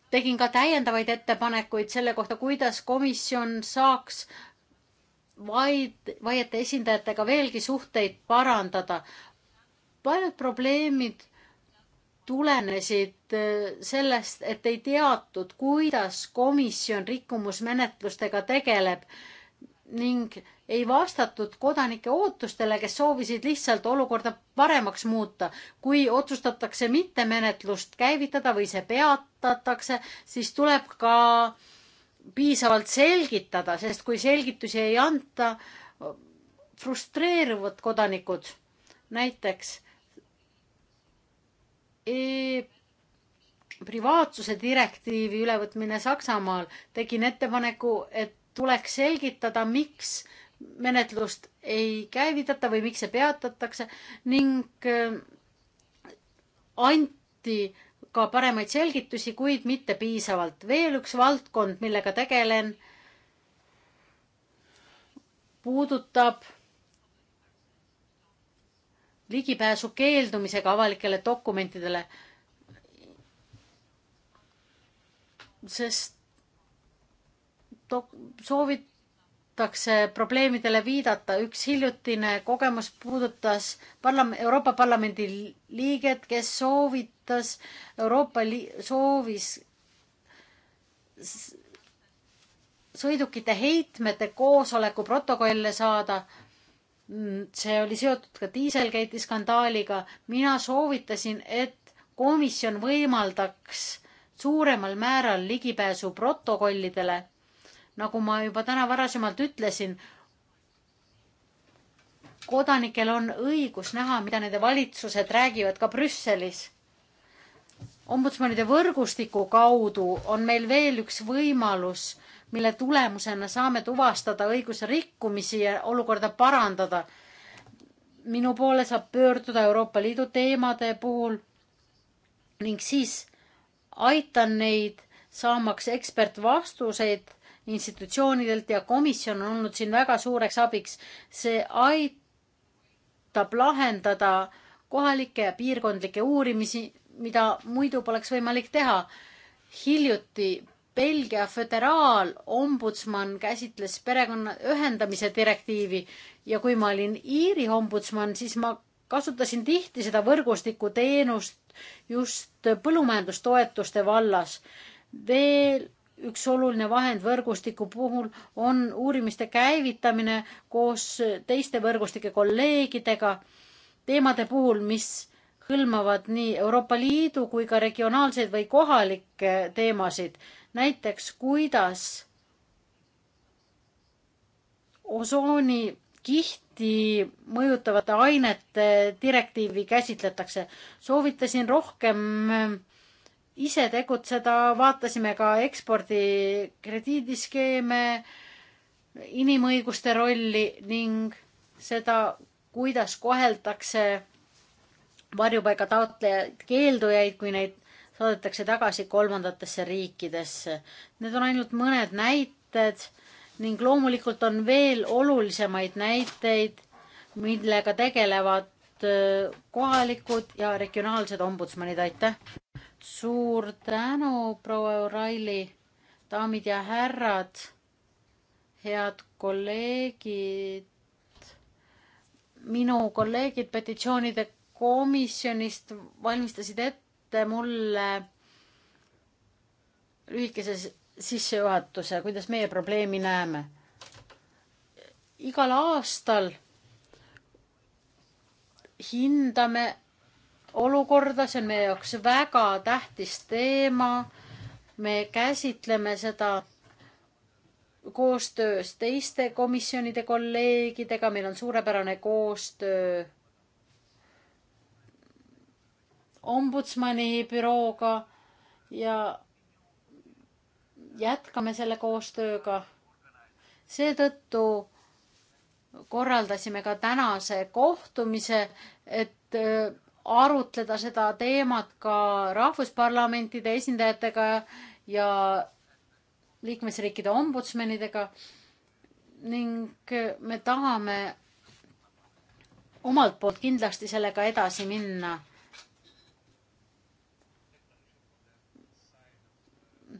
[SPEAKER 5] tegin ka täiendavaid ettepanekuid selle kohta, kuidas komisjon saaks vaid, vaiete esindajatega veelgi suhteid parandada. paljud probleemid tulenesid äh, sellest, et ei teatud, kuidas komisjon rikkumusmenetlustega tegeleb ning ei vastatud kodanike ootustele, kes soovisid lihtsalt olukorda paremaks muuta. kui otsustatakse mitte menetlust käivitada või see peatatakse, siis tuleb ka äh, piisavalt selgitada, sest kui selgitusi ei anta, frustreeruvad kodanikud. näiteks e privaatsuse direktiivi ülevõtmine Saksamaal, tegin ettepaneku, et tuleks selgitada, miks menetlust ei käivitata või miks see peatatakse ning e- anti ka paremaid selgitusi, kuid mitte piisavalt. veel üks valdkond, millega tegelen, puudutab ligipääsu keeldumisega avalikele dokumentidele. sest dok-, soovitakse probleemidele viidata. üks hiljutine kogemus puudutas parlam-, Euroopa Parlamendi liiget, kes soovid-, saavutas Euroopa Li-, soovis sõidukite heitmete koosoleku protokolle saada. Mm, see oli seotud ka diiselgate'i skandaaliga. mina soovitasin, et komisjon võimaldaks suuremal määral ligipääsu protokollidele. nagu ma juba täna varasemalt ütlesin, kodanikel on õigus näha, mida nende valitsused räägivad ka Brüsselis ombudsmanide võrgustiku kaudu on meil veel üks võimalus, mille tulemusena saame tuvastada õigusrikkumisi ja olukorda parandada. minu poole saab pöörduda Euroopa Liidu teemade puhul ning siis aitan neid saamaks ekspertvastuseid institutsioonidelt ja komisjon on olnud siin väga suureks abiks. see aitab lahendada kohalikke ja piirkondlikke uurimisi mida muidu poleks võimalik teha. hiljuti Belgia föderaalombudsman käsitles perekonna ühendamise direktiivi ja kui ma olin Iiri ombudsman, siis ma kasutasin tihti seda võrgustikuteenust just põllumajandustoetuste vallas. veel üks oluline vahend võrgustiku puhul on uurimiste käivitamine koos teiste võrgustike kolleegidega teemade puhul, mis hõlmavad nii Euroopa Liidu kui ka regionaalseid või kohalikke teemasid. näiteks, kuidas osooni kihti mõjutavate ainete direktiivi käsitletakse. soovitasin rohkem äh, ise tegutseda, vaatasime ka ekspordikrediidiskeeme, inimõiguste rolli ning seda, kuidas koheldakse varjupaiga taotlejaid, keeldujaid, kui neid saadetakse tagasi kolmandatesse riikidesse. Need on ainult mõned näited ning loomulikult on veel olulisemaid näiteid, millega tegelevad äh, kohalikud ja regionaalsed ombudsmanid, aitäh! suur tänu, proua O'Reilly, daamid ja härrad, head kolleegid, minu kolleegid petitsioonide komisjonist valmistasid ette mulle lühikese sissejuhatuse, kuidas meie probleemi näeme. igal aastal hindame olukorda, see on meie jaoks väga tähtis teema. me käsitleme seda koostöös teiste komisjonide kolleegidega, meil on suurepärane koostöö ombudsmani bürooga ja jätkame selle koostööga. seetõttu korraldasime ka tänase kohtumise, et äh, arutleda seda teemat ka rahvusparlamentide esindajatega ja liikmesriikide ombudsmenidega ning äh, me tahame omalt poolt kindlasti sellega edasi minna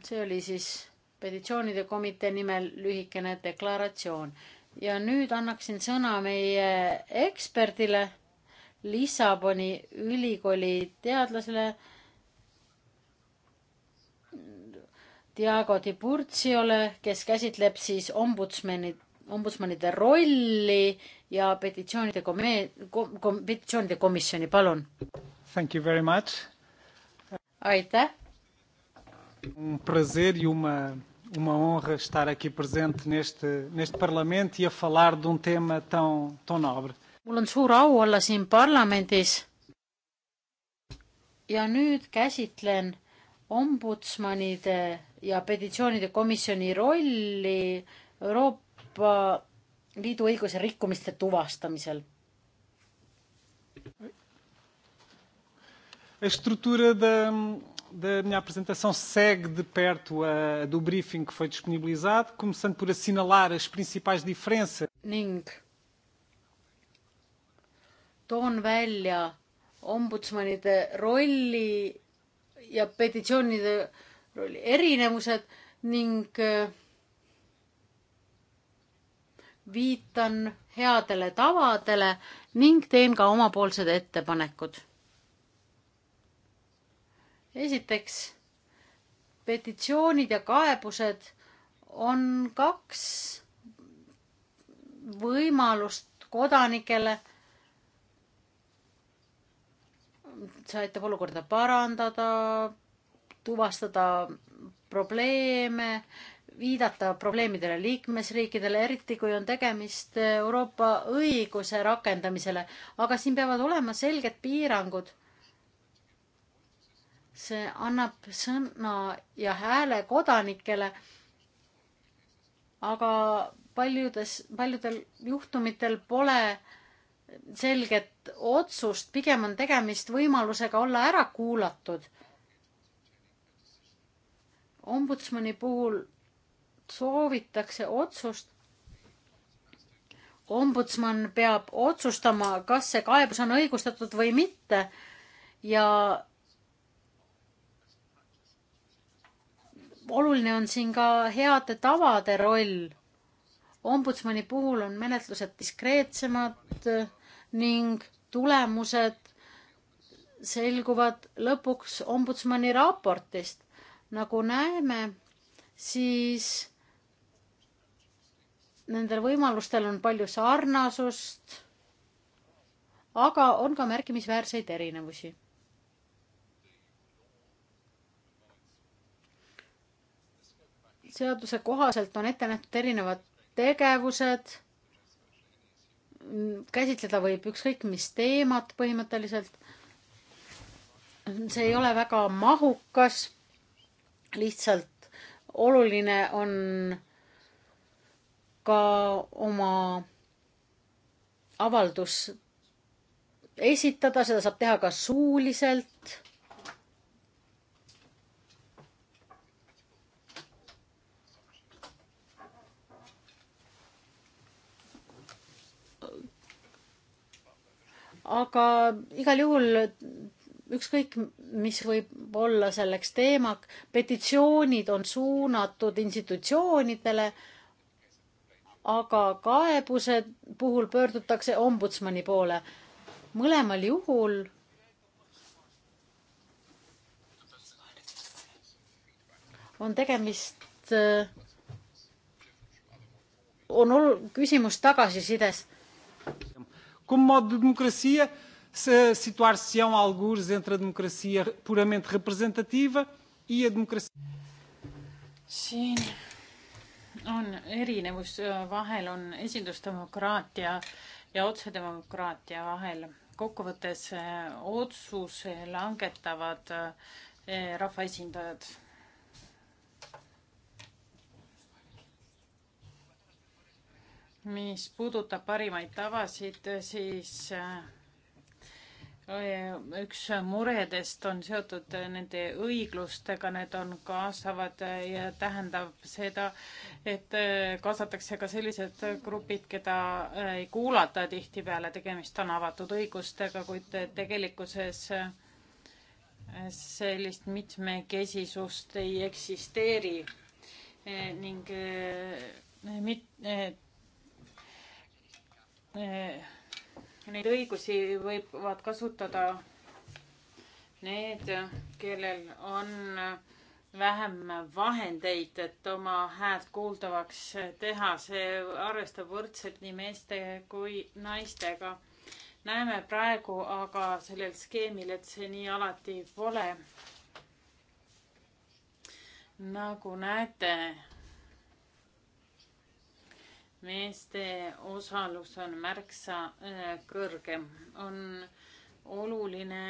[SPEAKER 5] see oli siis petitsioonide komitee nimel lühikene deklaratsioon ja nüüd annaksin sõna meie eksperdile, Lissaboni ülikooli teadlasele Diego Tiburtsiole, kes käsitleb siis ombudsmani, ombudsmanide rolli ja petitsioonide komee- kom,, kom, petitsioonide komisjoni, palun. Thank you very much. aitäh Um
[SPEAKER 1] prazer e uma uma honra estar aqui presente neste, neste Parlamento ja e
[SPEAKER 5] falar de um tema tão, tão nobre. mul on suur au olla siin parlamendis. ja nüüd käsitlen ombudsmanide ja petitsioonide komisjoni rolli Euroopa Liidu õiguse rikkumiste tuvastamisel.
[SPEAKER 1] A estrutura da, de da minha apresentação segue de perto a do briefing que foi disponibilizado, começando por assinalar as principais diferenças.
[SPEAKER 5] Ning toon välja ombudsmanide rolli ja petitsioonide rolli erinevused ning äh, viitan headele tavadele ning teen ka omapoolsed ettepanekud esiteks, petitsioonid ja kaebused on kaks võimalust kodanikele see aitab olukorda parandada, tuvastada probleeme, viidata probleemidele liikmesriikidele, eriti kui on tegemist Euroopa õiguse rakendamisele. aga siin peavad olema selged piirangud see annab sõna ja hääle kodanikele. aga paljudes, paljudel juhtumitel pole selget otsust, pigem on tegemist võimalusega olla ära kuulatud. ombudsmani puhul soovitakse otsust. ombudsman peab otsustama, kas see kaebus on õigustatud või mitte ja oluline on siin ka heade tavade roll. ombudsmani puhul on menetlused diskreetsemad ning tulemused selguvad lõpuks ombudsmani raportist. nagu näeme, siis nendel võimalustel on palju sarnasust, aga on ka märkimisväärseid erinevusi seaduse kohaselt on ette nähtud erinevad tegevused, käsitleda võib ükskõik mis teemat põhimõtteliselt. see ei ole väga mahukas, lihtsalt oluline on ka oma avaldus esitada, seda saab teha ka suuliselt aga igal juhul ükskõik, mis võib olla selleks teema, petitsioonid on suunatud institutsioonidele, aga kaebuse puhul pöördutakse ombudsmani poole. mõlemal juhul on tegemist, äh, on olu-, küsimus tagasisides
[SPEAKER 1] Como modo de democracia, se situar-se-ão algures entre a democracia puramente representativa ja e demokraatia.
[SPEAKER 4] siin on erinevus, äh, vahel on esindusdemokraatia ja otsedemokraatia vahel. kokkuvõttes äh, otsuse langetavad äh, rahvaesindajad mis puudutab parimaid tavasid, siis äh, üks muredest on seotud äh, nende õiglustega, need on kaasavad äh, ja tähendab seda, et kaasatakse ka sellised grupid, keda ei kuulata tihtipeale, tegemist on avatud õigustega, kuid tegelikkuses sellist mitmekesisust ei eksisteeri ning mit-, Eh, neid õigusi võivad kasutada need, kellel on vähem vahendeid, et oma häält kuuldavaks teha. see arvestab võrdselt nii meeste kui naistega. näeme praegu aga sellel skeemil, et see nii alati pole. nagu näete, meeste osalus on märksa äh, kõrgem. on oluline,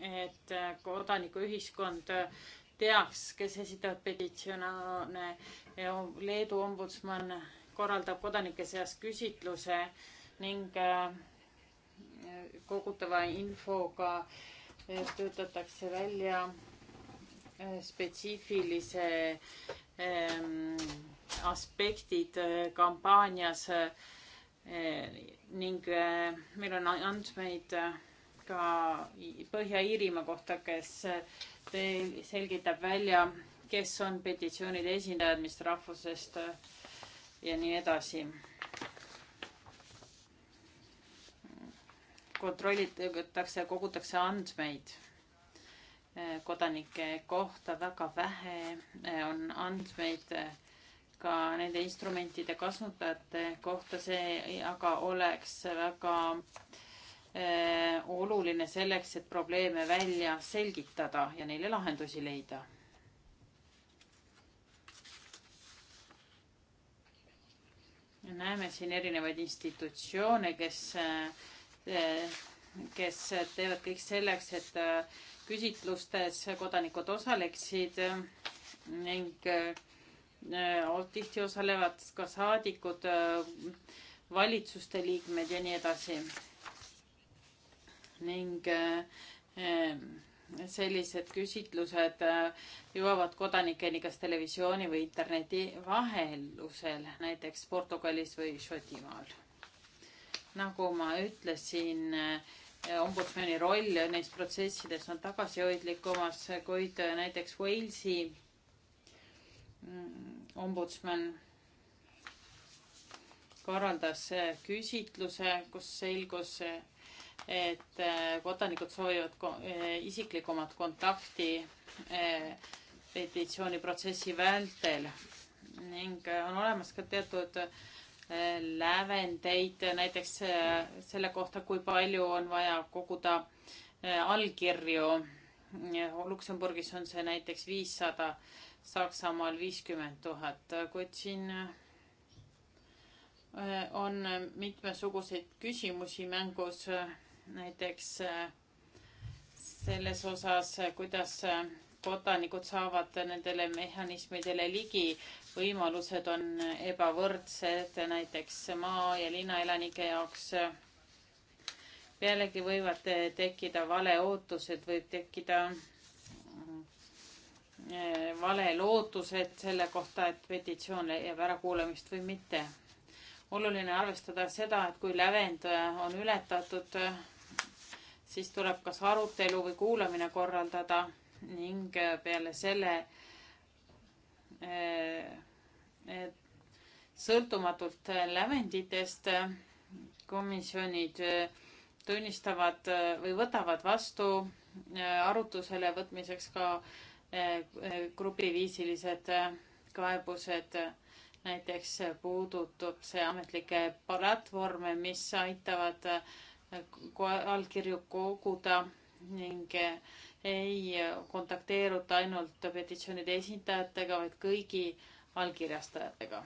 [SPEAKER 4] et äh, kodanikuühiskond äh, teaks, kes esitavad petitsioone. Leedu ombudsman korraldab kodanike seas küsitluse ning kogutava infoga töötatakse välja spetsiifilise ähm, aspektid äh, kampaanias äh, ning äh, meil on andmeid ka Põhja-Iirimaa kohta, kes selgitab välja, kes on petitsioonide esindajad, mis rahvusest ja nii edasi. kontrollitakse, kogutakse andmeid kodanike kohta, väga vähe on andmeid ka nende instrumentide kasutajate kohta, see aga oleks väga äh, oluline selleks, et probleeme välja selgitada ja neile lahendusi leida. näeme siin erinevaid institutsioone, kes äh,, kes teevad kõik selleks, et äh, küsitlustes kodanikud osaleksid ning äh, Äh, tihti osalevad ka saadikud, äh, valitsuste liikmed ja nii edasi. ning äh, sellised küsitlused jõuavad kodanikeni kas televisiooni või interneti vahelusel, näiteks Portugalis või Šotimaal. nagu ma ütlesin, ombudsmani roll neis protsessides on tagasihoidlikumas, kuid näiteks Walesi Mm, ombudsman korraldas äh, küsitluse, kus selgus, äh, et äh, kodanikud soovivad isiklikumat kontakti petitsiooniprotsessi vältel ning on olemas ka teatud lävendeid näiteks selle kohta, kui palju on vaja koguda allkirju. Luksemburgis on see näiteks viissada Saksamaal viiskümmend tuhat, kuid siin äh, on mitmesuguseid küsimusi mängus, äh, näiteks äh, selles osas, kuidas kodanikud saavad nendele mehhanismidele ligi, võimalused on ebavõrdsed näiteks maa- ja linnaelanike jaoks. pealegi võivad tekkida valeootused, võib tekkida Eh, vale lootused selle kohta, et petitsioon leiab ärakuulamist või mitte. oluline arvestada seda, et kui lävend eh, on ületatud, eh, siis tuleb kas arutelu või kuulamine korraldada ning peale selle sõltumatult lävenditest komisjonid tunnistavad või võtavad vastu arutusele võtmiseks ka äh, Eh, grupiviisilised eh, kaebused, näiteks puudutab see ametlikke platvorme, mis aitavad eh, allkirju koguda ning ei kontakteeruta ainult petitsioonide esindajatega, vaid kõigi allkirjastajatega.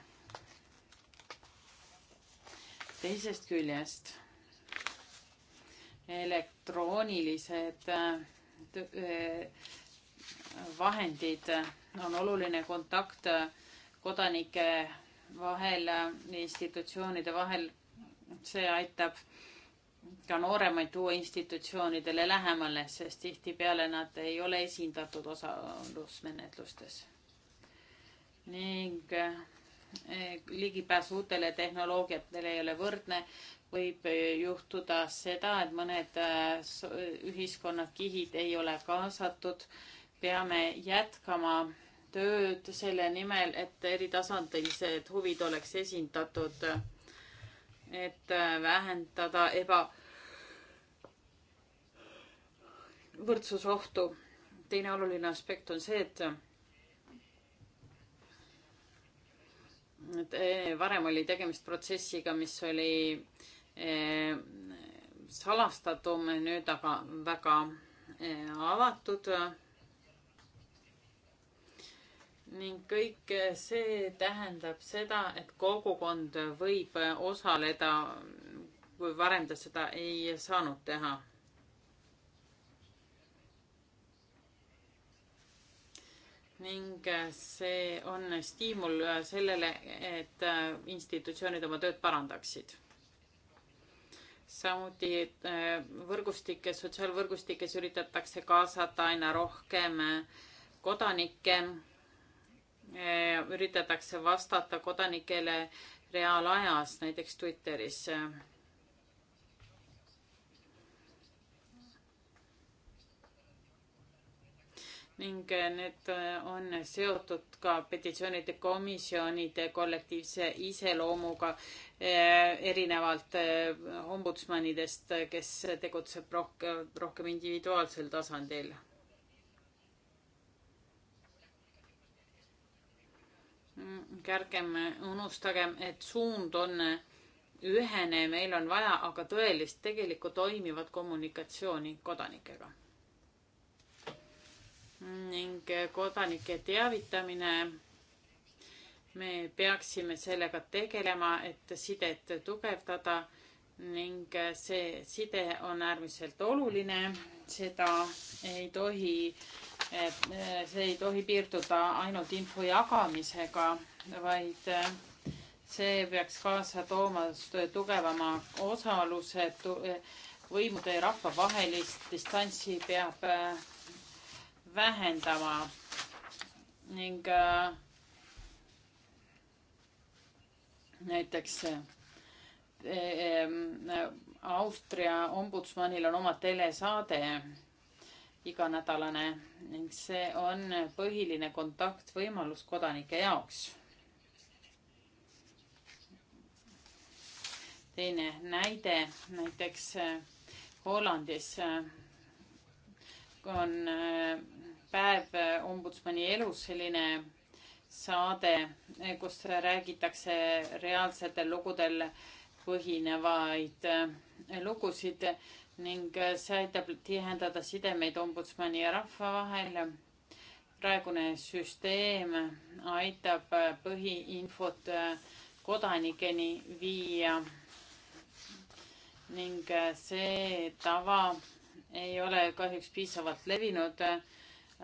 [SPEAKER 4] teisest küljest elektroonilised vahendid on oluline kontakt kodanike vahel, institutsioonide vahel. see aitab ka nooremaid tuua institutsioonidele lähemale, sest tihtipeale nad ei ole esindatud osalusmenetlustes. ning eh, ligipääs uutele tehnoloogiatele ei ole võrdne, võib juhtuda seda, et mõned eh, ühiskonnakihid ei ole kaasatud peame jätkama tööd selle nimel, et eritasandilised huvid oleks esindatud, et äh, vähendada ebavõrdsusohtu. teine oluline aspekt on see, et et äh, varem oli tegemist protsessiga, mis oli äh, salastatum, nüüd aga väga avatud ning kõik see tähendab seda, et kogukond võib osaleda, kui varem ta seda ei saanud teha. ning see on stiimul sellele, et institutsioonid oma tööd parandaksid. samuti äh, võrgustikes, sotsiaalvõrgustikes üritatakse kaasata aina rohkem kodanikke Eh, üritatakse vastata kodanikele reaalajas, näiteks Twitteris. ning eh, need eh, on seotud ka petitsioonide komisjonide kollektiivse iseloomuga, erinevalt ombudsmanidest, kes tegutseb rohkem, rohkem individuaalsel tasandil ning ärgem unustagem, et suund on ühene, meil on vaja aga tõelist, tegelikku toimivat kommunikatsiooni kodanikega. ning kodanike teavitamine. me peaksime sellega tegelema, et sidet tugevdada ning see side on äärmiselt oluline, seda ei tohi, eh, see ei tohi piirduda ainult info jagamisega vaid äh, see peaks kaasa tooma äh, tugevama osaluse, äh, võimude ja rahva vahelist distantsi peab vähendama ning näiteks Austria ombudsmanil on oma telesaade iganädalane ning see on põhiline kontaktvõimalus kodanike jaoks. teine näide, näiteks äh, Hollandis äh, on äh, päev ombudsmani elus selline saade, kus räägitakse reaalsetel lugudel põhinevaid lugusid ning see aitab tihendada sidemeid ombudsmani ja rahva vahel. praegune süsteem aitab põhiinfot kodanikeni viia ning äh, see tava ei ole kahjuks piisavalt levinud,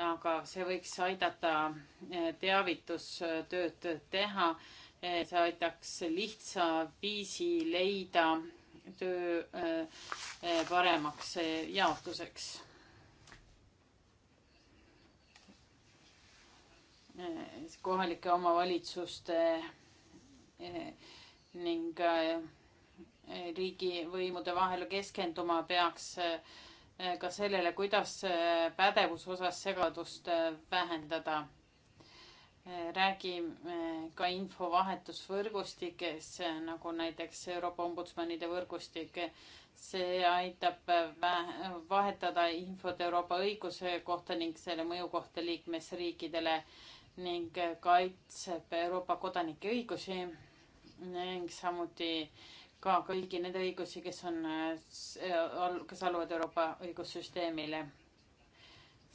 [SPEAKER 4] aga see võiks aidata äh, teavitustööd teha. see aitaks lihtsa viisi leida töö äh, paremaks jaotuseks. kohalike omavalitsuste ning riigivõimude vahel keskenduma peaks eh, ka sellele, kuidas eh, pädevuse osas segadust eh, vähendada. räägime ka infovahetusvõrgustikes, nagu näiteks Euroopa ombudsmanide võrgustik. see aitab vahetada infot Euroopa õiguse kohta ning selle mõju kohta liikmesriikidele ning kaitseb Euroopa kodanike õigusi ning samuti äh, ka kõiki neid õigusi, kes on, äh, kes alluvad Euroopa õigussüsteemile.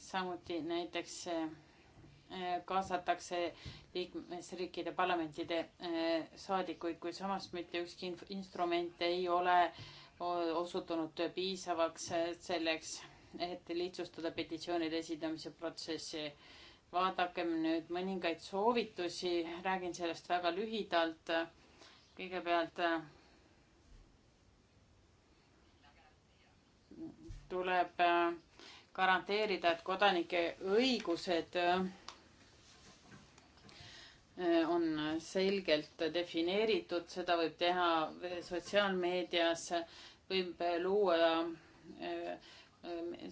[SPEAKER 4] samuti näiteks äh, kaasatakse liikmesriikide parlamentide äh, saadikuid, kui samas mitte ükski instrument ei ole osutunud piisavaks selleks, et lihtsustada petitsioonide esitamise protsessi. vaadakem nüüd mõningaid soovitusi, räägin sellest väga lühidalt. kõigepealt tuleb äh, garanteerida, et kodanike õigused äh, on selgelt defineeritud, seda võib teha sotsiaalmeedias, võib luua äh,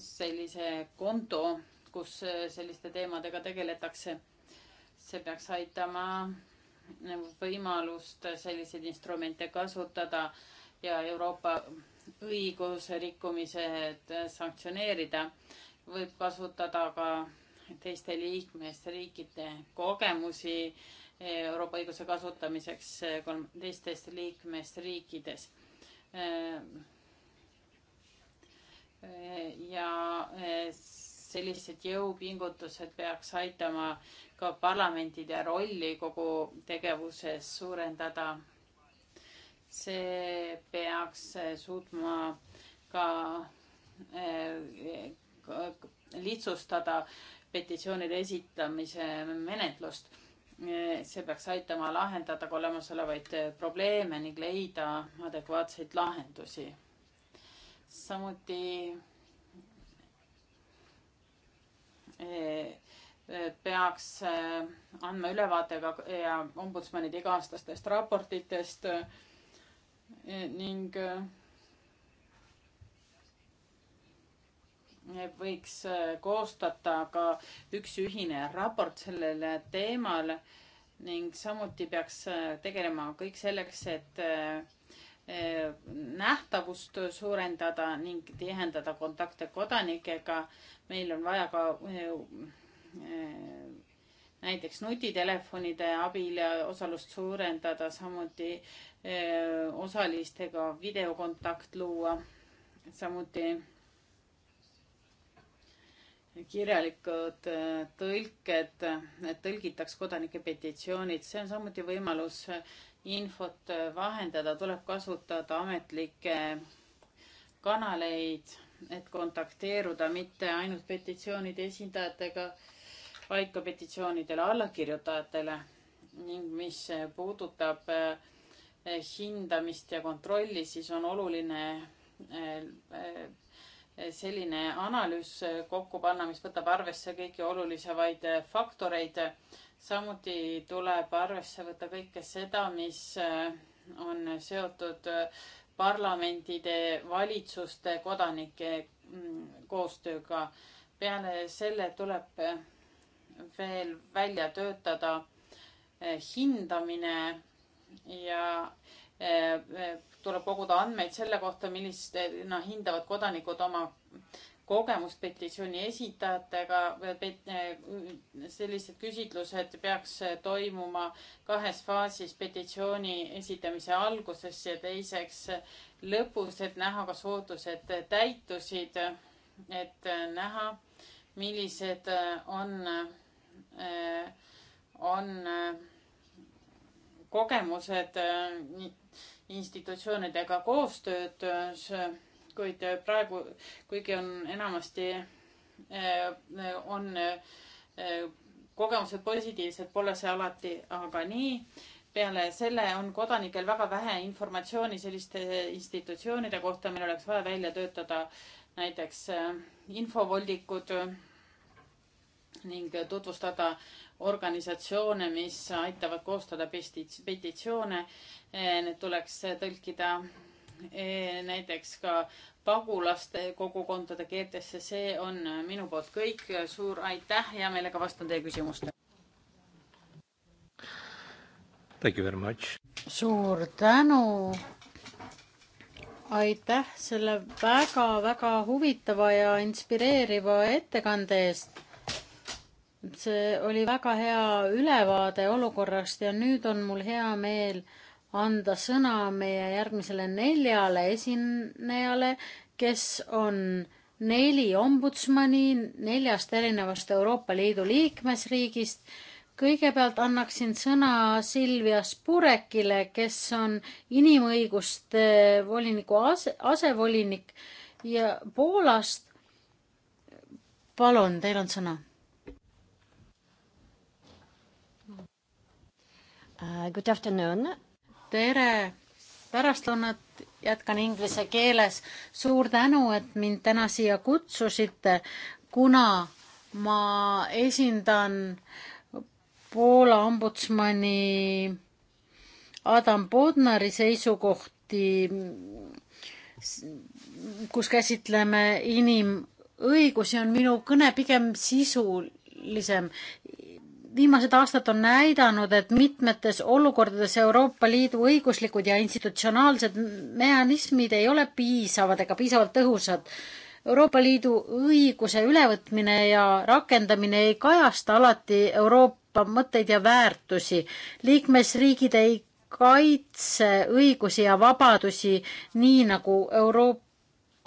[SPEAKER 4] sellise konto, kus selliste teemadega tegeletakse. see peaks aitama võimalust selliseid instrumente kasutada ja Euroopa õigusrikkumised sanktsioneerida, võib kasutada ka teiste liikmesriikide kogemusi Euroopa õiguse kasutamiseks kolm, teistes liikmesriikides. ja sellised jõupingutused peaks aitama ka parlamentide rolli kogu tegevuses suurendada see peaks äh, suutma ka äh, lihtsustada petitsioonide esitamise menetlust. Äh, see peaks aitama lahendada ka olemasolevaid probleeme ning leida adekvaatseid lahendusi. samuti peaks andma ülevaate ka ombudsmanide iga-aastastest raportitest Eh, ning eh, eh, võiks koostada ka üks ühine raport sellel teemal ning samuti peaks tegelema kõik selleks, et nähtavust suurendada ning tihendada kontakte kodanikega. meil on vaja ka näiteks nutitelefonide abil osalust suurendada, samuti eh, osalistega videokontakt luua, samuti kirjalikud eh, tõlked, et tõlgitaks kodanike petitsioonid, see on samuti võimalus infot vahendada, tuleb kasutada ametlikke kanaleid, et kontakteeruda mitte ainult petitsioonide esindajatega vaid ka petitsioonidele allakirjutajatele ning mis puudutab eh, hindamist ja kontrolli, siis on oluline eh, eh, selline analüüs kokku panna, mis võtab arvesse kõiki olulisemaid faktoreid. samuti tuleb arvesse võtta kõike seda, mis on seotud parlamendide, valitsuste, kodanike mm, koostööga. peale selle tuleb veel välja töötada eh, hindamine ja eh, eh, tuleb koguda andmeid selle kohta, millistena noh, hindavad kodanikud oma kogemust petitsiooni esitajatega. sellised küsitlused peaks toimuma kahes faasis, petitsiooni esitamise alguses ja teiseks lõpus, et näha, kas ootused täitusid, et näha, millised on Äh, on äh, kogemused äh, institutsioonidega koostööd, kuid praegu, kuigi on enamasti, on kogemused positiivsed, pole see alati aga nii. peale selle on kodanikel väga vähe informatsiooni selliste institutsioonide kohta, meil oleks vaja välja töötada näiteks infovoldikud ning tutvustada organisatsioone, mis aitavad koostada petitsioone. Eh, need tuleks tõlkida eh, näiteks ka pagulaste kogukondade keeltesse. see on minu poolt kõik. suur aitäh, hea meelega vastan teie küsimustele.
[SPEAKER 3] Thank you very much.
[SPEAKER 5] suur tänu. aitäh selle väga-väga huvitava ja inspireeriva ettekande eest see oli väga hea ülevaade olukorrast ja nüüd on mul hea meel anda sõna meie järgmisele neljale esinejale, kes on neli ombudsmani neljast erinevast Euroopa Liidu liikmesriigist. kõigepealt annaksin sõna Silvia Spurekile, kes on inimõiguste voliniku ase, asevolinik ja Poolast. palun, teil on sõna Äh, good afternoon. tere pärastlõunat, jätkan inglise keeles. suur tänu, et mind täna siia kutsusite, kuna ma esindan Poola ombudsmani Adam Bodnari seisukohti, kus käsitleme inimõigusi, on minu kõne pigem sisulisem viimased aastad on näidanud, et mitmetes olukordades Euroopa Liidu õiguslikud ja institutsionaalsed mehhanismid ei ole piisavad ega piisavalt tõhusad. Euroopa Liidu õiguse ülevõtmine ja rakendamine ei kajasta alati Euroopa mõtteid ja väärtusi. liikmesriigid ei kaitse õigusi ja vabadusi nii, nagu Euroopa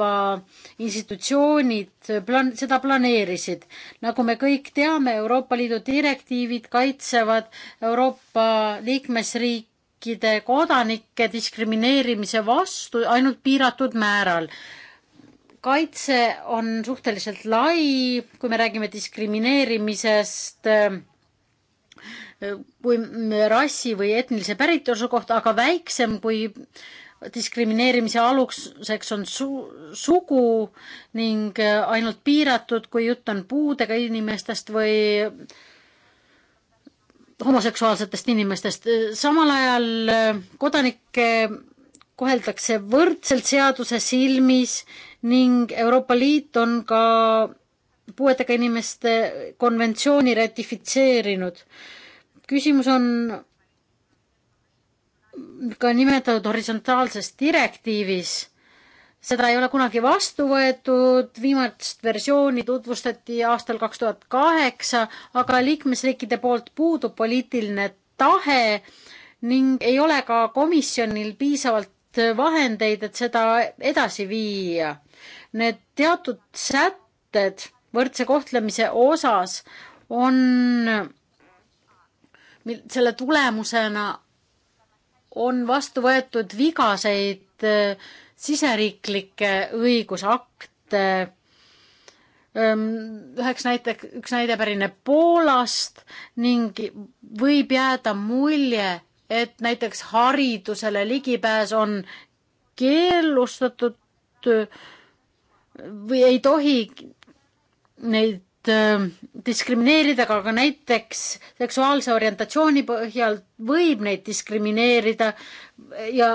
[SPEAKER 5] Euroopa institutsioonid plan-, seda planeerisid. nagu me kõik teame, Euroopa Liidu direktiivid kaitsevad Euroopa liikmesriikide kodanikke diskrimineerimise vastu ainult piiratud määral. kaitse on suhteliselt lai, kui me räägime diskrimineerimisest kui äh, rassi või etnilise päritolu kohta, aga väiksem kui diskrimineerimise aluseks on su-, sugu ning äh, ainult piiratud, kui jutt on puudega inimestest või homoseksuaalsetest inimestest. samal ajal äh, kodanikke koheldakse võrdselt seaduse silmis ning Euroopa Liit on ka puuetega inimeste konventsiooni ratifitseerinud. küsimus on ka nimetatud horisontaalses direktiivis. seda ei ole kunagi vastu võetud, viimast versiooni tutvustati aastal kaks tuhat kaheksa, aga liikmesriikide poolt puudub poliitiline tahe ning ei ole ka komisjonil piisavalt vahendeid, et seda edasi viia. Need teatud sätted võrdse kohtlemise osas on selle tulemusena on vastu võetud vigaseid äh, siseriiklikke õigusakte. üheks näite, üks näide pärineb Poolast ning võib jääda mulje, et näiteks haridusele ligipääs on keelustatud äh, või ei tohi neid Ähm, diskrimineerida, aga näiteks seksuaalse orientatsiooni põhjal võib neid diskrimineerida ja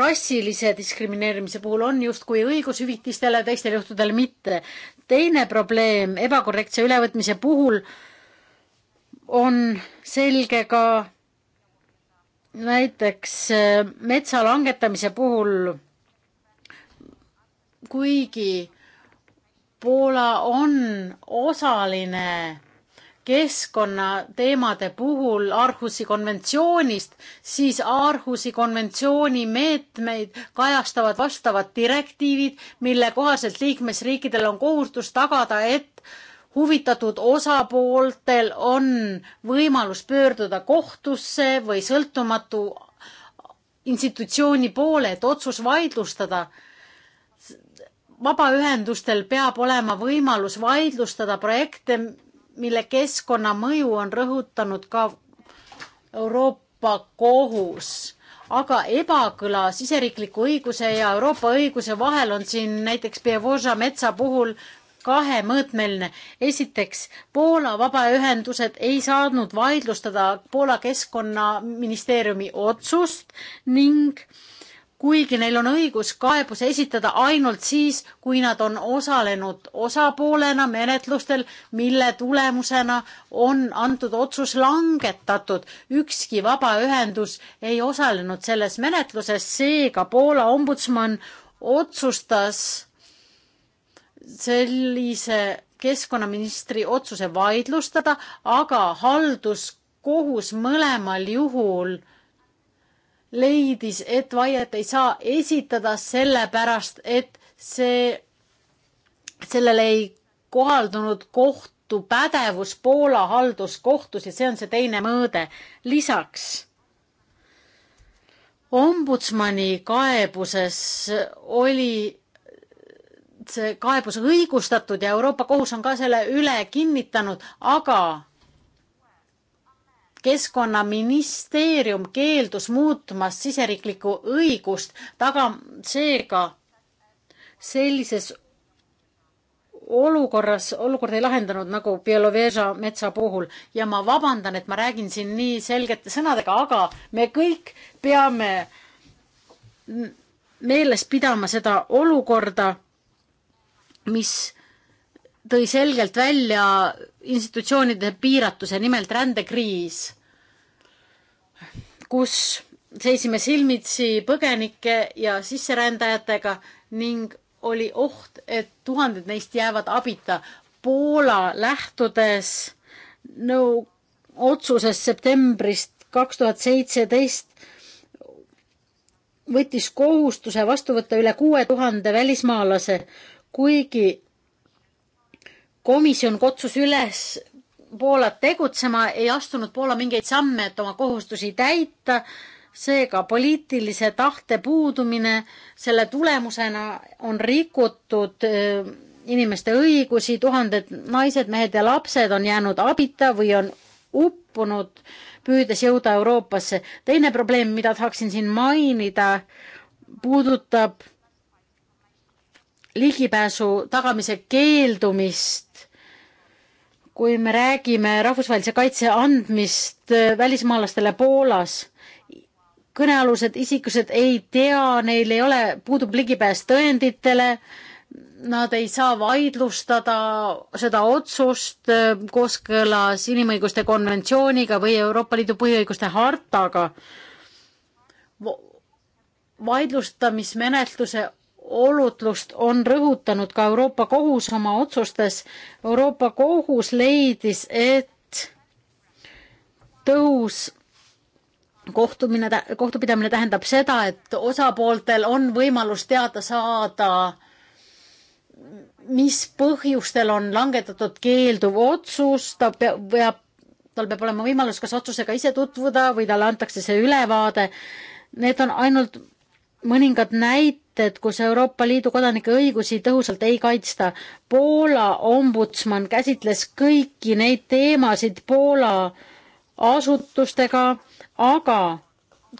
[SPEAKER 5] rassilise diskrimineerimise puhul on justkui õigus hüvitistele, teistel juhtudel mitte. teine probleem ebakorrektse ülevõtmise puhul on selge ka näiteks äh, metsa langetamise puhul, kuigi Poola on osaline keskkonnateemade puhul Aarhusi konventsioonist, siis Aarhusi konventsiooni meetmeid kajastavad vastavad direktiivid, mille kohaselt liikmesriikidel on kohustus tagada, et huvitatud osapooltel on võimalus pöörduda kohtusse või sõltumatu institutsiooni poole, et otsus vaidlustada vabaühendustel peab olema võimalus vaidlustada projekte, mille keskkonnamõju on rõhutanud ka Euroopa Kohus. aga ebakõla siseriikliku õiguse ja Euroopa õiguse vahel on siin näiteks Pievoža metsa puhul kahemõõtmeline. esiteks, Poola vabaühendused ei saanud vaidlustada Poola keskkonnaministeeriumi otsust ning äh, kuigi neil on õigus kaebuse esitada ainult siis, kui nad on osalenud osapoolena menetlustel, mille tulemusena on antud otsus langetatud. ükski vabaühendus ei osalenud selles menetluses, seega Poola ombudsman otsustas sellise keskkonnaministri otsuse vaidlustada, aga halduskohus mõlemal juhul äh, leidis, et vaiet ei saa esitada sellepärast, et see, sellele ei kohaldunud kohtu pädevus Poola halduskohtus ja see on see teine mõõde. lisaks ombudsmani kaebuses oli see kaebus õigustatud ja Euroopa Kohus on ka selle üle kinnitanud, aga keskkonnaministeerium keeldus muutmast siseriiklikku õigust, taga seega sellises olukorras, olukord ei lahendanud nagu Bieloveža metsa puhul ja ma vabandan, et ma räägin siin nii selgete sõnadega, aga me kõik peame meeles pidama seda olukorda, mis tõi selgelt välja institutsioonide piiratuse, nimelt rändekriis, kus seisime silmitsi põgenike ja sisserändajatega ning oli oht, et tuhanded neist jäävad abita. Poola lähtudes nõu no, otsusest septembrist kaks tuhat seitseteist võttis kohustuse vastu võtta üle kuue tuhande välismaalase, kuigi komisjon kutsus üles Poolat tegutsema, ei astunud Poola mingeid samme, et oma kohustusi täita. seega poliitilise tahte puudumine, selle tulemusena on rikutud äh, inimeste õigusi, tuhanded naised, mehed ja lapsed on jäänud abita või on uppunud, püüdes jõuda Euroopasse. teine probleem, mida tahaksin siin mainida, puudutab ligipääsu tagamise keeldumist kui me räägime rahvusvahelise kaitse andmist äh, välismaalastele Poolas, kõnealused isikused ei tea, neil ei ole, puudub ligipääs tõenditele, nad ei saa vaidlustada seda otsust äh, kooskõlas inimõiguste konventsiooniga või Euroopa Liidu põhiõiguste hartaga. vaidlustamismenetluse olutlust on rõhutanud ka Euroopa Kohus oma otsustes. Euroopa Kohus leidis, et tõhus kohtumine, kohtupidamine tähendab seda, et osapooltel on võimalus teada saada, mis põhjustel on langetatud keelduv otsus, ta peab, tal peab olema võimalus kas otsusega ise tutvuda või talle antakse see ülevaade. Need on ainult mõningad näited näited, kus Euroopa Liidu kodanike õigusi tõhusalt ei kaitsta. Poola ombudsman käsitles kõiki neid teemasid Poola asutustega, aga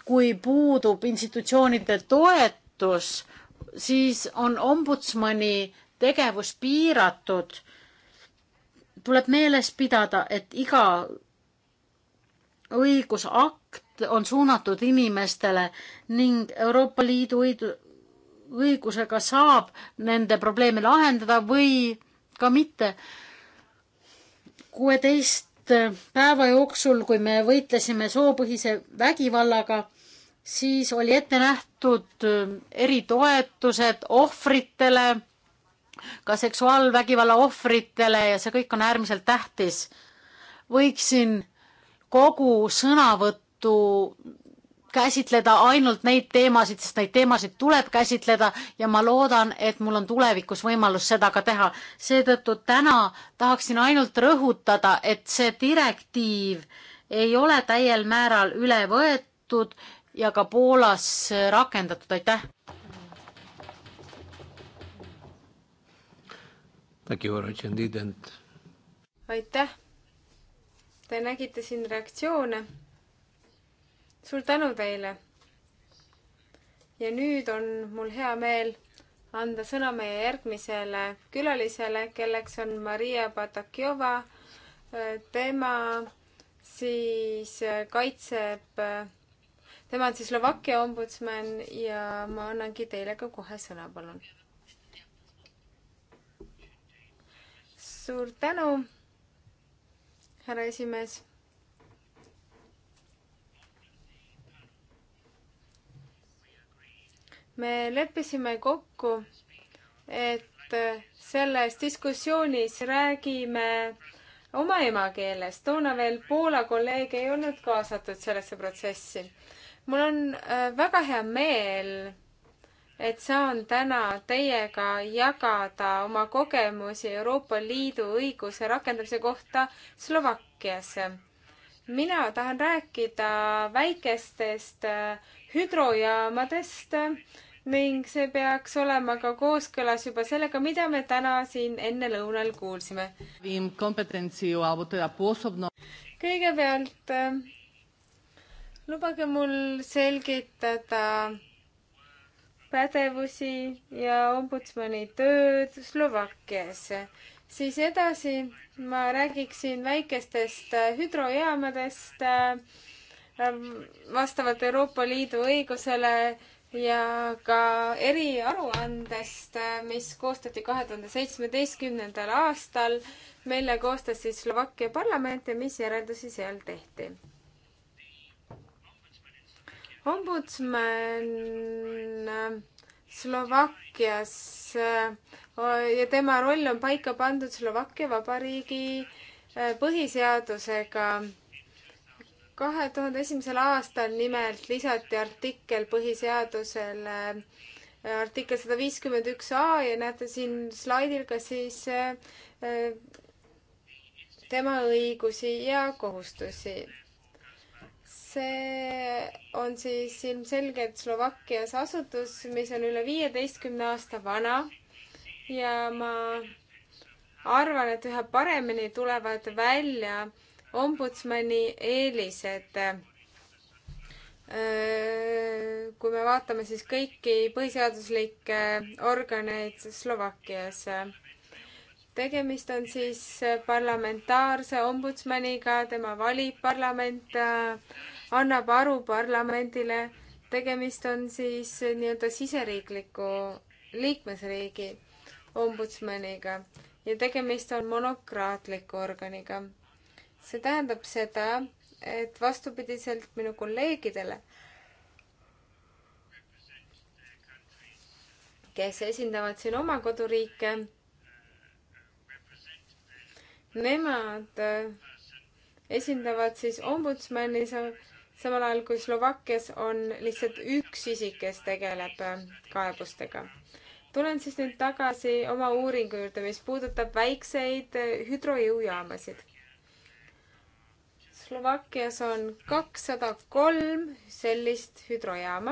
[SPEAKER 5] kui puudub institutsioonide toetus, siis on ombudsmani tegevus piiratud. tuleb meeles pidada, et iga õigusakt on suunatud inimestele ning Euroopa Liidu õigusega saab nende probleeme lahendada või ka mitte. kuueteist päeva jooksul, kui me võitlesime soopõhise vägivallaga, siis oli ette nähtud äh, eritoetused ohvritele, ka seksuaalvägivalla ohvritele ja see kõik on äärmiselt tähtis. võiksin kogu sõnavõttu käsitleda ainult neid teemasid, sest neid teemasid tuleb käsitleda ja ma loodan, et mul on tulevikus võimalus seda ka teha. seetõttu täna tahaksin ainult rõhutada, et see direktiiv ei ole täiel määral üle võetud ja ka Poolas rakendatud, aitäh.
[SPEAKER 6] aitäh. Te nägite siin reaktsioone suur tänu teile. ja nüüd on mul hea meel anda sõna meie järgmisele külalisele, kelleks on Maria Batakjova. tema siis äh, kaitseb, äh, tema on siis Slovakkia ombudsman ja ma annangi teile ka kohe sõna, palun. suur tänu, härra esimees me leppisime kokku, et selles diskussioonis räägime oma emakeeles. toona veel Poola kolleeg ei olnud kaasatud sellesse protsessi. mul on äh, väga hea meel, et saan täna teiega jagada oma kogemusi Euroopa Liidu õiguse rakendamise kohta Slovakkias. mina tahan rääkida väikestest äh, hüdrojaamadest äh, ning see peaks olema ka kooskõlas juba sellega, mida me täna siin ennelõunal kuulsime. kõigepealt äh, lubage mul selgitada pädevusi ja ombudsmani tööd Slovakkias. siis edasi ma räägiksin väikestest hüdrojaamadest äh, vastavalt Euroopa Liidu õigusele ja ka eriaruandest, mis koostati kahe tuhande seitsmeteistkümnendal aastal, mille koostas siis Slovakkia parlament ja mis järeldusi seal tehti. ombudsman äh, Slovakkias äh, ja tema roll on paika pandud Slovakkia Vabariigi äh, põhiseadusega kahe tuhande esimesel aastal nimelt lisati artikkel põhiseadusele, äh, artikkel sada viiskümmend üks A ja näete siin slaidil ka siis äh, äh, tema õigusi ja kohustusi. see on siis ilmselgelt Slovakkias asutus, mis on üle viieteistkümne aasta vana ja ma arvan, et üha paremini tulevad välja äh, ombudsmani eelised. kui me vaatame siis kõiki põhiseaduslikke organeid Slovakkias, tegemist on siis parlamentaarse ombudsmaniga, tema valib parlament, annab aru parlamendile, tegemist on siis nii-öelda siseriikliku liikmesriigi ombudsmaniga ja tegemist on monokraatliku organiga see tähendab seda, et vastupidiselt minu kolleegidele, kes esindavad siin oma koduriike, nemad äh, esindavad siis ombudsmani, samal ajal kui Slovakkias on lihtsalt üks isik, kes tegeleb äh, kaebustega. tulen siis nüüd tagasi oma uuringu juurde, mis puudutab väikseid äh, hüdrojõujaamasid Slovakkias on kakssada kolm sellist hüdrojaama.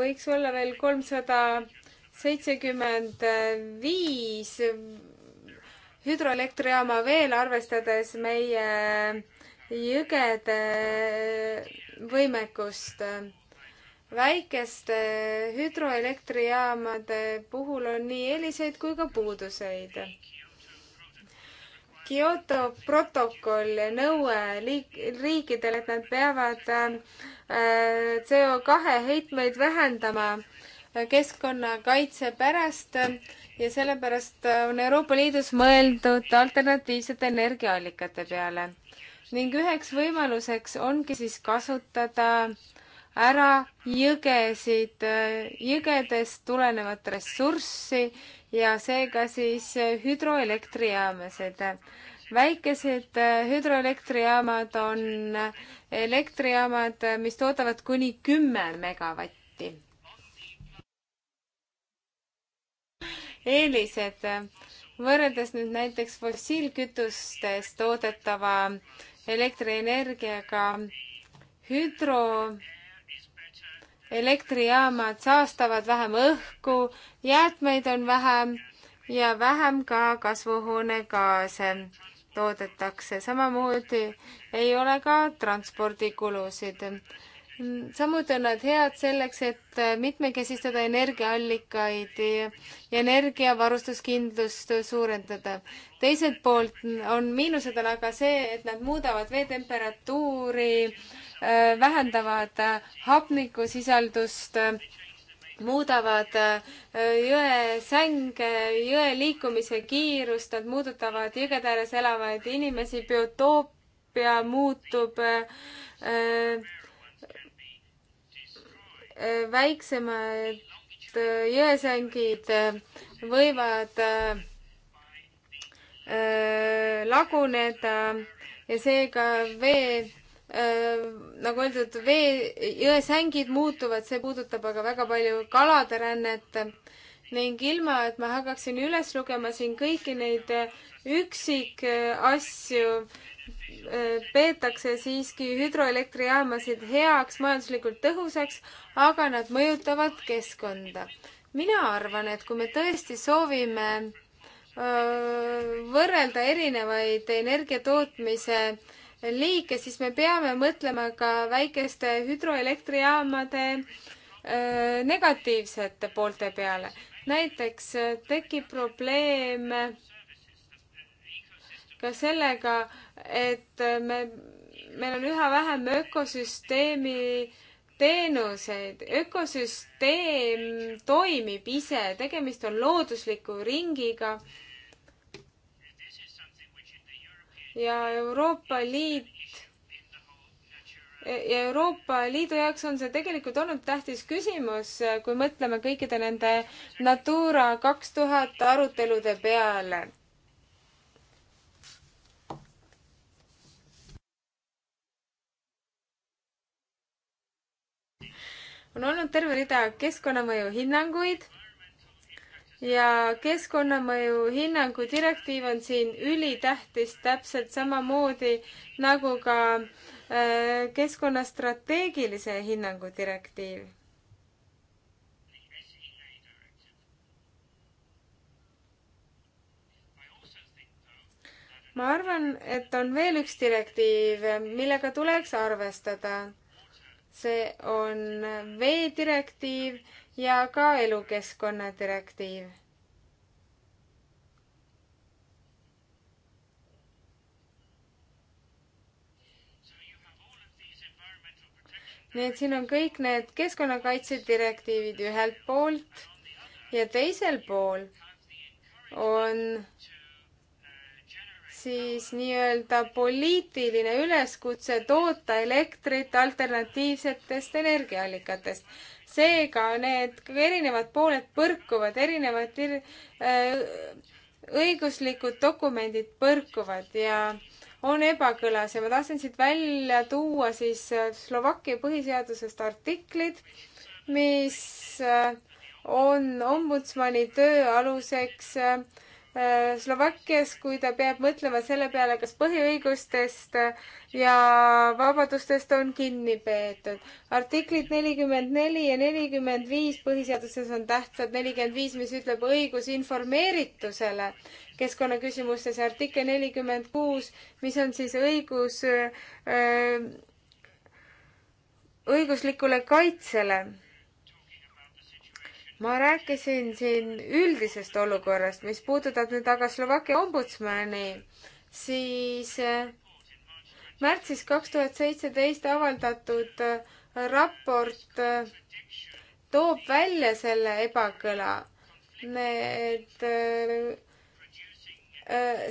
[SPEAKER 6] võiks olla veel kolmsada seitsekümmend viis hüdroelektrijaama veel, arvestades meie jõgede võimekust. väikeste hüdroelektrijaamade puhul on nii eeliseid kui ka puuduseid. Kyoto protokoll ja nõue liik-, riikidele, et nad peavad äh, CO kahe heitmeid vähendama keskkonnakaitse pärast ja sellepärast on Euroopa Liidus mõeldud alternatiivsete energiaallikate peale ning üheks võimaluseks ongi siis kasutada ära jõgesid, jõgedest tulenevat ressurssi ja seega siis hüdroelektrijaamasid. väikesed äh, hüdroelektrijaamad on äh, elektrijaamad, äh, mis toodavad kuni kümme megavatti. eelised võrreldes nüüd näiteks fossiilkütustest toodetava äh, elektrienergiaga hüdroelektrijaamad saastavad vähem õhku, jäätmeid on vähem ja vähem ka kasvuhoonegaase toodetakse. samamoodi ei ole ka transpordikulusid samuti on nad head selleks, et mitmekesistada energiaallikaid ja energiavarustuskindlust suurendada. teiselt poolt on miinused on aga see, et nad muudavad vee temperatuuri, äh, vähendavad äh, hapnikusisaldust äh, muudavad jõe sänge, jõe liikumise kiirust, nad muudutavad jõgede ääres elavaid inimesi, biotoopia muutub äh,, väiksemad äh, jõesängid äh, võivad äh, laguneda ja seega vee nagu öeldud, vee, jõesängid muutuvad, see puudutab aga väga palju kalade rännet ning ilma, et ma hakkaksin üles lugema siin kõiki neid üksikasju, Äh, peetakse siiski hüdroelektrijaamasid heaks, majanduslikult tõhusaks, aga nad mõjutavad keskkonda. mina arvan, et kui me tõesti soovime äh, võrrelda erinevaid energiatootmise liike, siis me peame mõtlema ka väikeste hüdroelektrijaamade äh, negatiivsete poolte peale. näiteks tekib probleem ka sellega, et me, meil on üha vähem ökosüsteemi teenuseid, ökosüsteem toimib ise, tegemist on loodusliku ringiga. ja Euroopa Liit
[SPEAKER 3] ja Euroopa
[SPEAKER 6] Liidu jaoks on see tegelikult olnud tähtis küsimus, kui mõtleme kõikide nende Natura kaks tuhat arutelude peale. on olnud terve rida keskkonnamõju hinnanguid ja keskkonnamõju hinnangu direktiiv on siin ülitähtis täpselt samamoodi nagu ka äh, keskkonnastrateegilise hinnangu direktiiv ma arvan, et on veel üks direktiiv, millega tuleks arvestada see on veedirektiiv ja ka elukeskkonna direktiiv. nii et siin on kõik need keskkonnakaitse direktiivid ühelt poolt ja teisel pool on siis nii-öelda poliitiline üleskutse toota elektrit alternatiivsetest energiaallikatest. seega need erinevad pooled põrkuvad, erinevad äh, õiguslikud dokumendid põrkuvad ja on ebakõlas ja ma tahtsin siit välja tuua siis äh, Slovakkia põhiseadusest artiklid, mis äh, on ombudsmani töö aluseks äh, Äh, Slovakkias, kui ta peab mõtlema selle peale, kas põhiõigustest ja vabadustest on kinni peetud. artiklid nelikümmend neli ja nelikümmend viis põhiseaduses on tähtsad, nelikümmend viis, mis ütleb õigus informeeritusele keskkonnaküsimustes ja artikkel nelikümmend kuus, mis on siis õigus öö, äh, õiguslikule kaitsele ma rääkisin siin üldisest olukorrast, mis puudutab nüüd aga Slovakkia ombudsmani, siis eh, märtsis kaks tuhat seitseteist avaldatud eh, raport eh, toob välja selle ebakõla. Need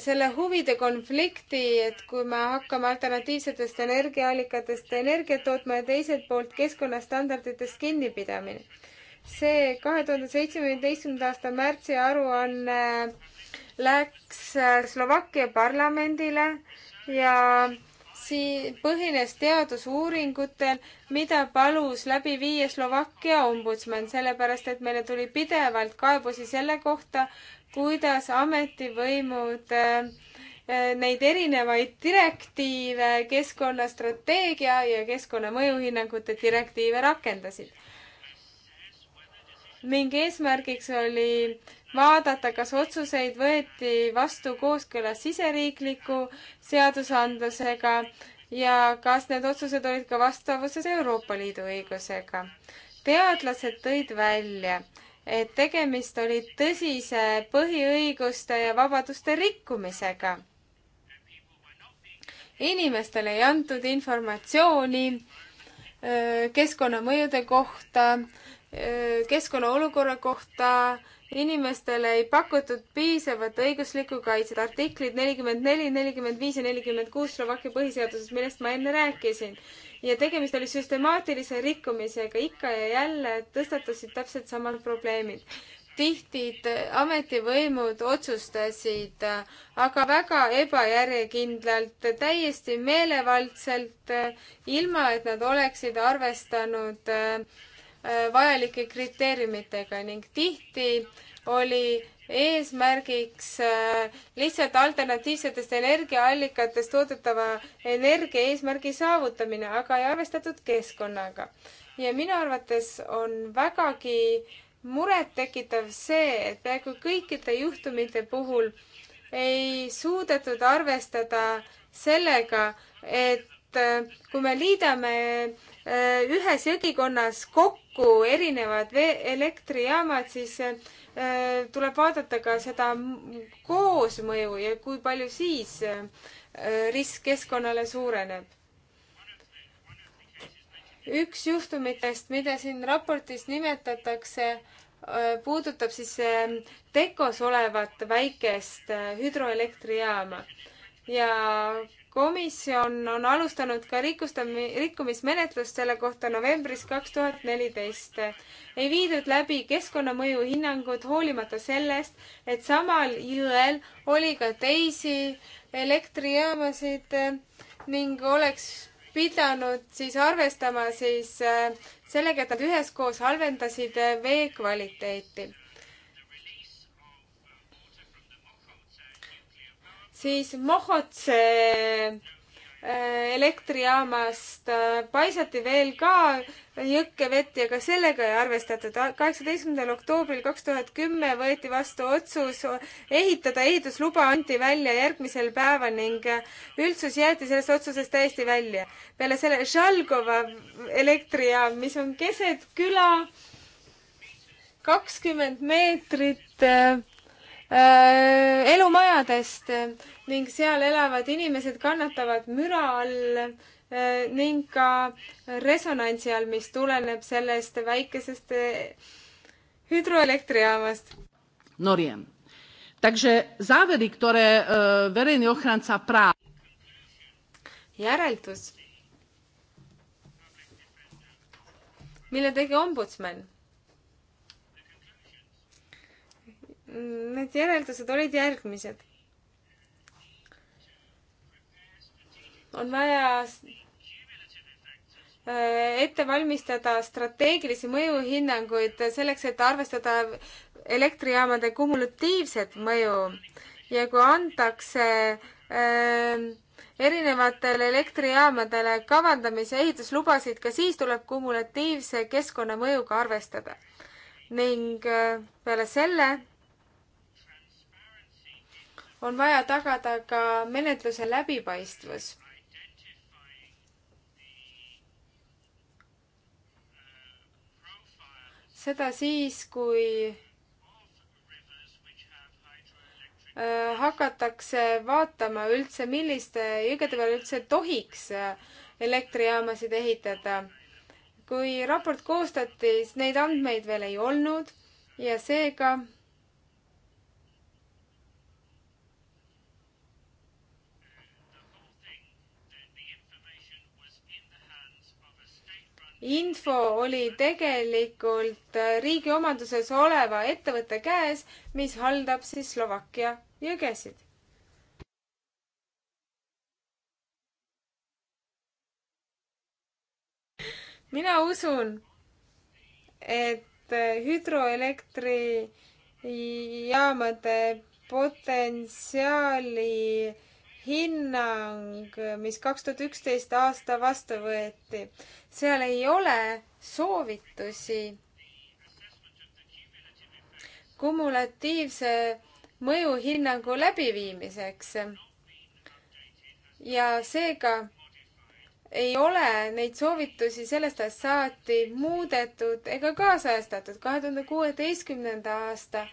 [SPEAKER 6] selle huvide konflikti, et kui me hakkame alternatiivsetest energiaallikatest energiat tootma ja teiselt poolt keskkonnastandarditest kinni pidamine see kahe tuhande seitsmeteistkümnenda aasta märtsi aruanne läks äh, Slovakkia parlamendile ja siin põhines teadusuuringutel, mida palus läbi viia Slovakkia ombudsman, sellepärast et meile tuli pidevalt kaebusi selle kohta, kuidas ametivõimud äh, äh, neid erinevaid direktiive, keskkonnastrateegia ja keskkonna mõjuhinnangute direktiive rakendasid ning eesmärgiks oli vaadata, kas otsuseid võeti vastu kooskõlas siseriikliku seadusandlusega ja kas need otsused olid ka vastavuses Euroopa Liidu õigusega. teadlased tõid välja, et tegemist oli tõsise põhiõiguste ja vabaduste rikkumisega. inimestele ei antud informatsiooni äh, keskkonnamõjude kohta keskkonna olukorra kohta inimestele ei pakutud piisavat õiguslikku kaitset. artiklid nelikümmend neli, nelikümmend viis ja nelikümmend kuus Slovakkia põhiseaduses, millest ma enne rääkisin. ja tegemist oli süstemaatilise rikkumisega, ikka ja jälle tõstatasid täpselt samad probleemid. tihti ametivõimud otsustasid aga väga ebajärjekindlalt, täiesti meelevaldselt, ilma et nad oleksid arvestanud äh, Äh, vajalike kriteeriumitega ning tihti oli eesmärgiks äh, lihtsalt alternatiivsetest energiaallikatest toodetava energia eesmärgi saavutamine, aga ei arvestatud keskkonnaga. ja minu arvates on vägagi murettekitav see, et peaaegu kõikide juhtumite puhul ei suudetud arvestada sellega, et äh, kui me liidame Äh, ühes jõgikonnas kokku erinevad vee-, elektrijaamad, siis äh, tuleb vaadata ka seda koosmõju ja kui palju siis äh, risk keskkonnale suureneb üks juhtumitest, mida siin raportis nimetatakse, puudutab siis Tekos olevat väikest hüdroelektrijaama ja komisjon on alustanud ka rikustami-, rikkumismenetlust selle kohta novembris kaks tuhat neliteist. ei viidud läbi keskkonnamõju hinnangut, hoolimata sellest, et samal jõel oli ka teisi elektrijaamasid ning oleks pidanud siis arvestama siis äh, sellega, et nad üheskoos halvendasid äh, vee kvaliteeti siis Mohotse äh, elektrijaamast paisati veel ka jõkke vett ja ka sellega ei arvestatud. kaheksateistkümnendal oktoobril kaks tuhat kümme võeti vastu otsus ehitada, ehitusluba anti välja järgmisel päeval ning äh, üldsus jäeti sellest otsusest täiesti välja. peale selle Žalgova elektrijaam, mis on keset küla, kakskümmend meetrit äh, Äh, elumajadest äh, ning seal elavad inimesed kannatavad müra all äh, ning ka resonantsi all, mis tuleneb sellest väikesest hüdroelektrijaamast.
[SPEAKER 4] Noriem. Takže závery, ktoré verejný e, ochranca
[SPEAKER 6] práv järeldus, mille tegi ombudsman Need järeldused olid järgmised. on vaja äh, ette valmistada strateegilisi mõjuhinnanguid selleks, et arvestada elektrijaamade kumulatiivset mõju ja kui antakse äh, erinevatele elektrijaamadele kavandamise ehituslubasid, ka siis tuleb kumulatiivse keskkonnamõjuga arvestada. ning äh, peale selle on vaja tagada ka menetluse läbipaistvus. seda siis, kui äh, hakatakse vaatama üldse, milliste jõgede peale üldse tohiks äh, elektrijaamasid ehitada. kui raport koostati, siis neid andmeid veel ei olnud ja seega info oli tegelikult riigi omanduses oleva ettevõtte käes, mis haldab siis Slovakkia jõgesid. mina usun, et hüdroelektrijaamade potentsiaali hinnang, mis kaks tuhat üksteist aasta vastu võeti. seal ei ole soovitusi kumulatiivse mõjuhinnangu läbiviimiseks. ja seega ei ole neid soovitusi sellest ajast saati muudetud ega kaasajastatud. kahe tuhande kuueteistkümnenda aasta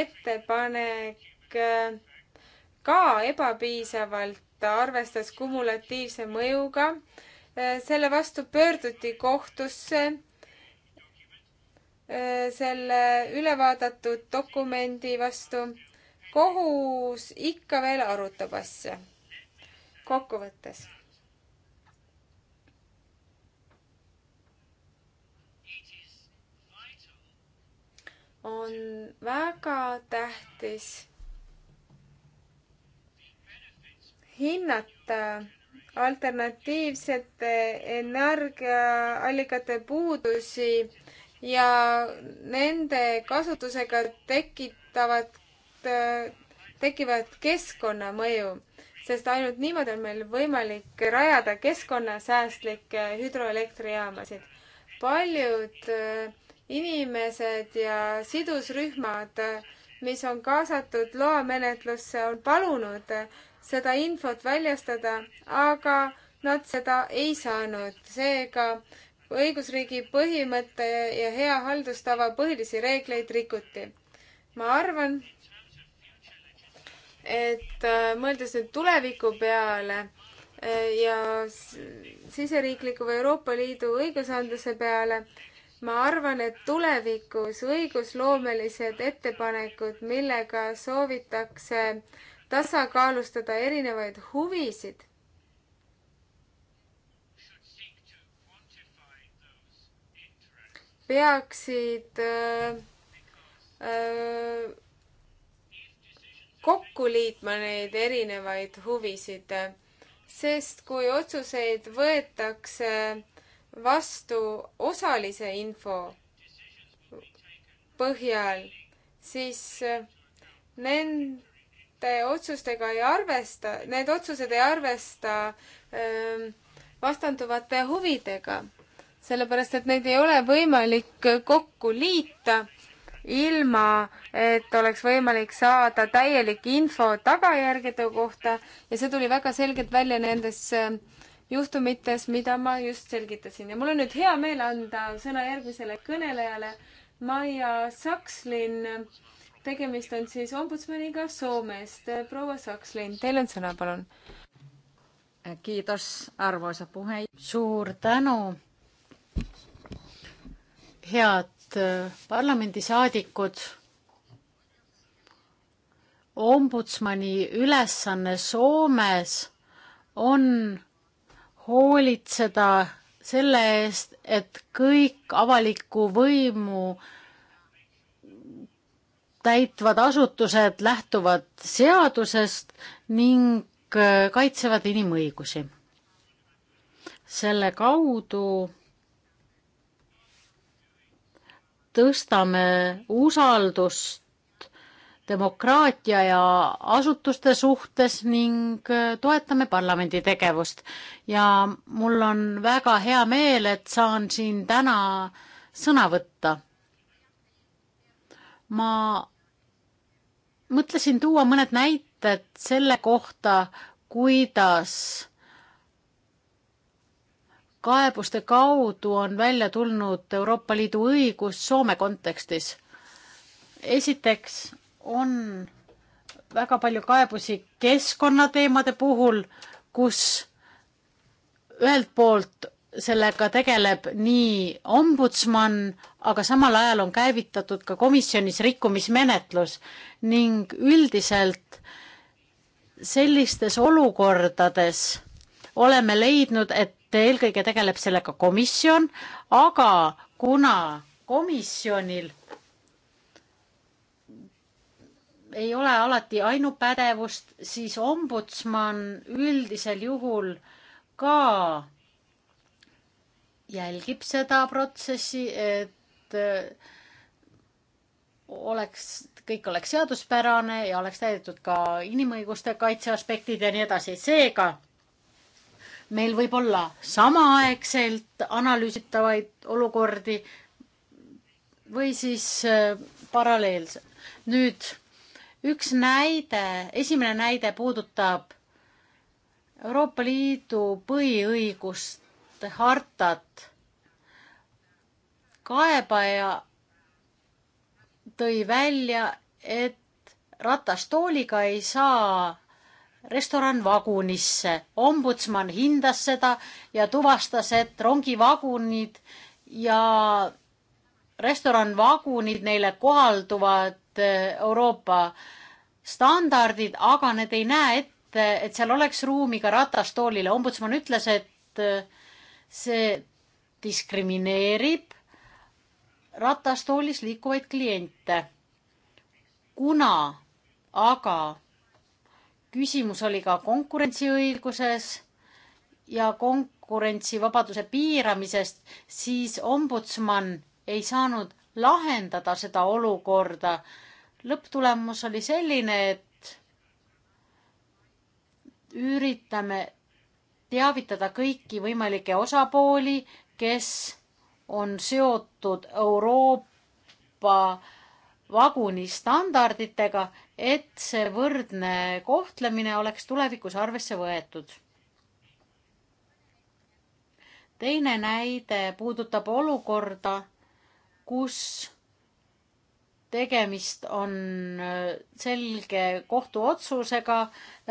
[SPEAKER 6] ettepanek äh, ka ebapiisavalt arvestas kumulatiivse mõjuga. selle vastu pöörduti kohtusse. selle ülevaadatud dokumendi vastu kohus ikka veel arutab asja. kokkuvõttes. on väga tähtis hinnata alternatiivsete energiaallikate puudusi ja nende kasutusega tekitavad, tekivad keskkonnamõju, sest ainult niimoodi on meil võimalik rajada keskkonnasäästlikke hüdroelektrijaamasid. paljud äh, inimesed ja sidusrühmad, mis on kaasatud loamenetlusse, on palunud äh, seda infot väljastada, aga nad seda ei saanud. seega õigusriigi põhimõtte ja hea haldustava põhilisi reegleid rikuti. ma arvan, et äh, mõeldes nüüd tuleviku peale äh, ja siseriikliku või Euroopa Liidu õigusandluse peale, ma arvan, et tulevikus õigusloomelised ettepanekud, millega soovitakse äh, tasakaalustada erinevaid huvisid. peaksid öö, äh, öö, äh, kokku liitma neid erinevaid huvisid, sest kui otsuseid võetakse vastu osalise info põhjal, siis nend-, mingite otsustega ei arvesta, need otsused ei arvesta öö, ähm, vastanduvate huvidega, sellepärast et neid ei ole võimalik kokku liita ilma, et oleks võimalik saada täielik info tagajärgede kohta ja see tuli väga selgelt välja nendes ähm, juhtumites, mida ma just selgitasin ja mul on nüüd hea meel anda sõna järgmisele kõnelejale, Maia Sakslin tegemist on siis ombudsmaniga Soomest. proua Sakslin, teil on sõna, palun. Kiitos, arvoisa puhe. suur tänu.
[SPEAKER 5] head äh, parlamendisaadikud. ombudsmani ülesanne Soomes on hoolitseda selle eest, et kõik avaliku võimu äh, täitvad asutused lähtuvad seadusest ning äh, kaitsevad inimõigusi. selle kaudu tõstame usaldust demokraatia ja asutuste suhtes ning äh, toetame parlamendi tegevust. ja mul on väga hea meel, et saan siin täna sõna võtta ma mõtlesin tuua mõned näited selle kohta, kuidas kaebuste kaudu on välja tulnud Euroopa Liidu õigus Soome kontekstis. esiteks on väga palju kaebusi keskkonnateemade puhul, kus ühelt poolt sellega tegeleb nii ombudsman, aga samal ajal on käivitatud ka komisjonis rikkumismenetlus ning üldiselt sellistes olukordades oleme leidnud, et eelkõige tegeleb sellega komisjon, aga kuna komisjonil ei ole alati ainupädevust, siis ombudsman üldisel juhul ka jälgib seda protsessi, et äh, oleks, kõik oleks seaduspärane ja oleks täidetud ka inimõiguste kaitse aspektid ja nii edasi. seega meil võib olla samaaegselt analüüsitavaid olukordi või siis äh, paralleelselt. nüüd üks näide, esimene näide puudutab Euroopa Liidu põhiõigust põhiõiguste hartat. kaebaja tõi välja, et ratastooliga ei saa restoran vagunisse. ombudsman hindas seda ja tuvastas, et rongivagunid ja restoranvagunid, neile kohalduvad eh, Euroopa standardid, aga need ei näe ette, et seal oleks ruumi ka ratastoolile. ombudsman ütles, et eh, see diskrimineerib ratastoolis liikuvaid kliente. kuna aga küsimus oli ka konkurentsiõiguses ja konkurentsivabaduse piiramisest, siis ombudsman ei saanud lahendada seda olukorda. lõpptulemus oli selline, et üritame teavitada kõiki võimalikke osapooli, kes on seotud Euroopa vagunistandarditega, et see võrdne kohtlemine oleks tulevikus arvesse võetud. teine näide puudutab olukorda, kus tegemist on äh, selge kohtuotsusega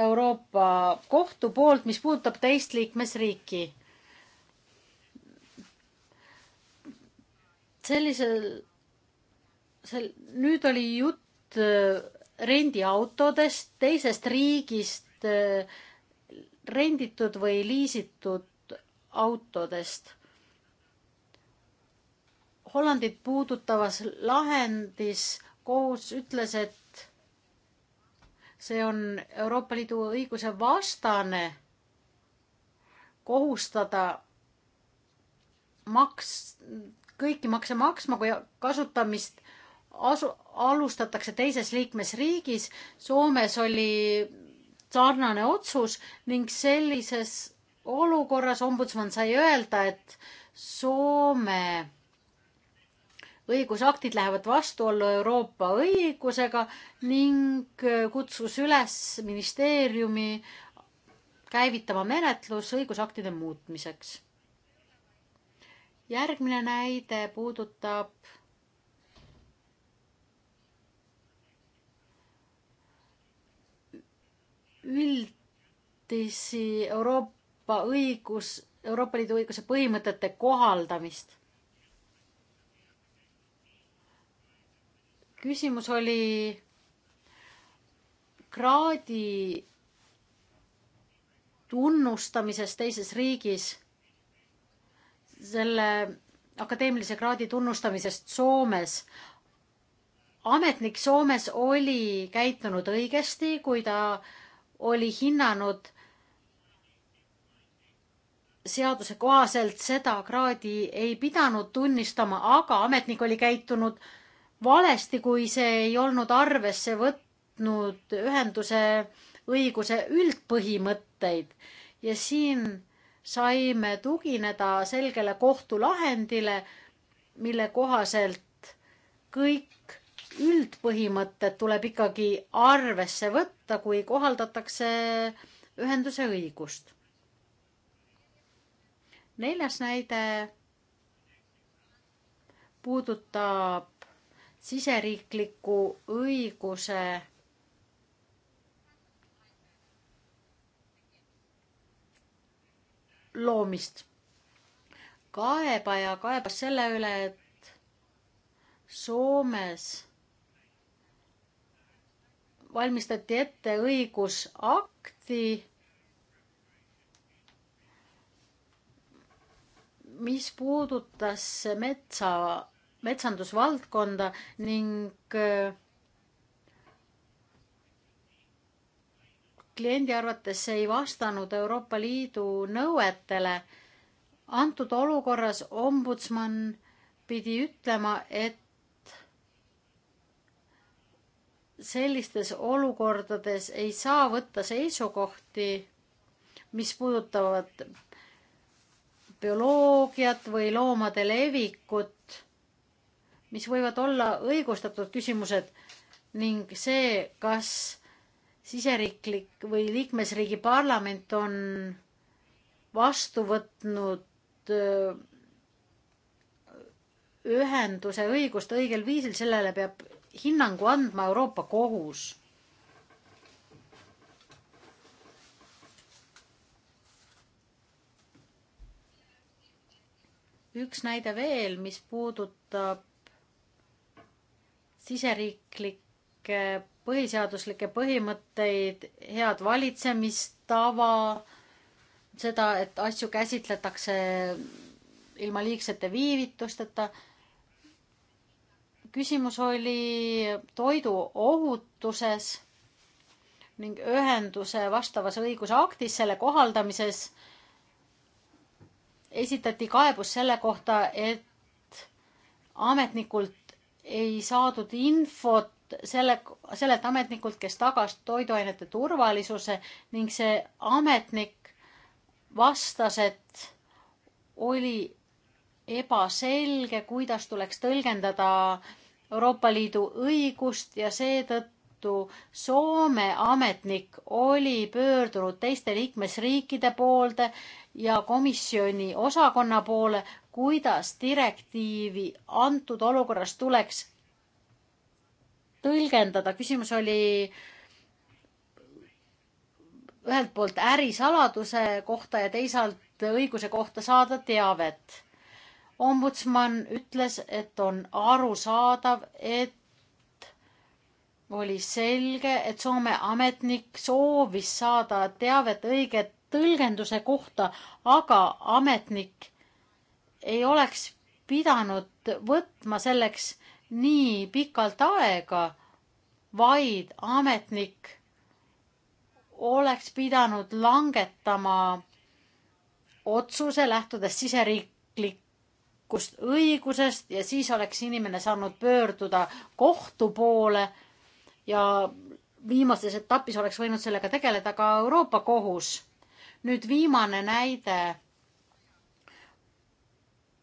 [SPEAKER 5] Euroopa Kohtu poolt, mis puudutab teist liikmesriiki. sellisel, sel-, nüüd oli jutt äh, rendiautodest teisest riigist äh, renditud või liisitud autodest Hollandit puudutavas lahendis kohus ütles, et see on Euroopa Liidu õiguse vastane kohustada maks, kõiki makse maksma, kui kasutamist asu, alustatakse teises liikmesriigis. Soomes oli sarnane otsus ning sellises olukorras ombudsman sai öelda, et Soome õigusaktid lähevad vastuollu Euroopa õigusega ning äh, kutsus üles ministeeriumi käivitama menetlus õigusaktide muutmiseks. järgmine näide puudutab üldisi Euroopa õigus, Euroopa Liidu õiguse põhimõtete kohaldamist küsimus oli kraadi tunnustamises teises riigis, selle akadeemilise kraadi tunnustamisest Soomes. ametnik Soomes oli käitunud õigesti, kui ta oli hinnanud seaduse kohaselt seda kraadi ei pidanud tunnistama, aga ametnik oli käitunud valesti, kui see ei olnud arvesse võtnud ühenduse õiguse üldpõhimõtteid ja siin saime tugineda selgele kohtulahendile, mille kohaselt kõik üldpõhimõtted tuleb ikkagi arvesse võtta, kui kohaldatakse ühenduse õigust. neljas näide puudutab siseriikliku õiguse loomist. kaebaja kaebas selle üle, et Soomes valmistati ette õigusakti, mis puudutas metsa metsandusvaldkonda ning äh, kliendi arvates ei vastanud Euroopa Liidu nõuetele. antud olukorras ombudsman pidi ütlema, et sellistes olukordades ei saa võtta seisukohti, mis puudutavad bioloogiat või loomade levikut mis võivad olla õigustatud küsimused ning see, kas siseriiklik või liikmesriigi parlament on vastu võtnud äh, ühenduse õigust õigel viisil, sellele peab hinnangu andma Euroopa Kohus. üks näide veel, mis puudutab siseriiklikke põhiseaduslikke põhimõtteid, head valitsemistava, seda, et asju käsitletakse ilma liigsete viivitusteta. küsimus oli toiduohutuses ning ühenduse vastavas õigusaktis, selle kohaldamises esitati kaebus selle kohta, et ametnikul ei saadud infot selle, sellelt ametnikult, kes tagas toiduainete turvalisuse ning see ametnik vastas, et oli ebaselge, kuidas tuleks tõlgendada Euroopa Liidu õigust ja seetõttu tõttu Soome ametnik oli pöördunud teiste liikmesriikide poolde ja komisjoni osakonna poole, kuidas direktiivi antud olukorras tuleks tõlgendada. küsimus oli ühelt poolt ärisaladuse kohta ja teisalt õiguse kohta saada teavet ombudsman ütles, et on arusaadav, et oli selge, et Soome ametnik soovis saada teavet õige tõlgenduse kohta, aga ametnik ei oleks pidanud võtma selleks nii pikalt aega, vaid ametnik oleks pidanud langetama otsuse lähtudes siseriiklikku õigusest ja siis oleks inimene saanud pöörduda kohtu poole ja viimases etapis oleks võinud sellega tegeleda ka Euroopa Kohus. nüüd viimane näide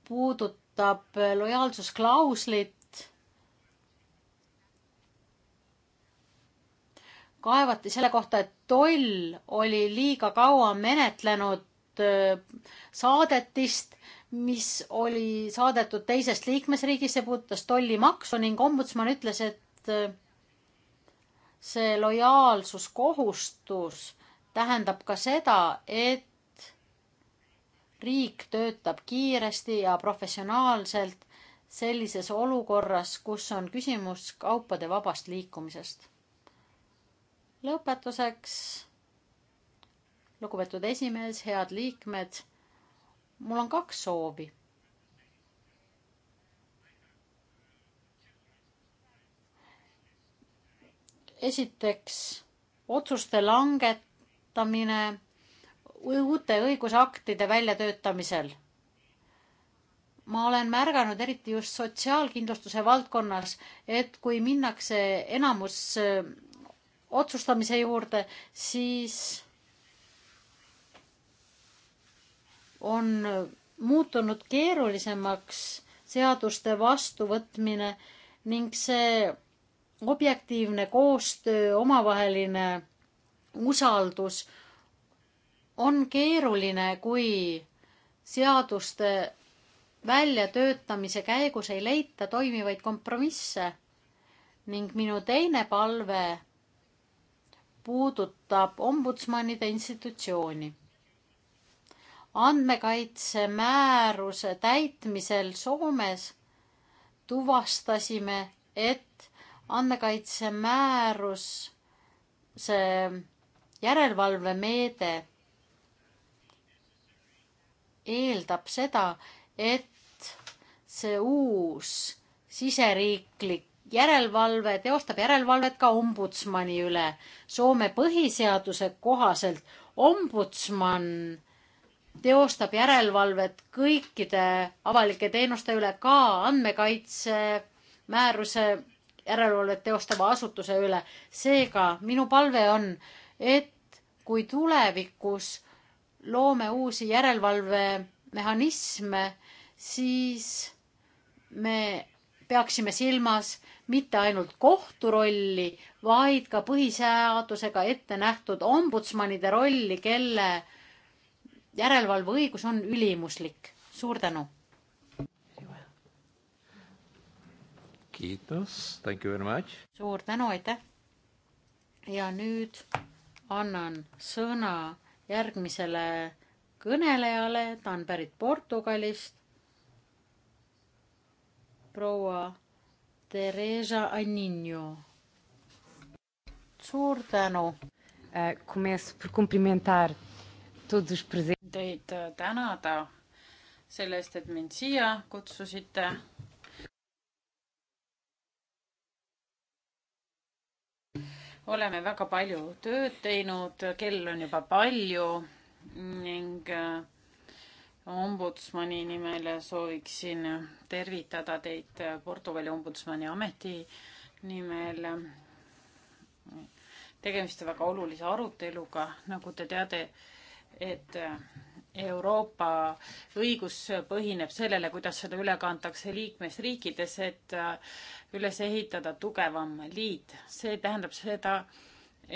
[SPEAKER 5] puudutab lojaalsusklauslit. kaevati selle kohta, et toll oli liiga kaua menetlenud äh, saadetist, mis oli saadetud teisest liikmesriigist, see puudutas tollimaksu ning ombudsman ütles, et äh, see lojaalsuskohustus tähendab ka seda, et riik töötab kiiresti ja professionaalselt sellises olukorras, kus on küsimus kaupade vabast liikumisest. lõpetuseks, lugupeetud esimees, head liikmed, mul on kaks soovi esiteks otsuste langetamine uute õigusaktide väljatöötamisel. ma olen märganud, eriti just sotsiaalkindlustuse valdkonnas, et kui minnakse enamus äh, otsustamise juurde, siis on muutunud keerulisemaks seaduste vastuvõtmine ning see objektiivne koostöö, omavaheline usaldus on keeruline, kui seaduste väljatöötamise käigus ei leita toimivaid kompromisse. ning minu teine palve puudutab ombudsmanide institutsiooni. andmekaitsemääruse täitmisel Soomes tuvastasime, et andmekaitsemäärus, see järelevalvemeede eeldab seda, et see uus siseriiklik järelevalve teostab järelevalvet ka ombudsmani üle. Soome põhiseaduse kohaselt ombudsman teostab järelevalvet kõikide avalike teenuste üle ka andmekaitse määruse järelevalvet teostava asutuse üle. seega minu palve on, et kui tulevikus loome uusi järelevalvemehhanisme, siis me peaksime silmas mitte ainult kohtu rolli, vaid ka põhiseadusega ette nähtud ombudsmanide rolli, kelle järelevalveõigus on ülimuslik. suur tänu!
[SPEAKER 3] Kiitos, thank you very much.
[SPEAKER 5] suur tänu, aitäh. ja nüüd annan sõna järgmisele kõnelejale, ta on pärit Portugalist. proua Teresa Aninho.
[SPEAKER 4] suur tänu. Eh, começo por cumprimentar todos os presentes. Teid eh, tänada selle eest, et mind siia kutsusite oleme väga palju tööd teinud, kell on juba palju ning äh, ombudsmani nimel sooviksin tervitada teid Portugali ombudsmani ameti nimel. tegemist on väga olulise aruteluga, nagu te teate, et äh, Euroopa õigus põhineb sellele, kuidas seda üle kantakse liikmesriikides, et äh, üles ehitada tugevam liit. see tähendab seda,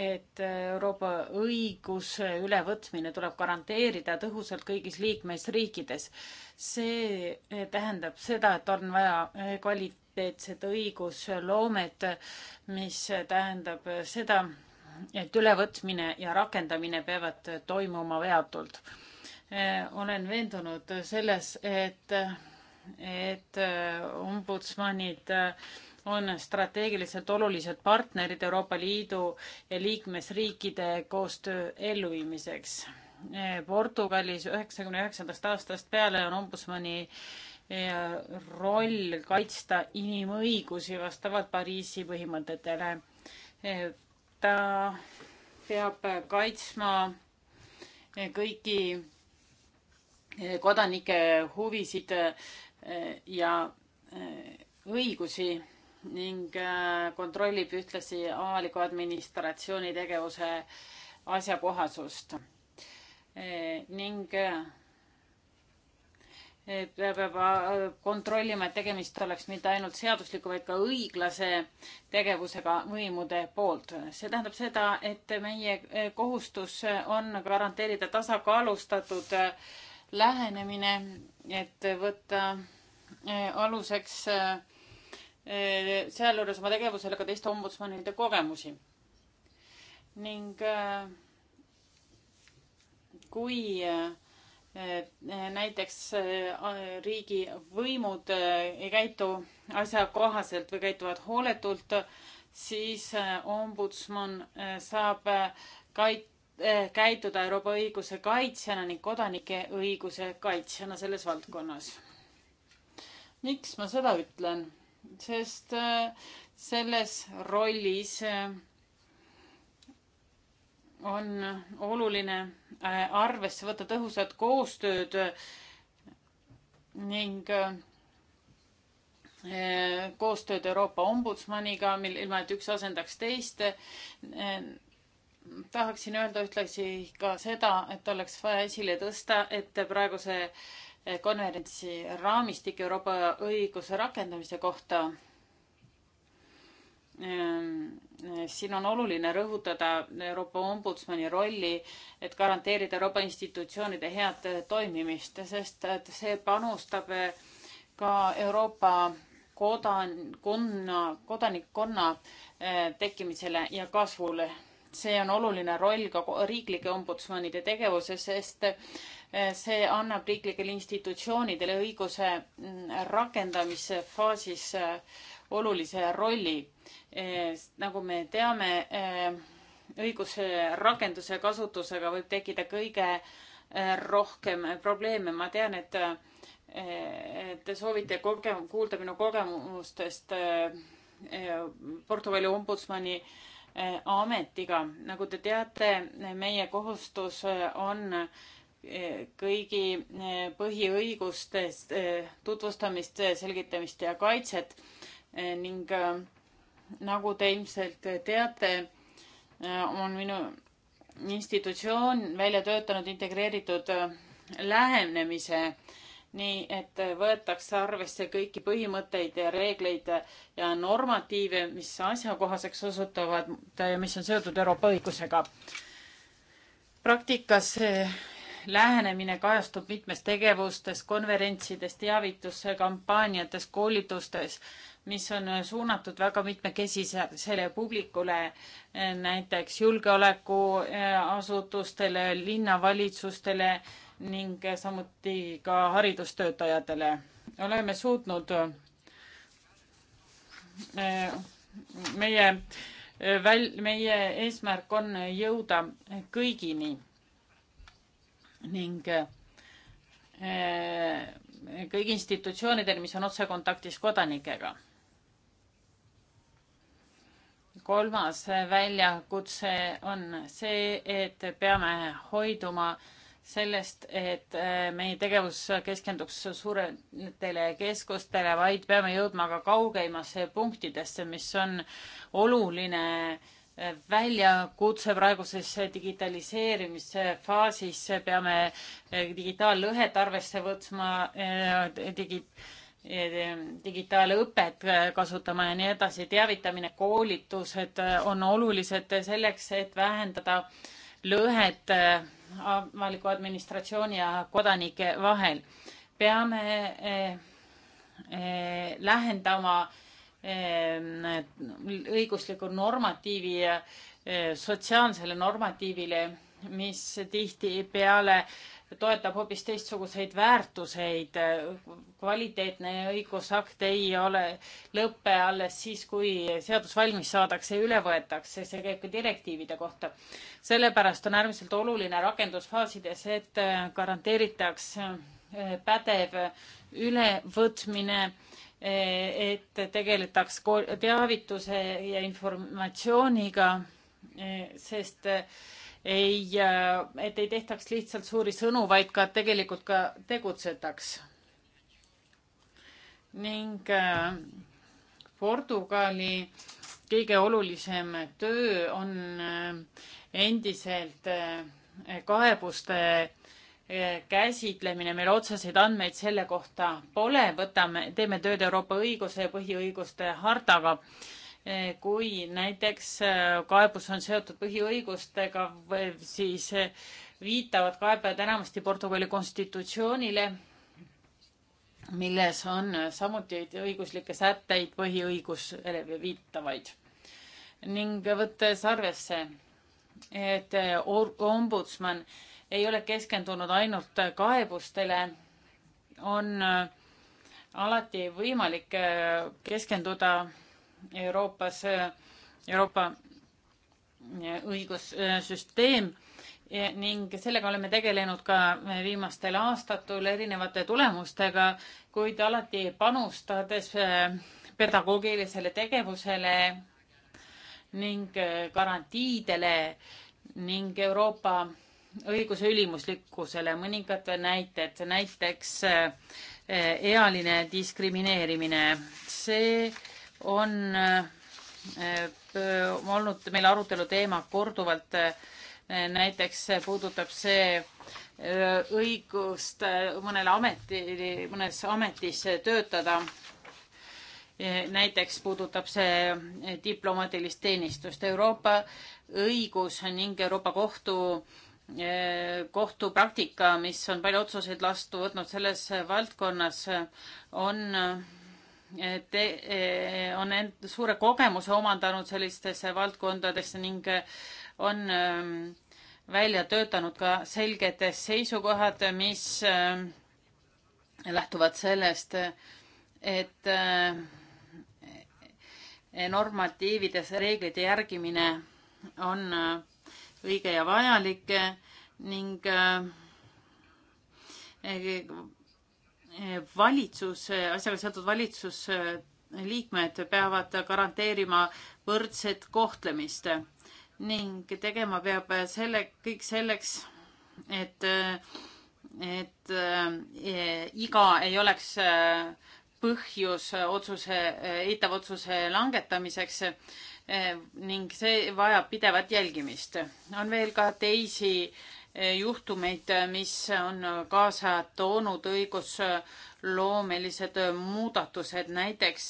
[SPEAKER 4] et Euroopa õiguse ülevõtmine tuleb garanteerida tõhusalt kõigis liikmesriikides. see äh, tähendab seda, et on vaja äh, kvaliteetset õigusloomet, mis tähendab seda, et ülevõtmine ja rakendamine peavad toimuma veatult Eh, olen veendunud selles, et, et eh, ombudsmanid eh, on strateegiliselt olulised partnerid Euroopa Liidu ja liikmesriikide koostöö elluviimiseks. Portugalis üheksakümne üheksandast aastast peale on ombudsmani roll kaitsta inimõigusi vastavalt Pariisi põhimõtetele. ta peab kaitsma kõiki Eh, kodanike huvisid eh, ja eh, õigusi ning kontrollib ühtlasi avaliku administratsiooni tegevuse asjakohasust ning peab kontrollima, et tegemist oleks mitte ainult seadusliku, vaid ka õiglase tegevusega võimude poolt. see tähendab seda, et meie kohustus on garanteerida tasakaalustatud äh, lähenemine, et võtta äh, aluseks äh, äh, sealjuures oma tegevusele ka teiste ombudsmanide kogemusi. ning kui näiteks riigivõimud ei käitu asjakohaselt või käituvad hooletult, siis ombudsman saab kait-, Eh, käituda Euroopa õiguse kaitsjana ning kodanike õiguse kaitsjana selles valdkonnas. miks ma seda ütlen? sest eh, selles rollis eh, on oluline arvesse võtta tõhusat koostööd ning koostööd Euroopa ombudsmaniga, mil, ilma et üks asendaks teist tahaksin öelda ühtlasi ka seda, et oleks vaja esile tõsta, et praeguse eh, konverentsi raamistik Euroopa õiguse rakendamise kohta. Ehm, siin on oluline rõhutada Euroopa ombudsmani rolli, et garanteerida Euroopa institutsioonide head toimimist, sest see panustab eh, ka Euroopa kodan-, konna, kodanikkonna eh, tekkimisele ja kasvule see on oluline roll ka riiklike ombudsmanide tegevuses, sest eh, see annab riiklikele institutsioonidele õiguse mm, rakendamise faasis eh, olulise rolli. Eh, nagu me teame, õiguse rakenduse kasutusega võib tekkida kõige rohkem probleeme. ma tean, et te soovite koge-, kuulda minu kogemustest Portugali ombudsmani äh, Äh, ametiga. nagu te teate, meie kohustus äh, on äh, kõigi põhiõigustest tutvustamist, selgitamist ja kaitset ning nagu te ilmselt teate, on minu institutsioon välja töötanud integreeritud lähenemise äh, nii et võetakse arvesse kõiki põhimõtteid ja reegleid ja normatiive, mis asjakohaseks osutuvad ja mis on seotud Euroopa õigusega. praktikas see lähenemine kajastub mitmes tegevustes, konverentsides, teavituskampaaniates, koolitustes, mis on suunatud väga mitmekesisele publikule, näiteks julgeolekuasutustele, linnavalitsustele ning samuti ka haridustöötajatele. oleme suutnud äh, meie äh, väl-, meie eesmärk on jõuda kõigini ning äh, kõigi institutsioonideni, mis on otsekontaktis kodanikega. kolmas väljakutse on see, et peame hoiduma äh, sellest, et äh, meie tegevus keskenduks suuretele keskustele, vaid peame jõudma ka kaugeimasse punktidesse, mis on oluline äh, väljakutse praeguses digitaliseerimise faasis. peame äh, digitaallõhet arvesse võtma, digi-, digitaalõpet kasutama ja nii edasi. teavitamine, koolitused on olulised selleks, et vähendada lõhet avaliku administratsiooni ja kodanike vahel. peame eh, eh, lähendama eh, õigusliku normatiivi ja eh, sotsiaalsele normatiivile, mis tihtipeale toetab hoopis teistsuguseid väärtuseid. kvaliteetne õigusakt ei ole lõpe alles siis, kui seadus valmis saadakse ja üle võetakse, see käib ka direktiivide kohta. sellepärast on äärmiselt oluline rakendusfaasides, et garanteeritaks eh, pädev ülevõtmine, eh, et tegeletaks teavituse ja informatsiooniga, eh, sest ei, äh, et ei tehtaks lihtsalt suuri sõnu, vaid ka tegelikult ka tegutsetaks. ning äh, Portugali kõige olulisem töö on äh, endiselt kaebuste käsitlemine, meil otseseid andmeid selle kohta pole, võtame, teeme tööd Euroopa õiguse ja põhiõiguste hartaga kui näiteks äh, kaebus on seotud põhiõigustega, siis äh, viitavad kaebajad enamasti Portugali konstitutsioonile, milles on äh, samuti õiguslikke sätteid põhiõigusele viitavaid. ning võttes arvesse, et ombudsman ei ole keskendunud ainult kaebustele, on alati võimalik keskenduda Euroopas, Euroopa eh, õigussüsteem ning sellega oleme tegelenud ka viimastel aastatel erinevate tulemustega, kuid alati panustades eh, pedagoogilisele tegevusele ning eh, garantiidele ning Euroopa õiguse ülimuslikkusele. mõningad näited, näiteks ealine diskrimineerimine. see on äh, olnud meil arutelu teema korduvalt. näiteks puudutab see äh, õigust äh, mõnele ameti, mõnes ametis töötada. näiteks puudutab see diplomaatilist teenistust. Euroopa õigus ning Euroopa Kohtu kohtupraktika, mis on palju otsuseid vastu võtnud selles valdkonnas, on te, eh, on end suure kogemuse omandanud sellistesse valdkondadesse ning eh, on eh, välja töötanud ka selged seisukohad, mis lähtuvad sellest, et normatiivides reeglite järgimine on õige ja vajalik ning valitsus, asjaga seotud valitsusliikmed peavad garanteerima võrdset kohtlemist ning tegema peab selle, kõik selleks, et, et eh, iga ei oleks eh, põhjus otsuse, eitava otsuse langetamiseks eh, ning see vajab pidevat jälgimist. on veel ka teisi äh, juhtumeid, mis on kaasa toonud õigusloomelised muudatused, näiteks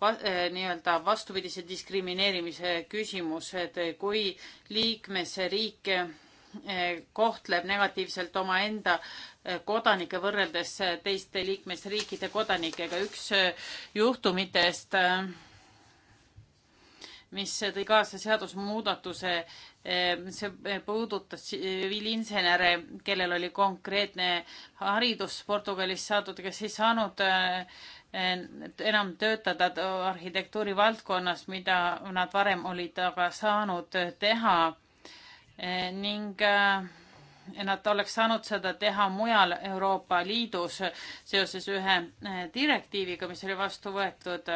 [SPEAKER 4] va, eh, nii-öelda vastupidise diskrimineerimise küsimused, kui liikmesriik eh, kohtleb negatiivselt omaenda eh, kodanikke võrreldes teiste liikmesriikide kodanikega. üks juhtumitest, mis tõi kaasa seadusmuudatuse, Ehm, see eh, puudutas tsiviilinsenere, kellel oli konkreetne haridus Portugalist saadud, kes ei saanud eh, enam töötada arhitektuuri valdkonnas, mida nad varem olid aga saanud teha eh, ning nad oleks saanud seda teha mujal Euroopa Liidus seoses ühe direktiiviga, mis oli vastu võetud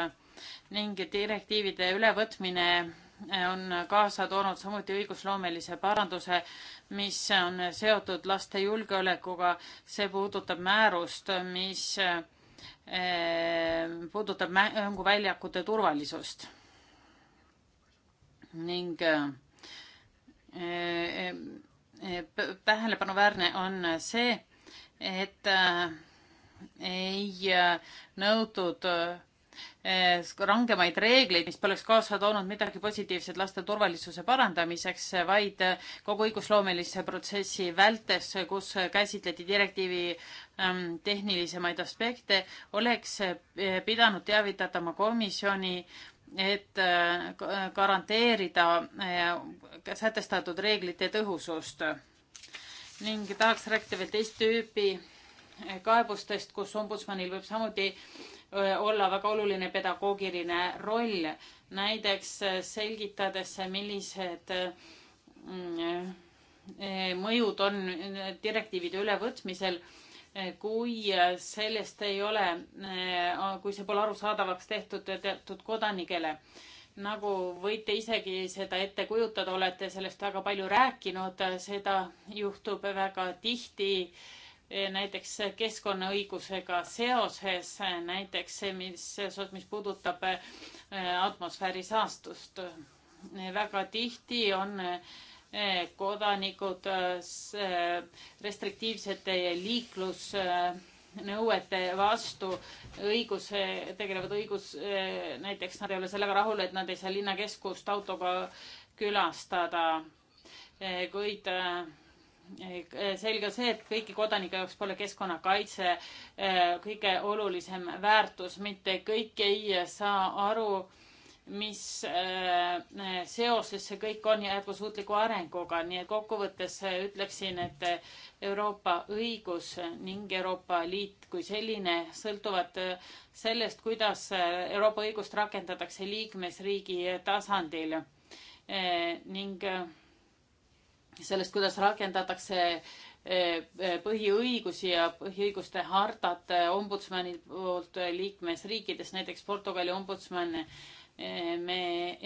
[SPEAKER 4] ning direktiivide ülevõtmine on kaasa toonud samuti õigusloomelise paranduse, mis on seotud laste julgeolekuga. see puudutab määrust, mis eh, puudutab mänguväljakute turvalisust ning eh, eh, tähelepanuväärne on see, et ei nõutud Eh, rangemaid reegleid, mis poleks kaasa toonud midagi positiivset laste turvalisuse parandamiseks, vaid kogu õigusloomelise protsessi vältes, kus käsitleti direktiivi ähm, tehnilisemaid aspekte, oleks eh, pidanud teavitatama komisjoni et äh, garanteerida äh, sätestatud reeglite tõhusust. ning tahaks rääkida veel teist tüüpi äh, kaebustest, kus ombudsmanil võib samuti olla väga oluline pedagoogiline roll, näiteks äh, selgitades, äh, millised äh, mm, mõjud on direktiivide ülevõtmisel, kui sellest ei ole, kui see pole arusaadavaks tehtud teatud kodanikele. nagu võite isegi seda ette kujutada, olete sellest väga palju rääkinud, seda juhtub väga tihti äh, Eh, näiteks keskkonnaõigusega seoses, eh, näiteks see, mis, mis puudutab eh, atmosfääri saastust. väga tihti on kodanikud restriktiivsete liiklusnõuete vastu õiguse, tegelevad õigus, näiteks nad ei ole sellega rahul, et nad ei saa linnakeskust autoga külastada, kuid Eh, selge on see, et kõigi kodanike jaoks pole keskkonnakaitse eh, kõige olulisem väärtus, mitte kõik ei saa aru, mis eh, seoses see kõik on jätkusuutliku arenguga, nii et kokkuvõttes ütleksin, et Euroopa õigus ning Euroopa Liit kui selline sõltuvad sellest, kuidas Euroopa õigust rakendatakse liikmesriigi tasandil ning sellest, kuidas rakendatakse eh, eh, põhiõigusi ja põhiõiguste hartat eh, ombudsmani poolt liikmesriikides, näiteks Portugali ombudsman. me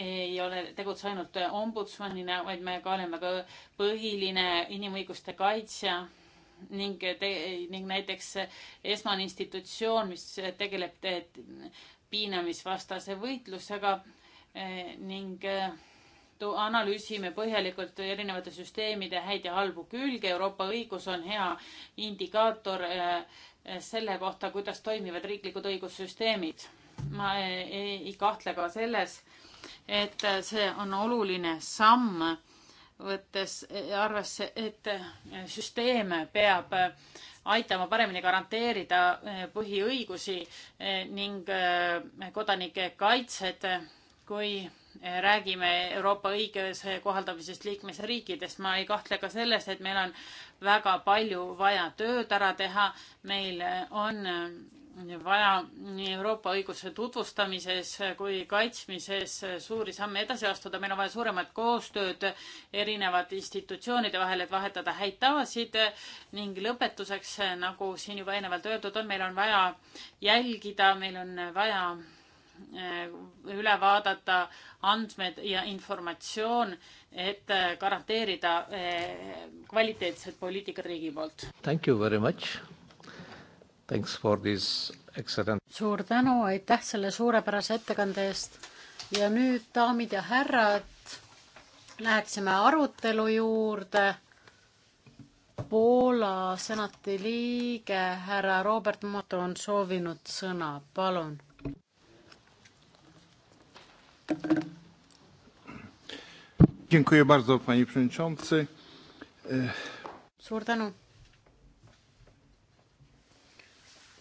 [SPEAKER 4] ei ole, tegutse ainult ombudsmanina, vaid me ka oleme ka põhiline inimõiguste kaitsja ning te, ning näiteks esmane institutsioon, mis tegeleb piinamisvastase võitlusega ning seetõttu analüüsime põhjalikult erinevate süsteemide häid ja halbu külge. Euroopa õigus on hea indikaator eh, selle kohta, kuidas toimivad riiklikud õigussüsteemid. ma eh, ei kahtle ka selles, et see on oluline samm, võttes arvesse, et süsteem peab aitama paremini garanteerida eh, põhiõigusi ning kodanike kaitset, kui räägime Euroopa õiguse kohaldamisest liikmesriikides, ma ei kahtle ka selles, et meil on väga palju vaja tööd ära teha, meil on vaja nii Euroopa õiguse tutvustamises kui kaitsmises suuri samme edasi astuda, meil on vaja suuremat koostööd erinevate institutsioonide vahel, et vahetada häid tavasid ning lõpetuseks, nagu siin juba eelnevalt öeldud on, meil on vaja jälgida, meil on vaja Äh, üle vaadata andmed ja informatsioon, et äh, garanteerida äh, kvaliteetset poliitikat riigi poolt.
[SPEAKER 3] Thank you very much. Thanks for this excellent.
[SPEAKER 5] suur tänu, aitäh selle suurepärase ettekande eest. ja nüüd, daamid ja härrad, läheksime arutelu juurde. Poola senati liige härra Robert Mato on soovinud sõna, palun
[SPEAKER 2] Dziękuję bardzo, panie przewodniczący. E,
[SPEAKER 5] suur tänu.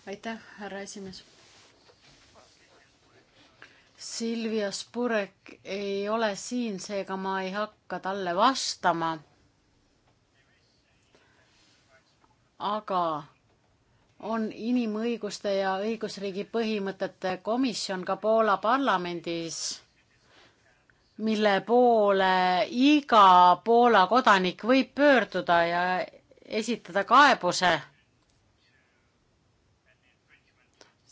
[SPEAKER 5] aitäh, härra esimees. Silvia Spurek ei ole siin, seega ma ei hakka talle vastama. aga on inimõiguste ja õigusriigi põhimõtete komisjon ka Poola parlamendis mille poole iga Poola kodanik võib pöörduda ja esitada kaebuse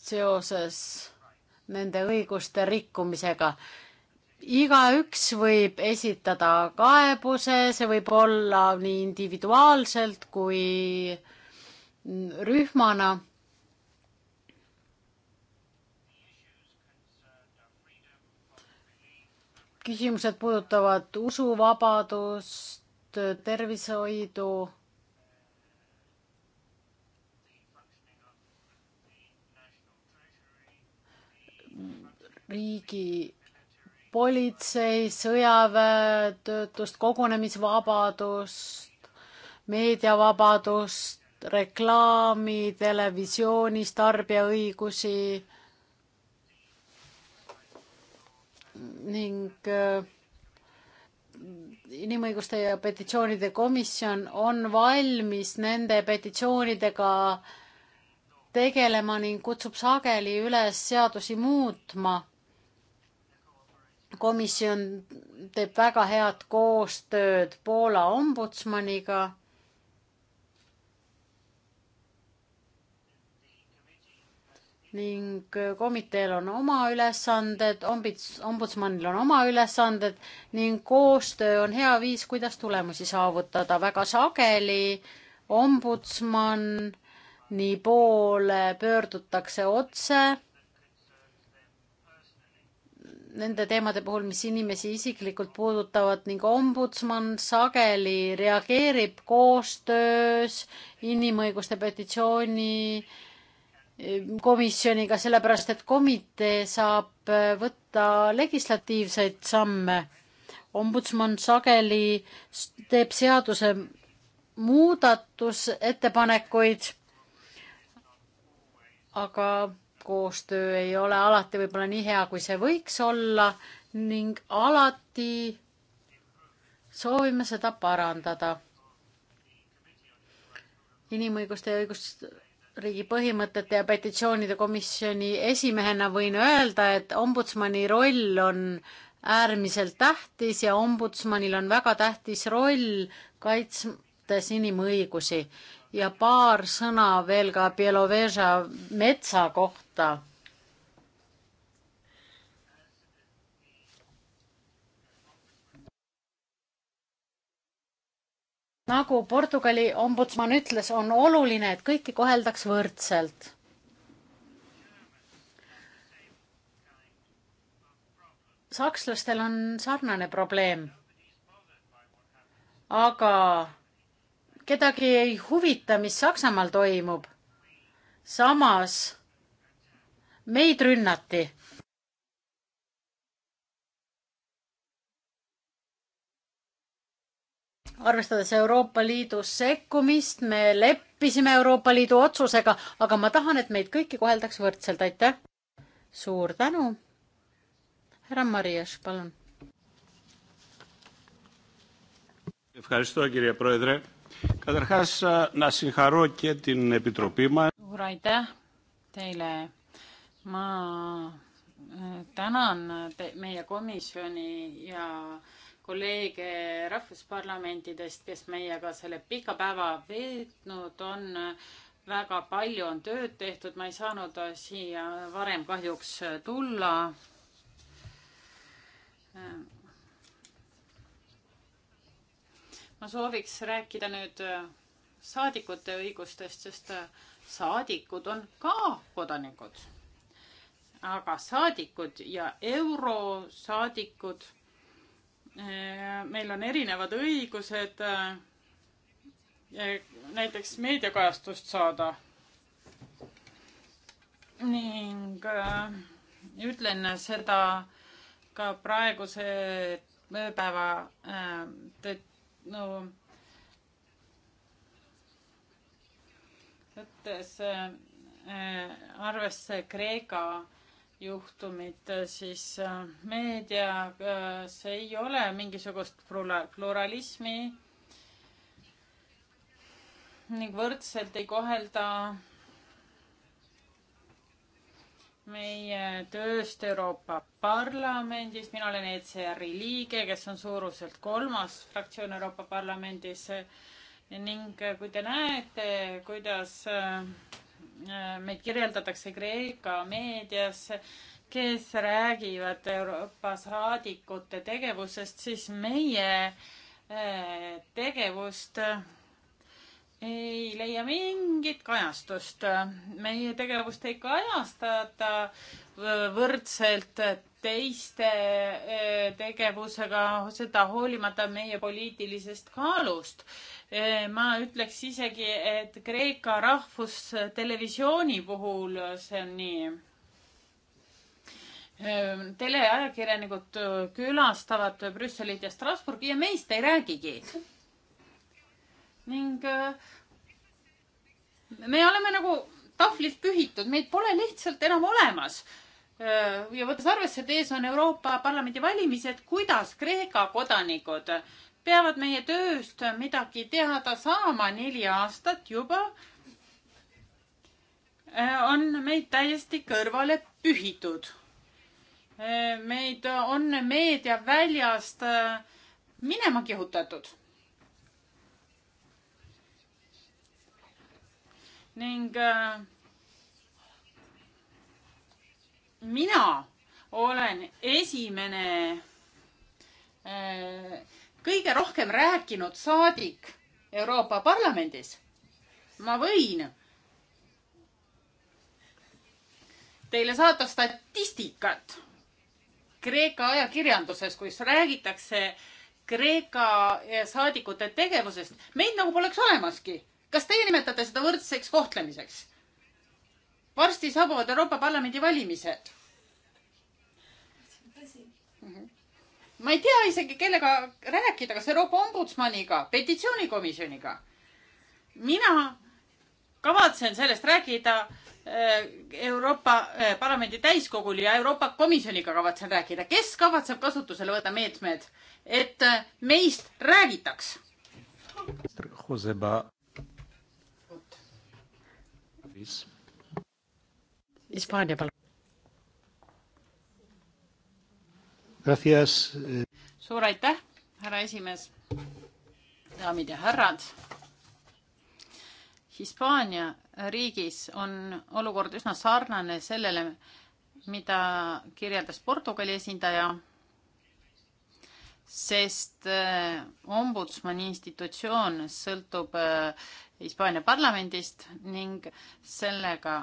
[SPEAKER 5] seoses nende õiguste rikkumisega. igaüks võib esitada kaebuse, see võib olla nii individuaalselt kui rühmana küsimused puudutavad usuvabadust, tervishoidu. riigi politsei, sõjaväe töötust, kogunemisvabadust, meediavabadust, reklaami, televisioonis tarbijaõigusi ning äh, inimõiguste ja petitsioonide komisjon on valmis nende petitsioonidega tegelema ning kutsub sageli üles seadusi muutma. komisjon teeb väga head koostööd Poola ombudsmaniga ning komiteel on oma ülesanded, ombits, ombudsmanil on oma ülesanded ning koostöö on hea viis, kuidas tulemusi saavutada. väga sageli ombudsmani poole pöördutakse otse nende teemade puhul, mis inimesi isiklikult puudutavad ning ombudsman sageli reageerib koostöös inimõiguste petitsiooni äh, Ehm, komisjoniga, sellepärast et komitee saab äh, võtta legislatiivseid samme. ombudsman sageli teeb seaduse muudatusettepanekuid, aga koostöö ei ole alati võib-olla nii hea, kui see võiks olla ning alati soovime seda parandada. inimõiguste ja õigust riigi põhimõtete ja petitsioonide komisjoni esimehena võin öelda, et ombudsmani roll on äärmiselt tähtis ja ombudsmanil on väga tähtis roll kaitstes inimõigusi. ja paar sõna veel ka Bieloveža metsa kohta. nagu Portugali ombudsman ütles, on oluline, et kõiki koheldaks võrdselt. sakslastel on sarnane probleem. aga kedagi ei huvita, mis Saksamaal toimub. samas meid rünnati arvestades Euroopa Liidu sekkumist, me leppisime Euroopa Liidu otsusega, aga ma tahan, et meid kõiki koheldaks võrdselt, aitäh. suur tänu. härra Marias, palun.
[SPEAKER 4] suur aitäh teile. ma eh, tänan te, meie komisjoni ja äh, kolleege rahvusparlamentidest, kes meiega selle pika päeva veetnud on. väga palju on tööd tehtud, ma ei saanud siia varem kahjuks tulla. ma sooviks rääkida nüüd saadikute õigustest, sest saadikud on ka kodanikud. aga saadikud ja eurosaadikud Äh, meil on erinevad õigused äh, näiteks meediakajastust saada. ning äh, ütlen seda ka praeguse päeva te, no, võttes arvesse Kreeka äh, juhtumid, siis äh, meedias äh, ei ole mingisugust pluralismi ning võrdselt ei kohelda meie tööst Euroopa Parlamendis. mina olen ECR-i liige, kes on suuruselt kolmas fraktsioon Euroopa Parlamendis. ning kui te näete, kuidas äh, meid kirjeldatakse Kreeka meedias, kes räägivad Euroopa saadikute tegevusest, siis meie eh, tegevust ei leia mingit kajastust. meie tegevust ei kajastata võrdselt teiste eh, tegevusega, seda hoolimata meie poliitilisest kaalust Eh, ma ütleks isegi, et Kreeka rahvustelevisiooni puhul see on nii. Eh, teleajakirjanikud eh, külastavad Brüsselit ja Strasbourgi ja meist ei räägigi. ning me oleme nagu tahvlilt pühitud, meid pole lihtsalt enam olemas ja võttes arvesse, et ees on Euroopa Parlamendi valimised, kuidas Kreeka kodanikud peavad meie tööst midagi teada saama, neli aastat juba äh, on meid täiesti kõrvale pühitud. Äh, meid on meediaväljast äh, minema kihutatud. ning mina olen esimene kõige rohkem rääkinud saadik Euroopa Parlamendis. ma võin teile saata statistikat Kreeka ajakirjanduses, kus räägitakse Kreeka eh, saadikute tegevusest. meid nagu poleks olemaski. kas teie nimetate seda võrdseks kohtlemiseks? varsti saabuvad Euroopa Parlamendi valimised ma ei tea isegi, kellega rääkida, kas Euroopa Ombudsmaniga, petitsioonikomisjoniga. mina kavatsen sellest rääkida eh, Euroopa eh, Parlamendi täiskogul ja Euroopa Komisjoniga kavatsen rääkida, kes kavatseb kasutusele võtta meetmed, et eh, meist räägitaks. Hispaania palun.
[SPEAKER 2] suur
[SPEAKER 4] aitäh, härra esimees, daamid ja härrad. Hispaania riigis on olukord üsna sarnane sellele, mida kirjeldas Portugali esindaja, sest eh, ombudsmani institutsioon sõltub eh, Hispaania parlamendist ning sellega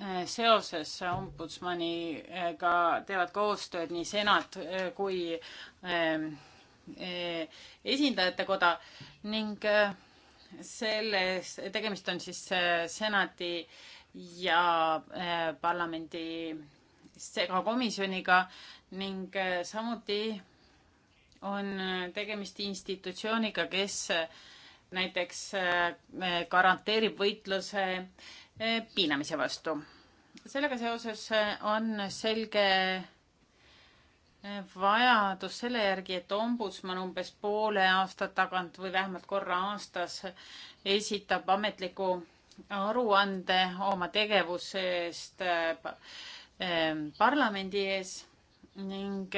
[SPEAKER 4] Äh, seoses ombudsmaniga teevad koostööd nii senat äh, kui ähm, äh, esindajate koda ning selles, tegemist on siis senati ja parlamendi segakomisjoniga ning samuti on tegemist institutsiooniga, kes näiteks garanteerib võitluse Äh, piinamise vastu. sellega seoses äh, on selge äh, vajadus selle järgi, et ombudsman umbes poole aasta tagant või vähemalt korra aastas esitab ametliku aruande oma tegevusest parlamendi ees ning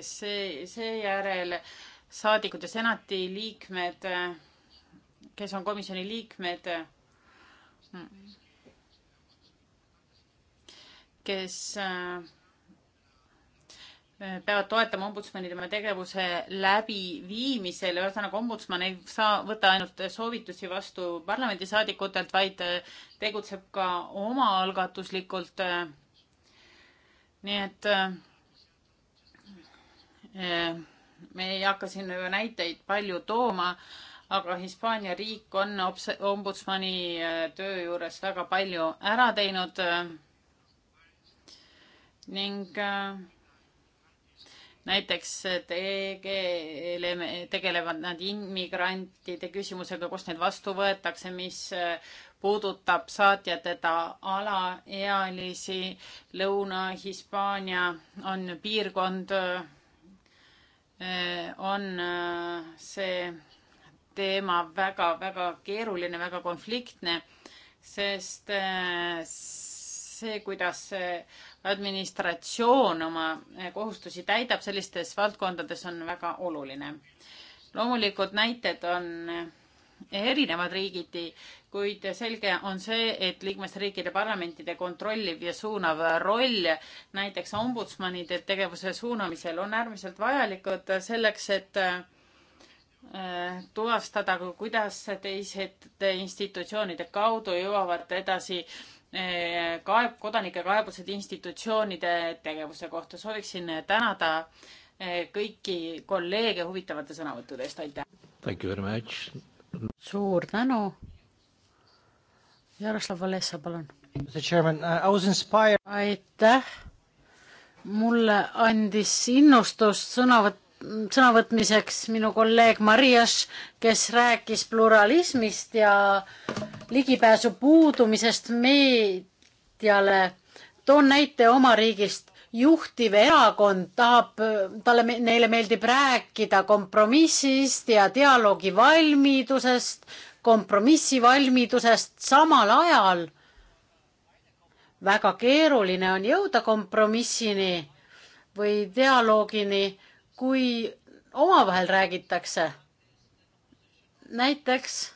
[SPEAKER 4] see, seejärel saadikud ja senati liikmed kes on komisjoni liikmed, kes äh, peavad toetama ombudsmani tema tegevuse läbiviimisel, ühesõnaga ombudsman ei saa võtta ainult soovitusi vastu parlamendisaadikutelt, vaid äh, tegutseb ka omaalgatuslikult. Äh, nii et me ei hakka siin näiteid palju tooma aga Hispaania riik on ombudsmani äh, töö juures väga palju ära teinud äh, ning äh, näiteks tegeleme, tegelevad nad immigrantide küsimusega, kus neid vastu võetakse, mis puudutab saatjateta alaealisi. Lõuna-Hispaania on piirkond, on see teema väga-väga keeruline, väga konfliktne, sest äh, see, kuidas äh, administratsioon oma äh, kohustusi täidab sellistes valdkondades, on väga oluline. loomulikult näited on erinevad riigiti, kuid selge on see, et liikmesriikide parlamentide kontrolliv ja suunav roll näiteks ombudsmanide tegevuse suunamisel on äärmiselt vajalikud selleks, et Äh, tuvastada, kuidas teised institutsioonide kaudu jõuavad edasi äh, kaeb-, kodanike kaebused institutsioonide tegevuse kohta. sooviksin tänada äh, kõiki kolleege huvitavate sõnavõttude eest, aitäh!
[SPEAKER 3] Thank you very much!
[SPEAKER 5] suur tänu! Jaroslav Valesa, palun! Uh, aitäh! mulle andis innustust sõnavõtt sõnavõtmiseks minu kolleeg Marias, kes rääkis pluralismist ja ligipääsu puudumisest meediale. toon näite oma riigist. juhtiv erakond tahab, talle, neile meeldib rääkida kompromissist ja dialoogivalmidusest, kompromissivalmidusest samal ajal. väga keeruline on jõuda kompromissini või dialoogini kui omavahel räägitakse. näiteks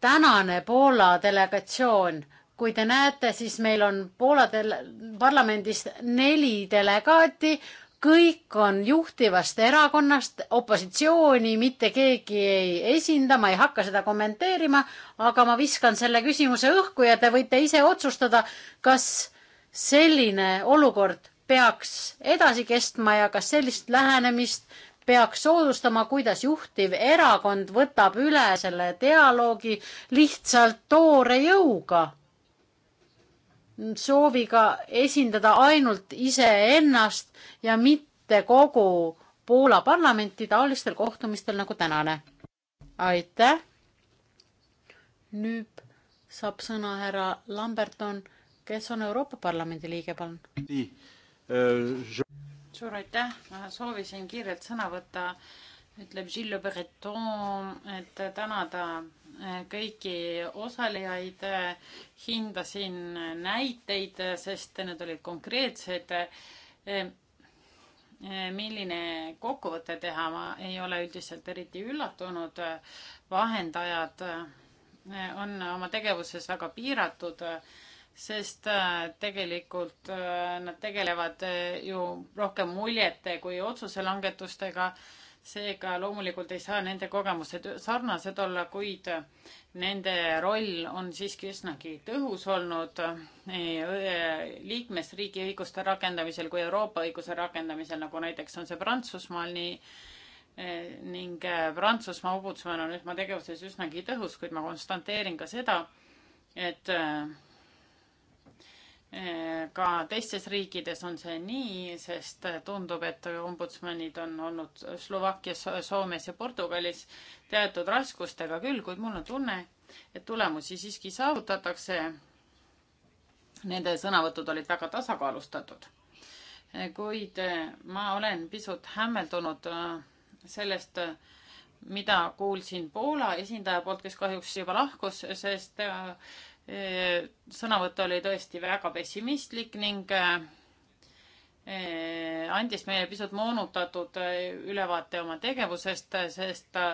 [SPEAKER 5] tänane Poola delegatsioon, kui te näete, siis meil on Poola dele-, parlamendis neli delegaati, kõik on juhtivast erakonnast, opositsiooni mitte keegi ei esinda, ma ei hakka seda kommenteerima, aga ma viskan selle küsimuse õhku ja te võite ise otsustada, kas selline olukord peaks edasi kestma ja kas sellist lähenemist peaks soodustama, kuidas juhtiv erakond võtab üle selle dialoogi lihtsalt toore jõuga, sooviga esindada ainult iseennast ja mitte kogu Poola parlamenti taolistel kohtumistel nagu tänane. aitäh. nüüd saab sõna härra Lamberton, kes on Euroopa Parlamendi liige, palun.
[SPEAKER 2] nii Euh,
[SPEAKER 4] suur aitäh, ma soovisin kiirelt sõna võtta, ütleb Gilles Breton, et tänada äh, kõiki osalejaid, hindasin näiteid, sest need olid konkreetsed. Äh, äh, milline kokkuvõte teha, ma ei ole üldiselt eriti üllatunud, vahendajad on oma tegevuses väga piiratud sest äh, tegelikult äh, nad tegelevad äh, ju rohkem muljete kui otsuse langetustega. seega loomulikult ei saa nende kogemused sarnased olla, kuid nende roll on siiski üsnagi tõhus olnud nii liikmesriigi õiguste rakendamisel kui Euroopa õiguse rakendamisel, nagu näiteks on see Prantsusmaal nii ning Prantsusmaa ombudsman on nüüd oma tegevuses üsnagi tõhus, kuid ma konstanteerin ka seda, et Eh, ka teistes riikides on see nii, sest tundub, et ombudsmanid on olnud Slovakkias, Soomes ja Portugalis teatud raskustega küll, kuid mul on tunne, et tulemusi siiski saavutatakse. Nende sõnavõtud olid väga tasakaalustatud. Eh, kuid eh, ma olen pisut hämmeldunud sellest, mida kuulsin Poola esindaja poolt, kes kahjuks juba lahkus, sest sõnavõtt oli tõesti väga pessimistlik ning eh, andis meile pisut moonutatud eh, ülevaate oma tegevusest, sest ta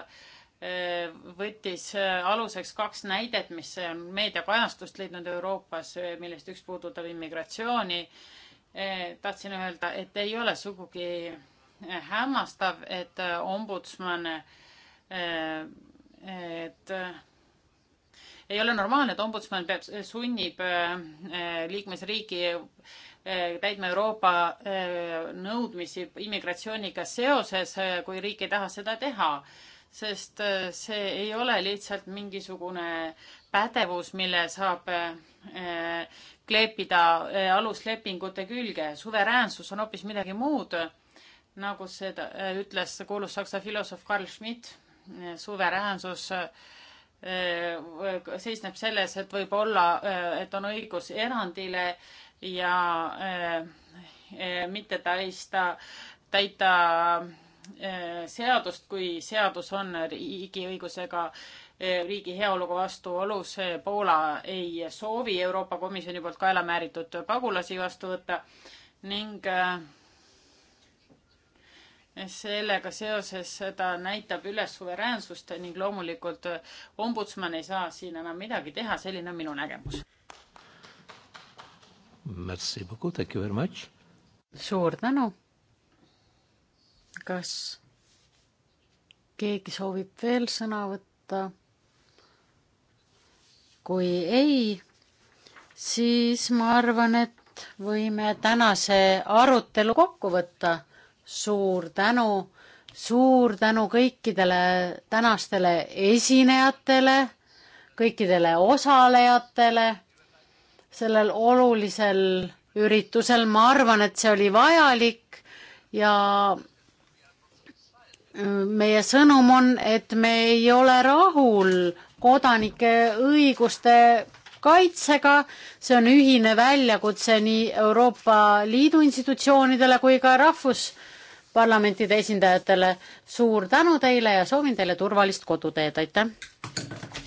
[SPEAKER 4] eh, võttis aluseks kaks näidet, mis on meediakajastust leidnud Euroopas, millest üks puudutab immigratsiooni. tahtsin öelda, et ei ole sugugi hämmastav, et ombudsman, et ei ole normaalne, et ombudsman peab, eh, sunnib eh, eh, liikmesriigi täitma Euroopa nõudmisi immigratsiooniga seoses, kui riik ei taha seda teha. sest see ei ole lihtsalt mingisugune pädevus, mille saab kleepida aluslepingute külge. suveräänsus on hoopis midagi muud, nagu seda ütles kuulus saksa filosoof Carl Schmitt. suveräänsus äh, Äh, seisneb selles, et võib-olla, äh, et on õigus erandile ja äh, mitte täista, täita seadust, kui seadus on riigiõigusega, riigi heaoluga vastuolus. Poola ei soovi Euroopa Komisjoni poolt kaela määritud pagulasi vastu võtta ning äh, sellega seoses ta näitab üles suveräänsust ning loomulikult ombudsman ei saa siin enam midagi teha, selline on minu nägemus.
[SPEAKER 2] Merci beaucoup, thank you very much.
[SPEAKER 5] suur tänu. kas keegi soovib veel sõna võtta? kui ei, siis ma arvan, et võime tänase arutelu kokku võtta suur tänu, suur tänu kõikidele tänastele esinejatele, kõikidele osalejatele sellel olulisel üritusel, ma arvan, et see oli vajalik ja meie sõnum on, et me ei ole rahul kodanike õiguste kaitsega, see on ühine väljakutse nii Euroopa Liidu institutsioonidele kui ka rahvus- parlamentide esindajatele. suur tänu teile ja soovin teile turvalist koduteed, aitäh!